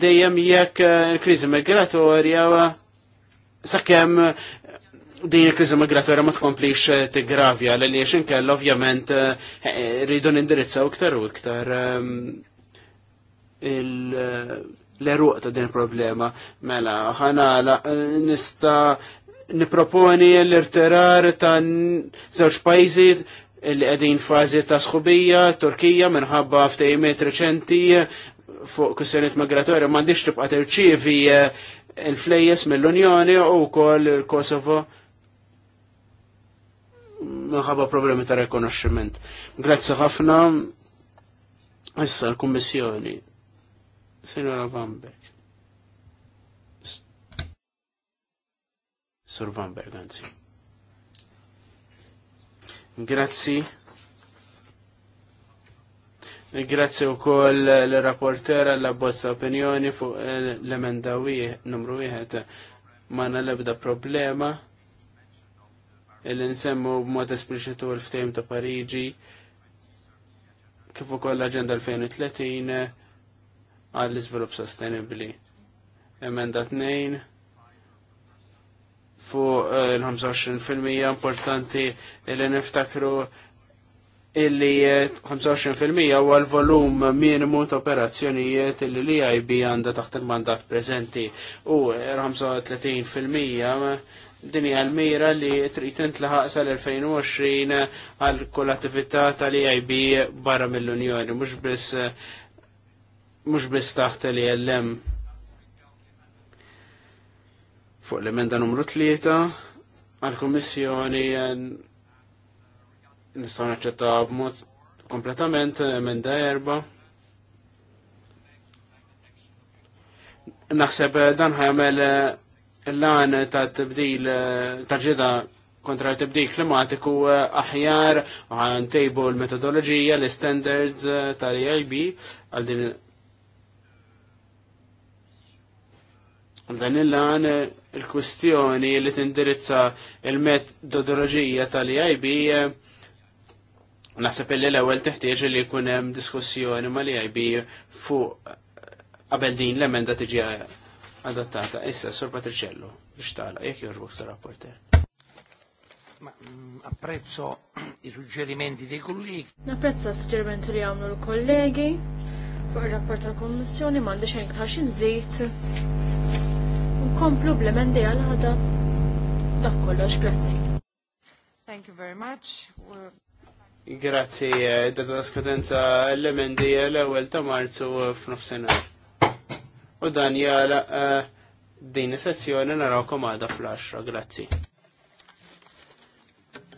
dejjem jekk il-kriżi migratorja sakemm eh, din il-kriżi migratorja ma tkomplix eh, tigravja l għaliex inkella ovvjament eh, rridu nindirizzaw iktar u iktar ehm, l-eruq ta' din il-problema. Mela, ħana nista niproponi l-irterar ta' żewġ pajjiżi li qegħdin fażi ta' sħubija, Turkija minħabba ftejmet reċenti fuq kussjoniet migratorja m'għandix tibqa' terċivi il-flejjes mill-Unjoni u kol il-Kosovo minħabba problemi ta' rekonoxximent. Grazzi ħafna issa l-Kummissjoni. Sinora Vanberg. Sur Vanberg, anzi. Grazzi. Grazie u koll l-rapportera l bossa opinjoni fuq eh, l-emenda numru wieħed ma ebda problema illi nsemmu b'mod espliċitu l-ftejm ta' Parigi. kif ukoll l-Aġenda 2030 għall iżvilupp sostenibbli. Emenda 2 fuq eh, l-25% importanti li niftakru illi 25% eh, huwa l-volum minimu ta' operazzjonijiet illi li IB għandha taħt il-mandat preżenti u 35% eh, din hija l-mira li trid tintlaħaq sal-2020 għal kull attività tal-EIB barra mill-Unjoni, mhux biss eh, taħt li LM. Fuq l-emenda numru 3 għal-Kummissjoni nistgħu naċċetta b'mod kompletament emenda erba. Naħseb eh, dan ħajamel eh, l-lan ta' tibdil eh, ta' ġida kontra l-tibdil klimatiku aħjar għan tejbu l-metodologija, l-standards tal ib għal din dan il-lan il-kustjoni li tindirizza il-metodologija tal ib Nasib li l-ewwel teħtieġ li jkun hemm diskussjoni li e eib fuq eh, qabel din l-emenda tiġi eh, adattata. Issa, Sur Patricello, biex tala, jek jorbuk sa rapporter. Mm, apprezzo i suggerimenti dei colleghi. i suġġerimenti li għamlu l-kollegi fuq il-rapport tal-Kommissjoni m'għandi xejn kħax nżid. Nkomplu bl-emendi għal ħada. Dak kollox, grazzi. Thank you very much. We're... Grazzi, eh, data skadenza l-emendi l-ewel ta' marzu eh, f'nofsenar. U dan jala eh, din is-sessjoni narawkom għada fl għaxra Grazzi.